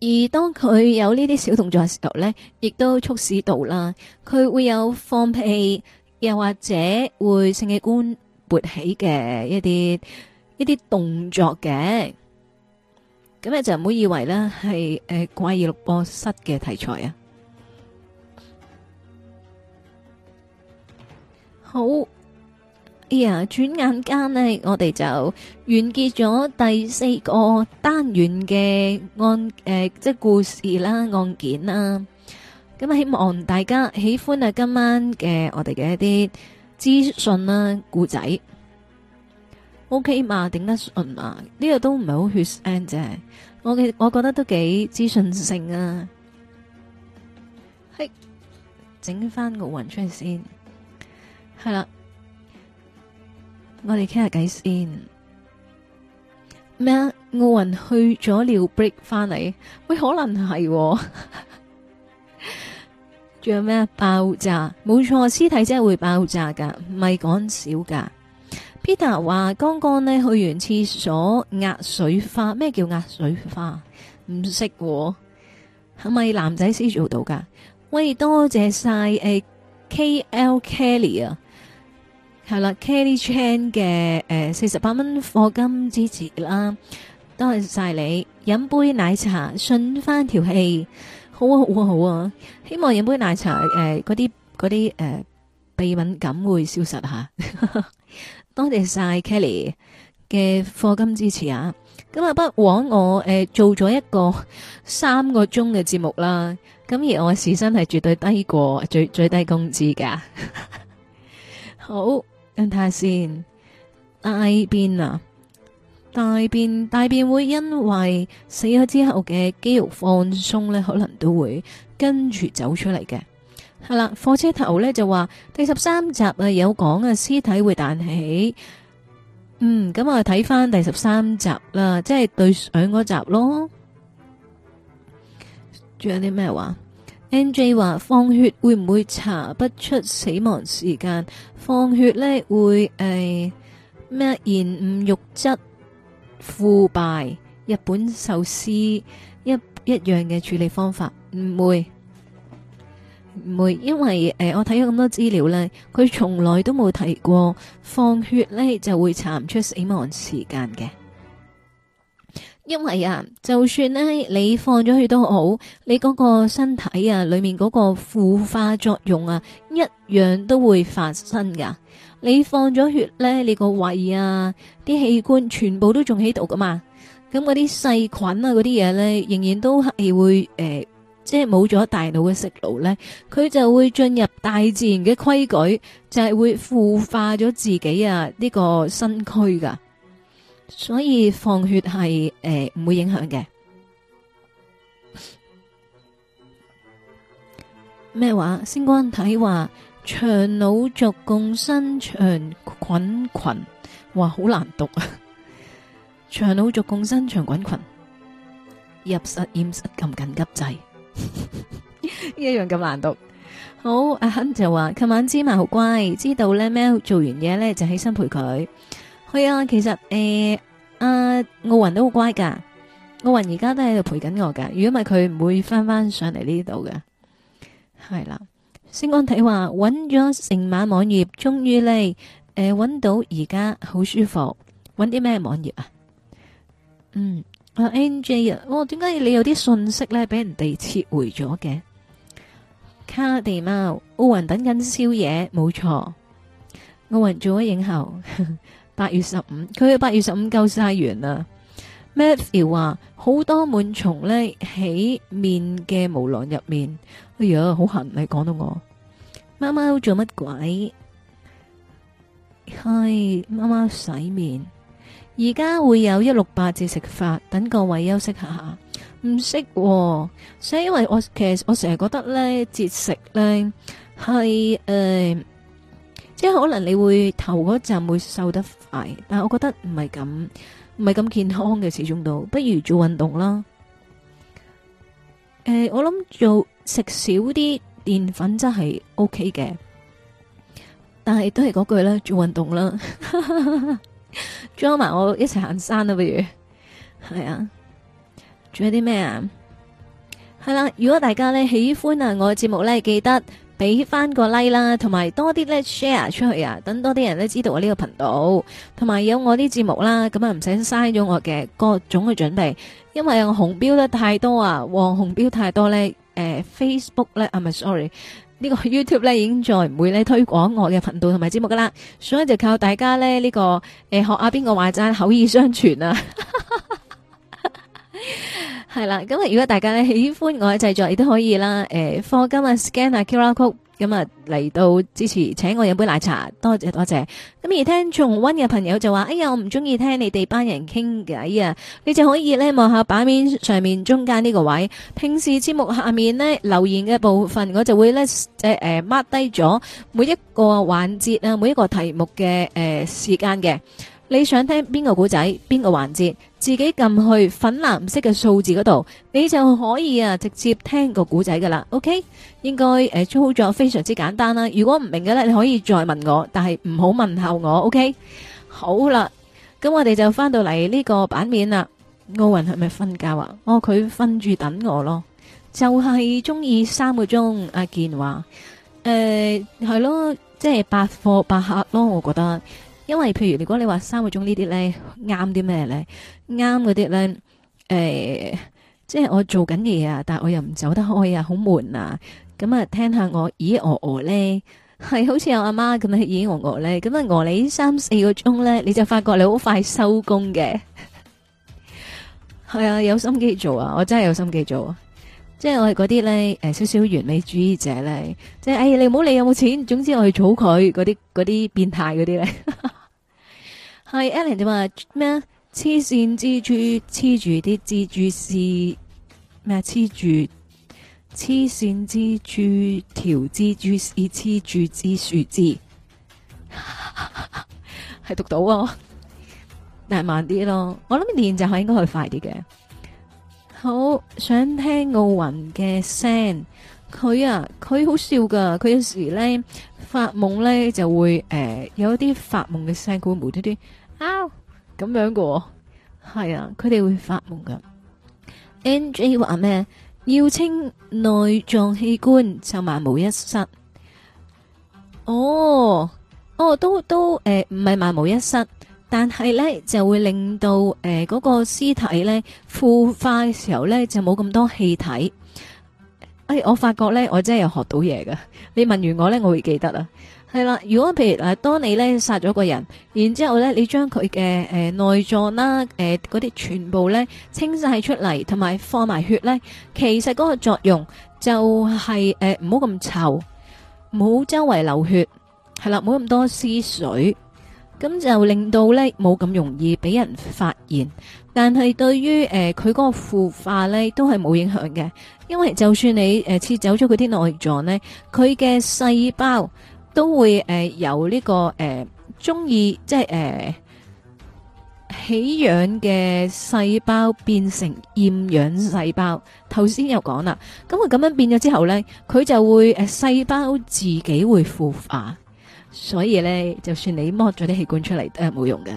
而當佢有呢啲小動作嘅時候咧，亦都促使到啦，佢會有放屁，又或者會性器官勃起嘅一啲一啲動作嘅，咁你就唔好以為呢係誒怪異錄播室嘅題材啊，好。哎呀，轉眼間呢，我哋就完結咗第四個單元嘅案誒、呃，即係故事啦、案件啦。咁啊，希望大家喜歡啊，今晚嘅我哋嘅一啲資訊啦、故仔。O K 嘛，頂得順嘛、啊，呢、這個都唔係好血腥啫。我嘅我覺得都幾資訊性啊。嘿，整翻個雲出嚟先，係啦。我哋傾下偈先。咩？奧運去咗尿 break 翻嚟？喂，可能係、啊？仲 有咩爆炸？冇錯，屍體真係會爆炸噶，唔係講笑噶。Peter 話：剛剛呢去完廁所壓水花，咩叫壓水花？唔識喎，係咪男仔先做到噶？喂，多謝晒誒、欸，K L Kelly 啊！係啦，Kelly Chan 嘅誒四十八蚊課金支持啦，多謝晒你飲杯奶茶順翻條氣，好啊好啊好啊，希望飲杯奶茶誒嗰啲嗰啲誒鼻敏感會消失吓，多謝晒 Kelly 嘅課金支持啊！咁、嗯、啊，不枉我誒、呃、做咗一個三個鐘嘅節目啦，咁而我時薪係絕對低過最最低工資噶，好。睇下先，大便啊，大便大便會因為死咗之後嘅肌肉放鬆咧，可能都會跟住走出嚟嘅。係啦，貨車頭咧就話第十三集啊有講啊，屍體會彈起。嗯，咁我睇翻第十三集啦，即係對上嗰集咯。仲有啲咩話？N.J. 話放血會唔會查不出死亡時間？放血呢會誒咩？延、哎、誤肉質腐敗、日本壽司一一樣嘅處理方法？唔會唔會？因為誒、哎，我睇咗咁多資料呢，佢從來都冇提過放血呢就會查唔出死亡時間嘅。因為啊，就算呢，你放咗血都好，你嗰個身體啊裏面嗰個腐化作用啊，一樣都會發生噶。你放咗血咧，你個胃啊、啲器官全部都仲喺度噶嘛，咁嗰啲細菌啊、嗰啲嘢咧，仍然都係會誒、呃，即係冇咗大腦嘅食腦咧，佢就會進入大自然嘅規矩，就係、是、會腐化咗自己啊呢、這個身軀噶所以放血係誒，唔會影響嘅。咩話？星官睇話長腦族共生長菌群，話好難讀啊！長腦族共生長菌群，入實驗室咁緊急掣，一樣咁難讀。好阿肯就話：，琴晚芝麻好乖，知道咧喵做完嘢咧就起身陪佢。係啊，其實誒，阿奧運都好乖噶。奧運而家都喺度陪緊我噶。如果唔係佢唔會翻翻上嚟呢度嘅。係啦，星光體話搵咗成晚網頁，終於嚟誒，呃、搵到而家好舒服。搵啲咩網頁啊？嗯，阿、啊、N J 啊、哦，我點解你有啲訊息咧俾人哋撤回咗嘅？卡地貓，奧運等緊宵夜，冇錯。奧運做咗影后。呵呵。八月十五，佢嘅八月十五夠曬完啦。Matthew 話好多蟎蟲咧，喺面嘅毛囊入面，哎呀，好痕，你講到我，貓貓做乜鬼？係貓貓洗面，而家會有一六八節食法，等各位休息下下。唔識，啊，所以因為我其實我成日覺得咧節食咧係誒，即係可能你會頭嗰陣會受得。但係我覺得唔係咁唔係咁健康嘅，始終都不如做運動啦。誒、欸，我諗做食少啲澱粉質真係 OK 嘅，但係都係嗰句啦，做運動啦，join 埋我一齊行山啦，不如係啊？仲有啲咩啊？係啦，如果大家咧喜歡啊我嘅節目咧，記得。俾翻個 like 啦，同埋多啲咧 share 出去啊，等多啲人咧知道我呢個頻道，同埋有我啲節目啦，咁啊唔使嘥咗我嘅各種嘅準備，因為我紅標得太多啊，黃紅標太多咧，誒、呃、Facebook 咧，啊咪 sorry，個呢個 YouTube 咧已經再唔會咧推廣我嘅頻道同埋節目噶啦，所以就靠大家咧呢、呢個誒、呃、學阿邊個話齋口耳相傳啊。 係啦，咁如果大家呢喜歡我嘅製作，亦都可以啦。誒課金啊 Scan 啊 QR Code 咁啊嚟到支持，請我飲杯奶茶，多謝多謝。咁而聽重温嘅朋友就話：哎呀，我唔中意聽你哋班人傾偈啊！你就可以呢望下版面上面中間呢個位，平時節目下面呢留言嘅部分，我就會呢誒誒 mark 低咗每一個環節啊，每一個題目嘅誒時間嘅。你想聽邊個古仔，邊個環節？自己撳去粉藍色嘅數字嗰度，你就可以啊直接聽個故仔噶啦。OK，應該誒、呃、操作非常之簡單啦、啊。如果唔明嘅咧，你可以再問我，但係唔好問候我。OK，好啦，咁、嗯、我哋就翻到嚟呢個版面啦。奧運係咪瞓覺啊？哦，佢瞓住等我咯，就係、是、中意三個鐘。阿健話誒係咯，即、就、係、是、百貨百客咯，我覺得。因為譬如如果你話三個鐘呢啲咧，啱啲咩咧？啱嗰啲咧，誒、欸，即、就、係、是、我做緊嘢啊，但係我又唔走得開悶啊，好悶啊，咁啊，聽下我咦哦哦咧，係、啊啊啊哎、好似我阿媽咁啊咦哦哦咧，咁啊哦、啊、你三四個鐘咧，你就發覺你好快收工嘅。係啊、哎，有心機做啊，我真係有心機做啊，即係我係嗰啲咧，誒、欸，少少完美主義者咧，即係誒、欸，你唔好理有冇錢，總之我去儲佢，嗰啲嗰啲變態嗰啲咧。呵呵係 Ellen，你話咩啊？黐線蜘蛛黐，住啲蜘蛛絲咩啊？黐住黐線蜘蛛條蜘蛛絲黐住枝樹枝，係 讀到啊！ 但係慢啲咯，我諗練習下應該可以快啲嘅。好想聽奧運嘅聲，佢啊佢好笑噶，佢有時咧發夢咧就會誒、呃、有一啲發夢嘅聲，佢會毛嘟啊，咁樣個係、哦、啊，佢哋會發夢噶。N J 話咩？要清內臟器官就萬無一失。哦，哦，都都誒，唔係萬無一失，但係咧就會令到誒嗰個屍體咧腐化嘅時候咧就冇咁多氣體。哎，我發覺咧，我真係有學到嘢噶。你問完我咧，我會記得啦。係啦，如果譬如誒，當你咧殺咗個人，然之後咧，你將佢嘅誒內臟啦，誒嗰啲全部咧清晒出嚟，同埋放埋血咧，其實嗰個作用就係誒唔好咁臭，唔好周圍流血，係啦，冇咁多屍水，咁就令到咧冇咁容易俾人發現。但係對於誒佢嗰個腐化咧，都係冇影響嘅，因為就算你誒、呃、切走咗佢啲內臟咧，佢嘅細胞。都會誒由呢個誒、呃、中意即係誒喜氧嘅細胞變成厭氧細胞。頭先又講啦，咁佢咁樣變咗之後咧，佢就會誒、呃、細胞自己會腐化，所以咧就算你剝咗啲器官出嚟，呃、沒用的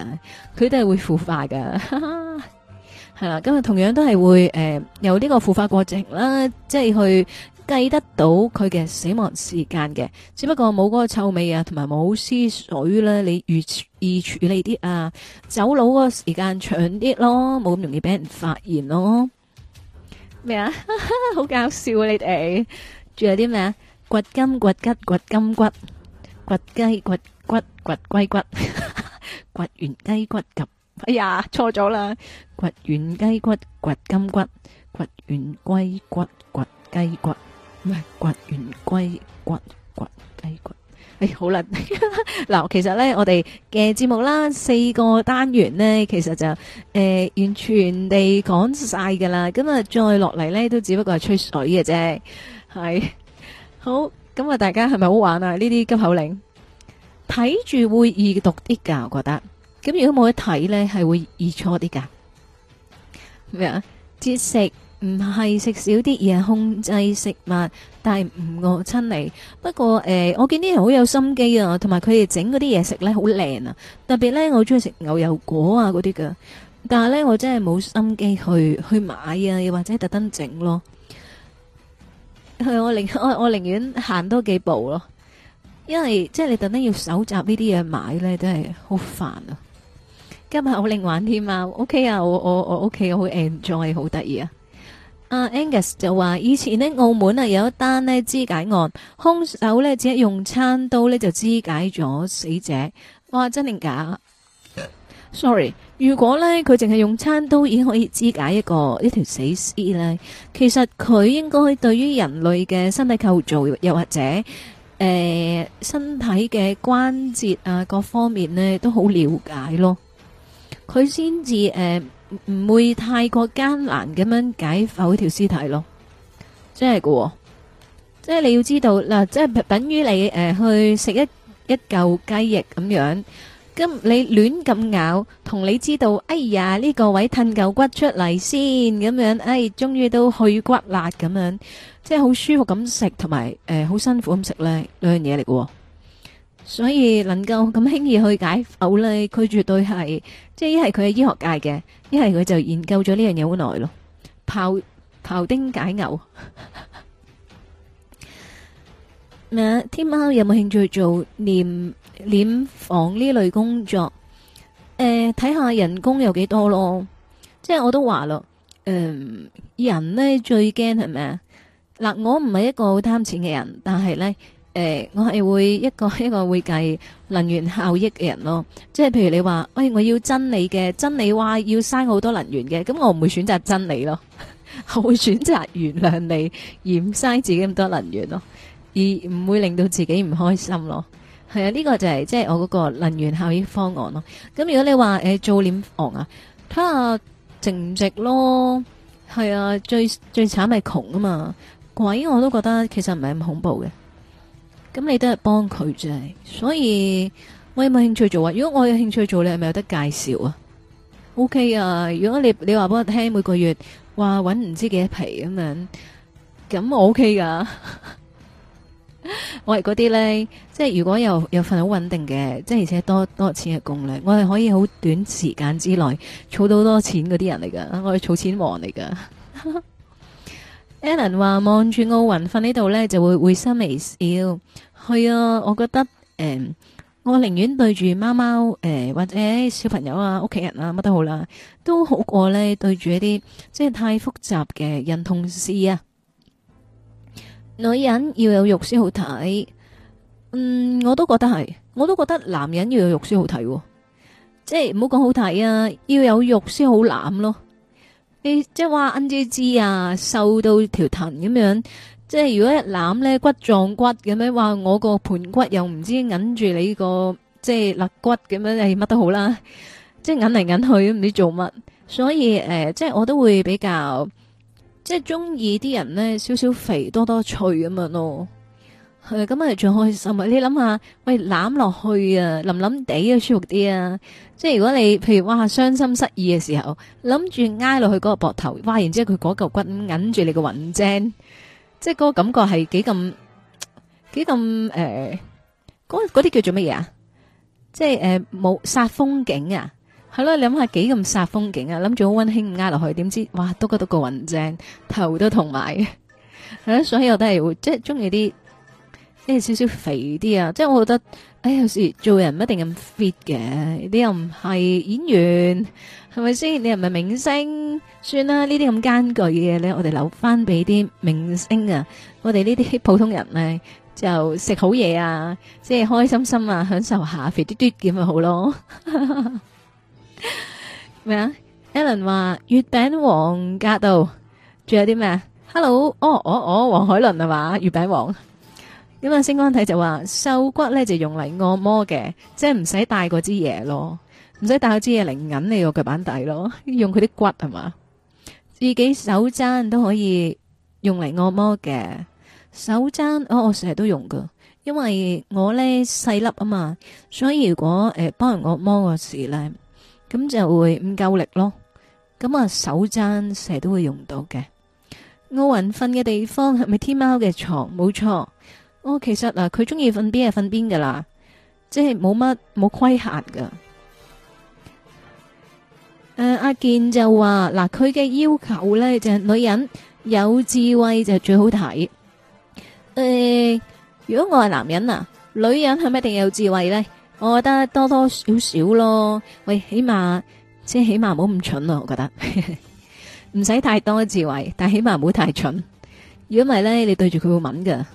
它都係冇用噶佢都係會腐化噶係啦，今日同樣都係會誒、呃、有呢個腐化過程啦，即係去。計得到佢嘅死亡時間嘅，只不過冇嗰個臭味啊，同埋冇屍水啦，啊。你易易處理啲啊，走佬個時間長啲咯，冇咁容易俾人發現咯。咩啊什麼？ 好搞笑啊！你哋仲有啲咩？掘金掘吉掘金骨，掘雞掘骨掘龜骨，掘 完雞骨噉，哎呀錯咗啦！掘完雞骨掘金骨，掘完龜骨掘雞骨。掘完骨圓龜骨骨雞骨，哎，哎，哎好啦，嗱 其實呢，我哋嘅節目啦四個單元呢，其實就誒、呃、完全地講晒噶啦，咁啊再落嚟，呢，都只不過係吹水嘅啫，係好咁，啊大家係咪好玩啊？呢啲急口令睇住會易讀啲噶，我覺得咁如果冇得睇呢，係會易錯啲噶咩啊？節食。唔係食少啲，而係控制食物，但係唔餓親你。不過誒、欸，我見啲人好有心機啊，同埋佢哋整嗰啲嘢食咧，好靚啊！特別咧，我中意食牛油果啊嗰啲噶。但係咧，我真係冇心機去去買啊，又或者特登整咯。我寧我我寧願行多幾步咯，因為即係你特登要搜集呢啲嘢買咧，真係好煩啊！今日好靚玩添啊，OK 啊，我我我 OK，好 enjoy，好得意啊！阿、uh, Angus 就話以前呢澳門啊有一單呢肢解案，兇手呢只係用餐刀呢就肢解咗死者。我話真定假？Sorry，如果呢佢淨係用餐刀已經可以肢解一個一條死屍呢，其實佢應該對於人類嘅身體構造，又或者誒、呃、身體嘅關節啊各方面呢都好了解咯，佢先至誒。呃唔會太過艱難咁樣解剖條屍體咯，真係噶，即係你要知道嗱，即係等於你誒去食一一嚿雞翼咁樣，咁你亂咁咬，同你知道哎呀呢個位褪舊骨出嚟先咁樣，哎終於都去骨辣咁樣，即係好舒服咁食，同埋誒好辛苦咁食呢兩樣嘢嚟噶。所以能夠咁輕易去解剖咧，佢絕對係，即係一係佢係醫學界嘅，一係佢就研究咗呢樣嘢好耐咯，刨丁釘解牛。咩、 啊？天喵有冇興趣做殮，殮房呢類工作？誒、啊，睇下人工有幾多咯。即係我都話啦，嗯，人呢最驚係咩？嗱，我唔係一個好貪錢嘅人，但係呢。誒、欸，我係會一個一個會計能源效益嘅人咯，即係譬如你話，喂、欸，我要嬲你嘅嬲你話要嘥好多能源嘅，咁我唔會選擇嬲你咯， 我會選擇原諒你，而唔嘥自己咁多能源咯，而唔會令到自己唔開心咯。係啊，呢、這個就係、是、即係我嗰個能源效益方案咯。咁如果你話誒做殮房啊，睇下值唔值咯。係啊，最最慘咪窮啊嘛，鬼我都覺得其實唔係咁恐怖嘅。咁你都係幫佢啫，所以我有冇興趣做啊？如果我有興趣做，你係咪有得介紹啊？O K 啊，如果你你話俾我聽，每個月話搵唔知幾多皮咁樣，咁我 O K 噶。 我係嗰啲呢，即係如果有有份好穩定嘅，即係而且多多錢嘅工量，我係可以好短時間之內儲到好多錢嗰啲人嚟噶我係儲錢王嚟噶。 Alan 話望住奧運瞓呢度呢，就會會心微笑。係啊，我覺得誒、嗯，我寧願對住貓貓誒，或者小朋友啊、屋企人啊乜都好啦、啊，都好過呢對住一啲即係太複雜嘅人同事啊。女人要有肉先好睇，嗯，我都覺得係，我都覺得男人要有肉先好睇，啊，即係唔好講好睇啊，要有肉先好攬咯。你、哎、即係話 n j 支啊，瘦到條藤咁樣，即係如果一攬咧骨撞骨咁樣，話，我個盤骨又唔知忍住你、呢個即係肋骨咁樣，係乜都好啦，即係忍嚟忍去都唔知做乜，所以誒、呃，即係我都會比較即係中意啲人咧少少肥多多脆咁樣咯。咁啊，仲可以，同埋你諗下，喂攬落去啊，冧冧地啊舒服啲啊！即係如果你譬如哇，傷心失意嘅時候，諗住挨落去嗰個膊頭，哇！然之後佢嗰嚿骨揞住你個魂精，即係嗰個感覺係幾咁幾咁誒，嗰嗰啲叫做乜嘢啊？即係誒冇殺風景啊！係咯，你諗下幾咁殺風景啊？諗住好溫馨挨落去，點知哇都覺得個魂精頭都痛埋，係咯，所以我都係會即係中意啲。呢係少少肥啲啊！即係我覺得，哎有時做人唔一定咁 fit 嘅，呢啲又唔係演員，係咪先？你又唔係明星，算啦。呢啲咁艱巨嘅嘢咧，我哋留翻俾啲明星啊！我哋呢啲普通人咧，就食好嘢啊，即係開心心啊，享受下肥嘟嘟咁咪好咯。咩啊？Alan 話月餅王家度仲有啲咩啊？Hello，哦哦哦，王海倫係嘛？月餅王，oh, oh, oh, 王，王。咁啊，星光體就話瘦骨咧，就用嚟按摩嘅，即係唔使帶嗰支嘢咯，唔使帶嗰支嘢嚟揞你個腳板底咯，用佢啲骨係嘛，自己手踭都可以用嚟按摩嘅。手踭哦，我成日都用噶，因為我咧細粒啊嘛，所以如果誒幫、呃、人按摩個時咧，咁就會唔夠力咯。咁、嗯、啊，手踭成日都會用到嘅。奧運瞓嘅地方係咪天貓嘅床？冇錯。哦，其實嗱，佢中意瞓邊係瞓邊噶啦，即係冇乜冇規限噶。誒、呃，阿健就話嗱，佢嘅要求咧就係、是、女人有智慧就係最好睇。誒、呃，如果我係男人啊，女人係咪一定有智慧咧？我覺得多多少少咯。喂，起碼即係起碼唔好咁蠢咯、啊。我覺得唔使 太多智慧，但係起碼唔好太蠢。如果唔係咧，你對住佢會悶噶。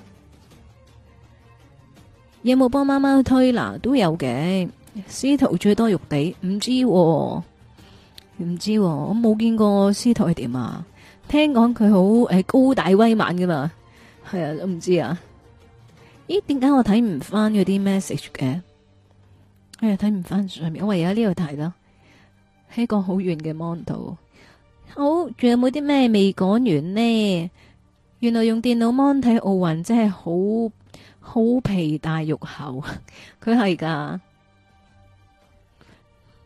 有冇幫媽媽推拿？都有嘅，司徒最多肉地，唔知，唔知啊，我冇見過司徒係點啊！聽講佢好誒高大威猛噶嘛係啊，都唔知啊！咦，點解我睇唔翻嗰啲 message 嘅？哎呀、啊，睇唔翻上面，我而家喺呢度睇啦。喺個好遠嘅 monitor 好，仲有冇啲咩未講完呢？原來用電腦 mon 睇奧運真係好～好皮大肉厚，佢係噶。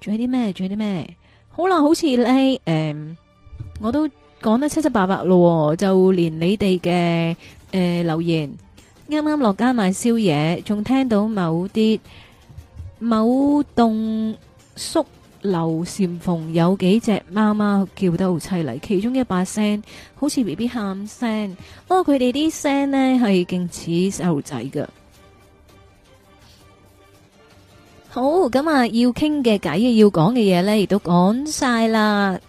仲有啲咩？仲有啲咩？好啦，好似咧，誒、呃，我都講得七七八八咯，就連你哋嘅誒留言，啱啱落街買宵夜，仲聽到某啲某棟宿。劉禪鳳有幾隻貓貓叫得好淒厲，其中一把聲好似 B B 喊聲，不過佢哋啲聲呢係勁似細路仔㗎。是像的 好咁啊，要傾嘅偈，要講嘅嘢呢亦都講晒啦。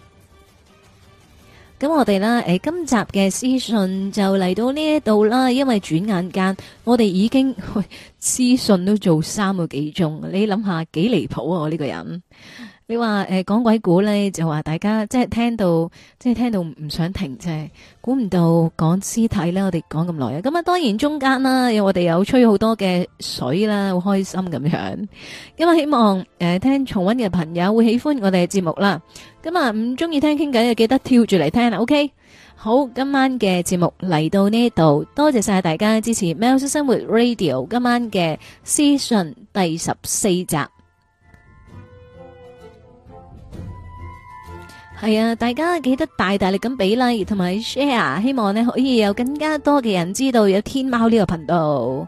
咁我哋啦，誒，今集嘅屍訊就嚟到呢一度啦，因為轉眼間我哋已經屍訊 都做三個幾鐘，你諗下幾離譜啊！我呢個人。你話，誒，講鬼故咧，就話大家即係聽到，即係聽到唔想停，即係估唔到講屍體咧，我哋講咁耐啊。咁啊，當然中間啦，有我哋有吹好多嘅水啦，好開心咁樣。咁啊，希望誒、呃、聽重温嘅朋友會喜歡我哋嘅節目啦。咁啊，唔中意聽傾偈嘅記得跳住嚟聽啦。OK，好，今晚嘅節目嚟到呢度，多謝晒大家支持《m 喵式生活 Radio》今晚嘅屍訊第十四集。係啊、哎，大家記得大大力咁俾啦、like，同埋 share，希望咧可以有更加多嘅人知道有天喵呢個頻道，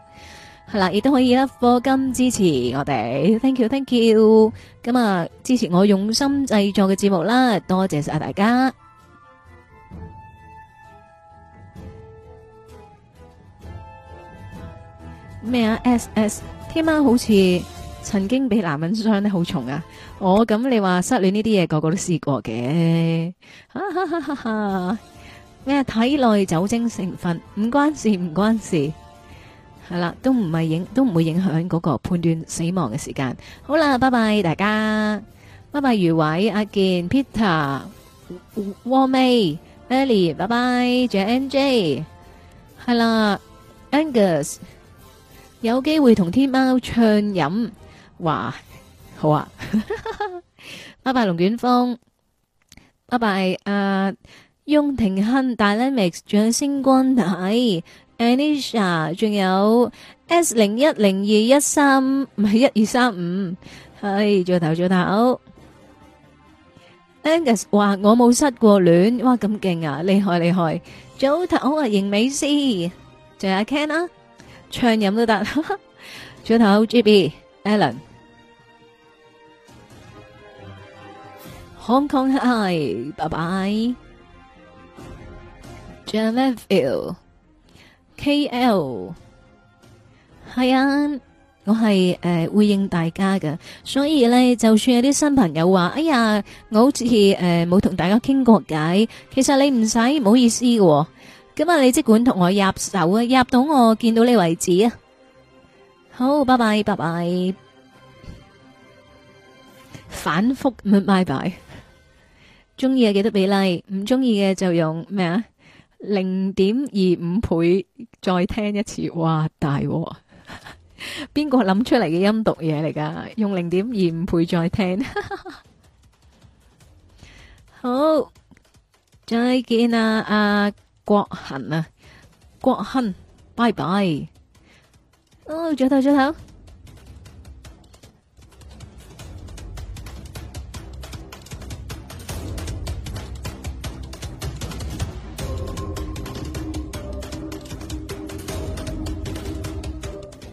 係啦，亦都可以啦，課金支持我哋，thank you，thank you，咁啊、嗯，支持我用心製作嘅節目啦，多謝晒大家。咩啊？S S，天喵好似曾經俾男人傷得好重啊！我哦，咁你話失戀呢啲嘢，個個都試過嘅，咩體內酒精成分唔關事唔關事，係啦，都唔係影都唔會影響嗰個判斷死亡嘅時間。好啦，拜拜大家，拜拜余偉阿健 Peter，Warmer Ellie，拜拜仲有 J N J，係啦 Angus，有機會同天喵暢飲，哇。好啊，拜拜龍捲風，拜拜阿翁廷亨，Dynamics，仲有星光，係 Anisha，仲有 S 零一零二一三唔係一二三五，係早頭早頭，Angus 話我冇失過戀，哇咁勁啊，厲害厲害，早頭啊邢美詩，仲有阿 Ken 啊，唱飲都得，早頭 G B Alan。Hong Kong，Hi，拜拜。J F L K L，係啊，我係誒回應大家嘅，所以咧就算有啲新朋友話，哎呀，我好似誒冇同大家傾過偈，其實你唔使唔好意思嘅，咁啊你即管同我入手啊，入到我見到你為止啊，好，拜拜，拜拜，反覆唔拜拜。中意嘅記得比例？唔中意嘅就用咩啊？零點二五倍再聽一次，哇，大鑊！邊個諗出嚟嘅音讀嘢嚟噶？用零點二五倍再聽。好，再見啊，阿郭恒啊，郭恒，拜拜。哦，早唞早唞。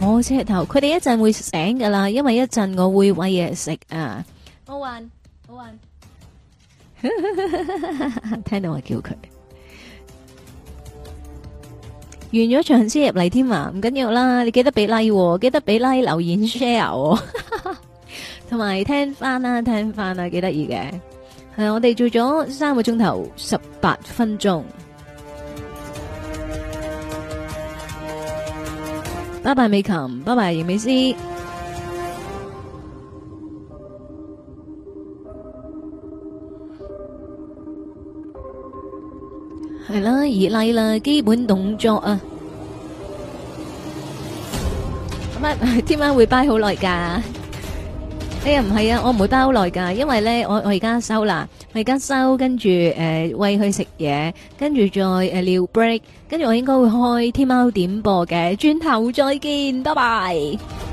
我隻頭，佢哋一陣會醒噶啦，因為一陣我會餵嘢食啊。我暈，我暈， 聽到我叫佢完咗場先入嚟添啊！唔緊要啦，你記得俾 like，、哦、記得俾 like 留言 share，同埋聽翻啦，聽翻啦，幾得意嘅。係啊，我哋做咗三個鐘頭十八分鐘。拜拜美琴，拜拜嚴美詩。係啦，熱拉啦，基本動作啊。乜？聽晚會拜好耐噶？哎呀唔係啊？我唔會包耐噶，因為呢，我我而家收啦，我而家收，收，跟住誒餵佢食嘢，跟住再誒、呃、break，跟住我應該會開天貓點播嘅，轉頭再見，拜拜。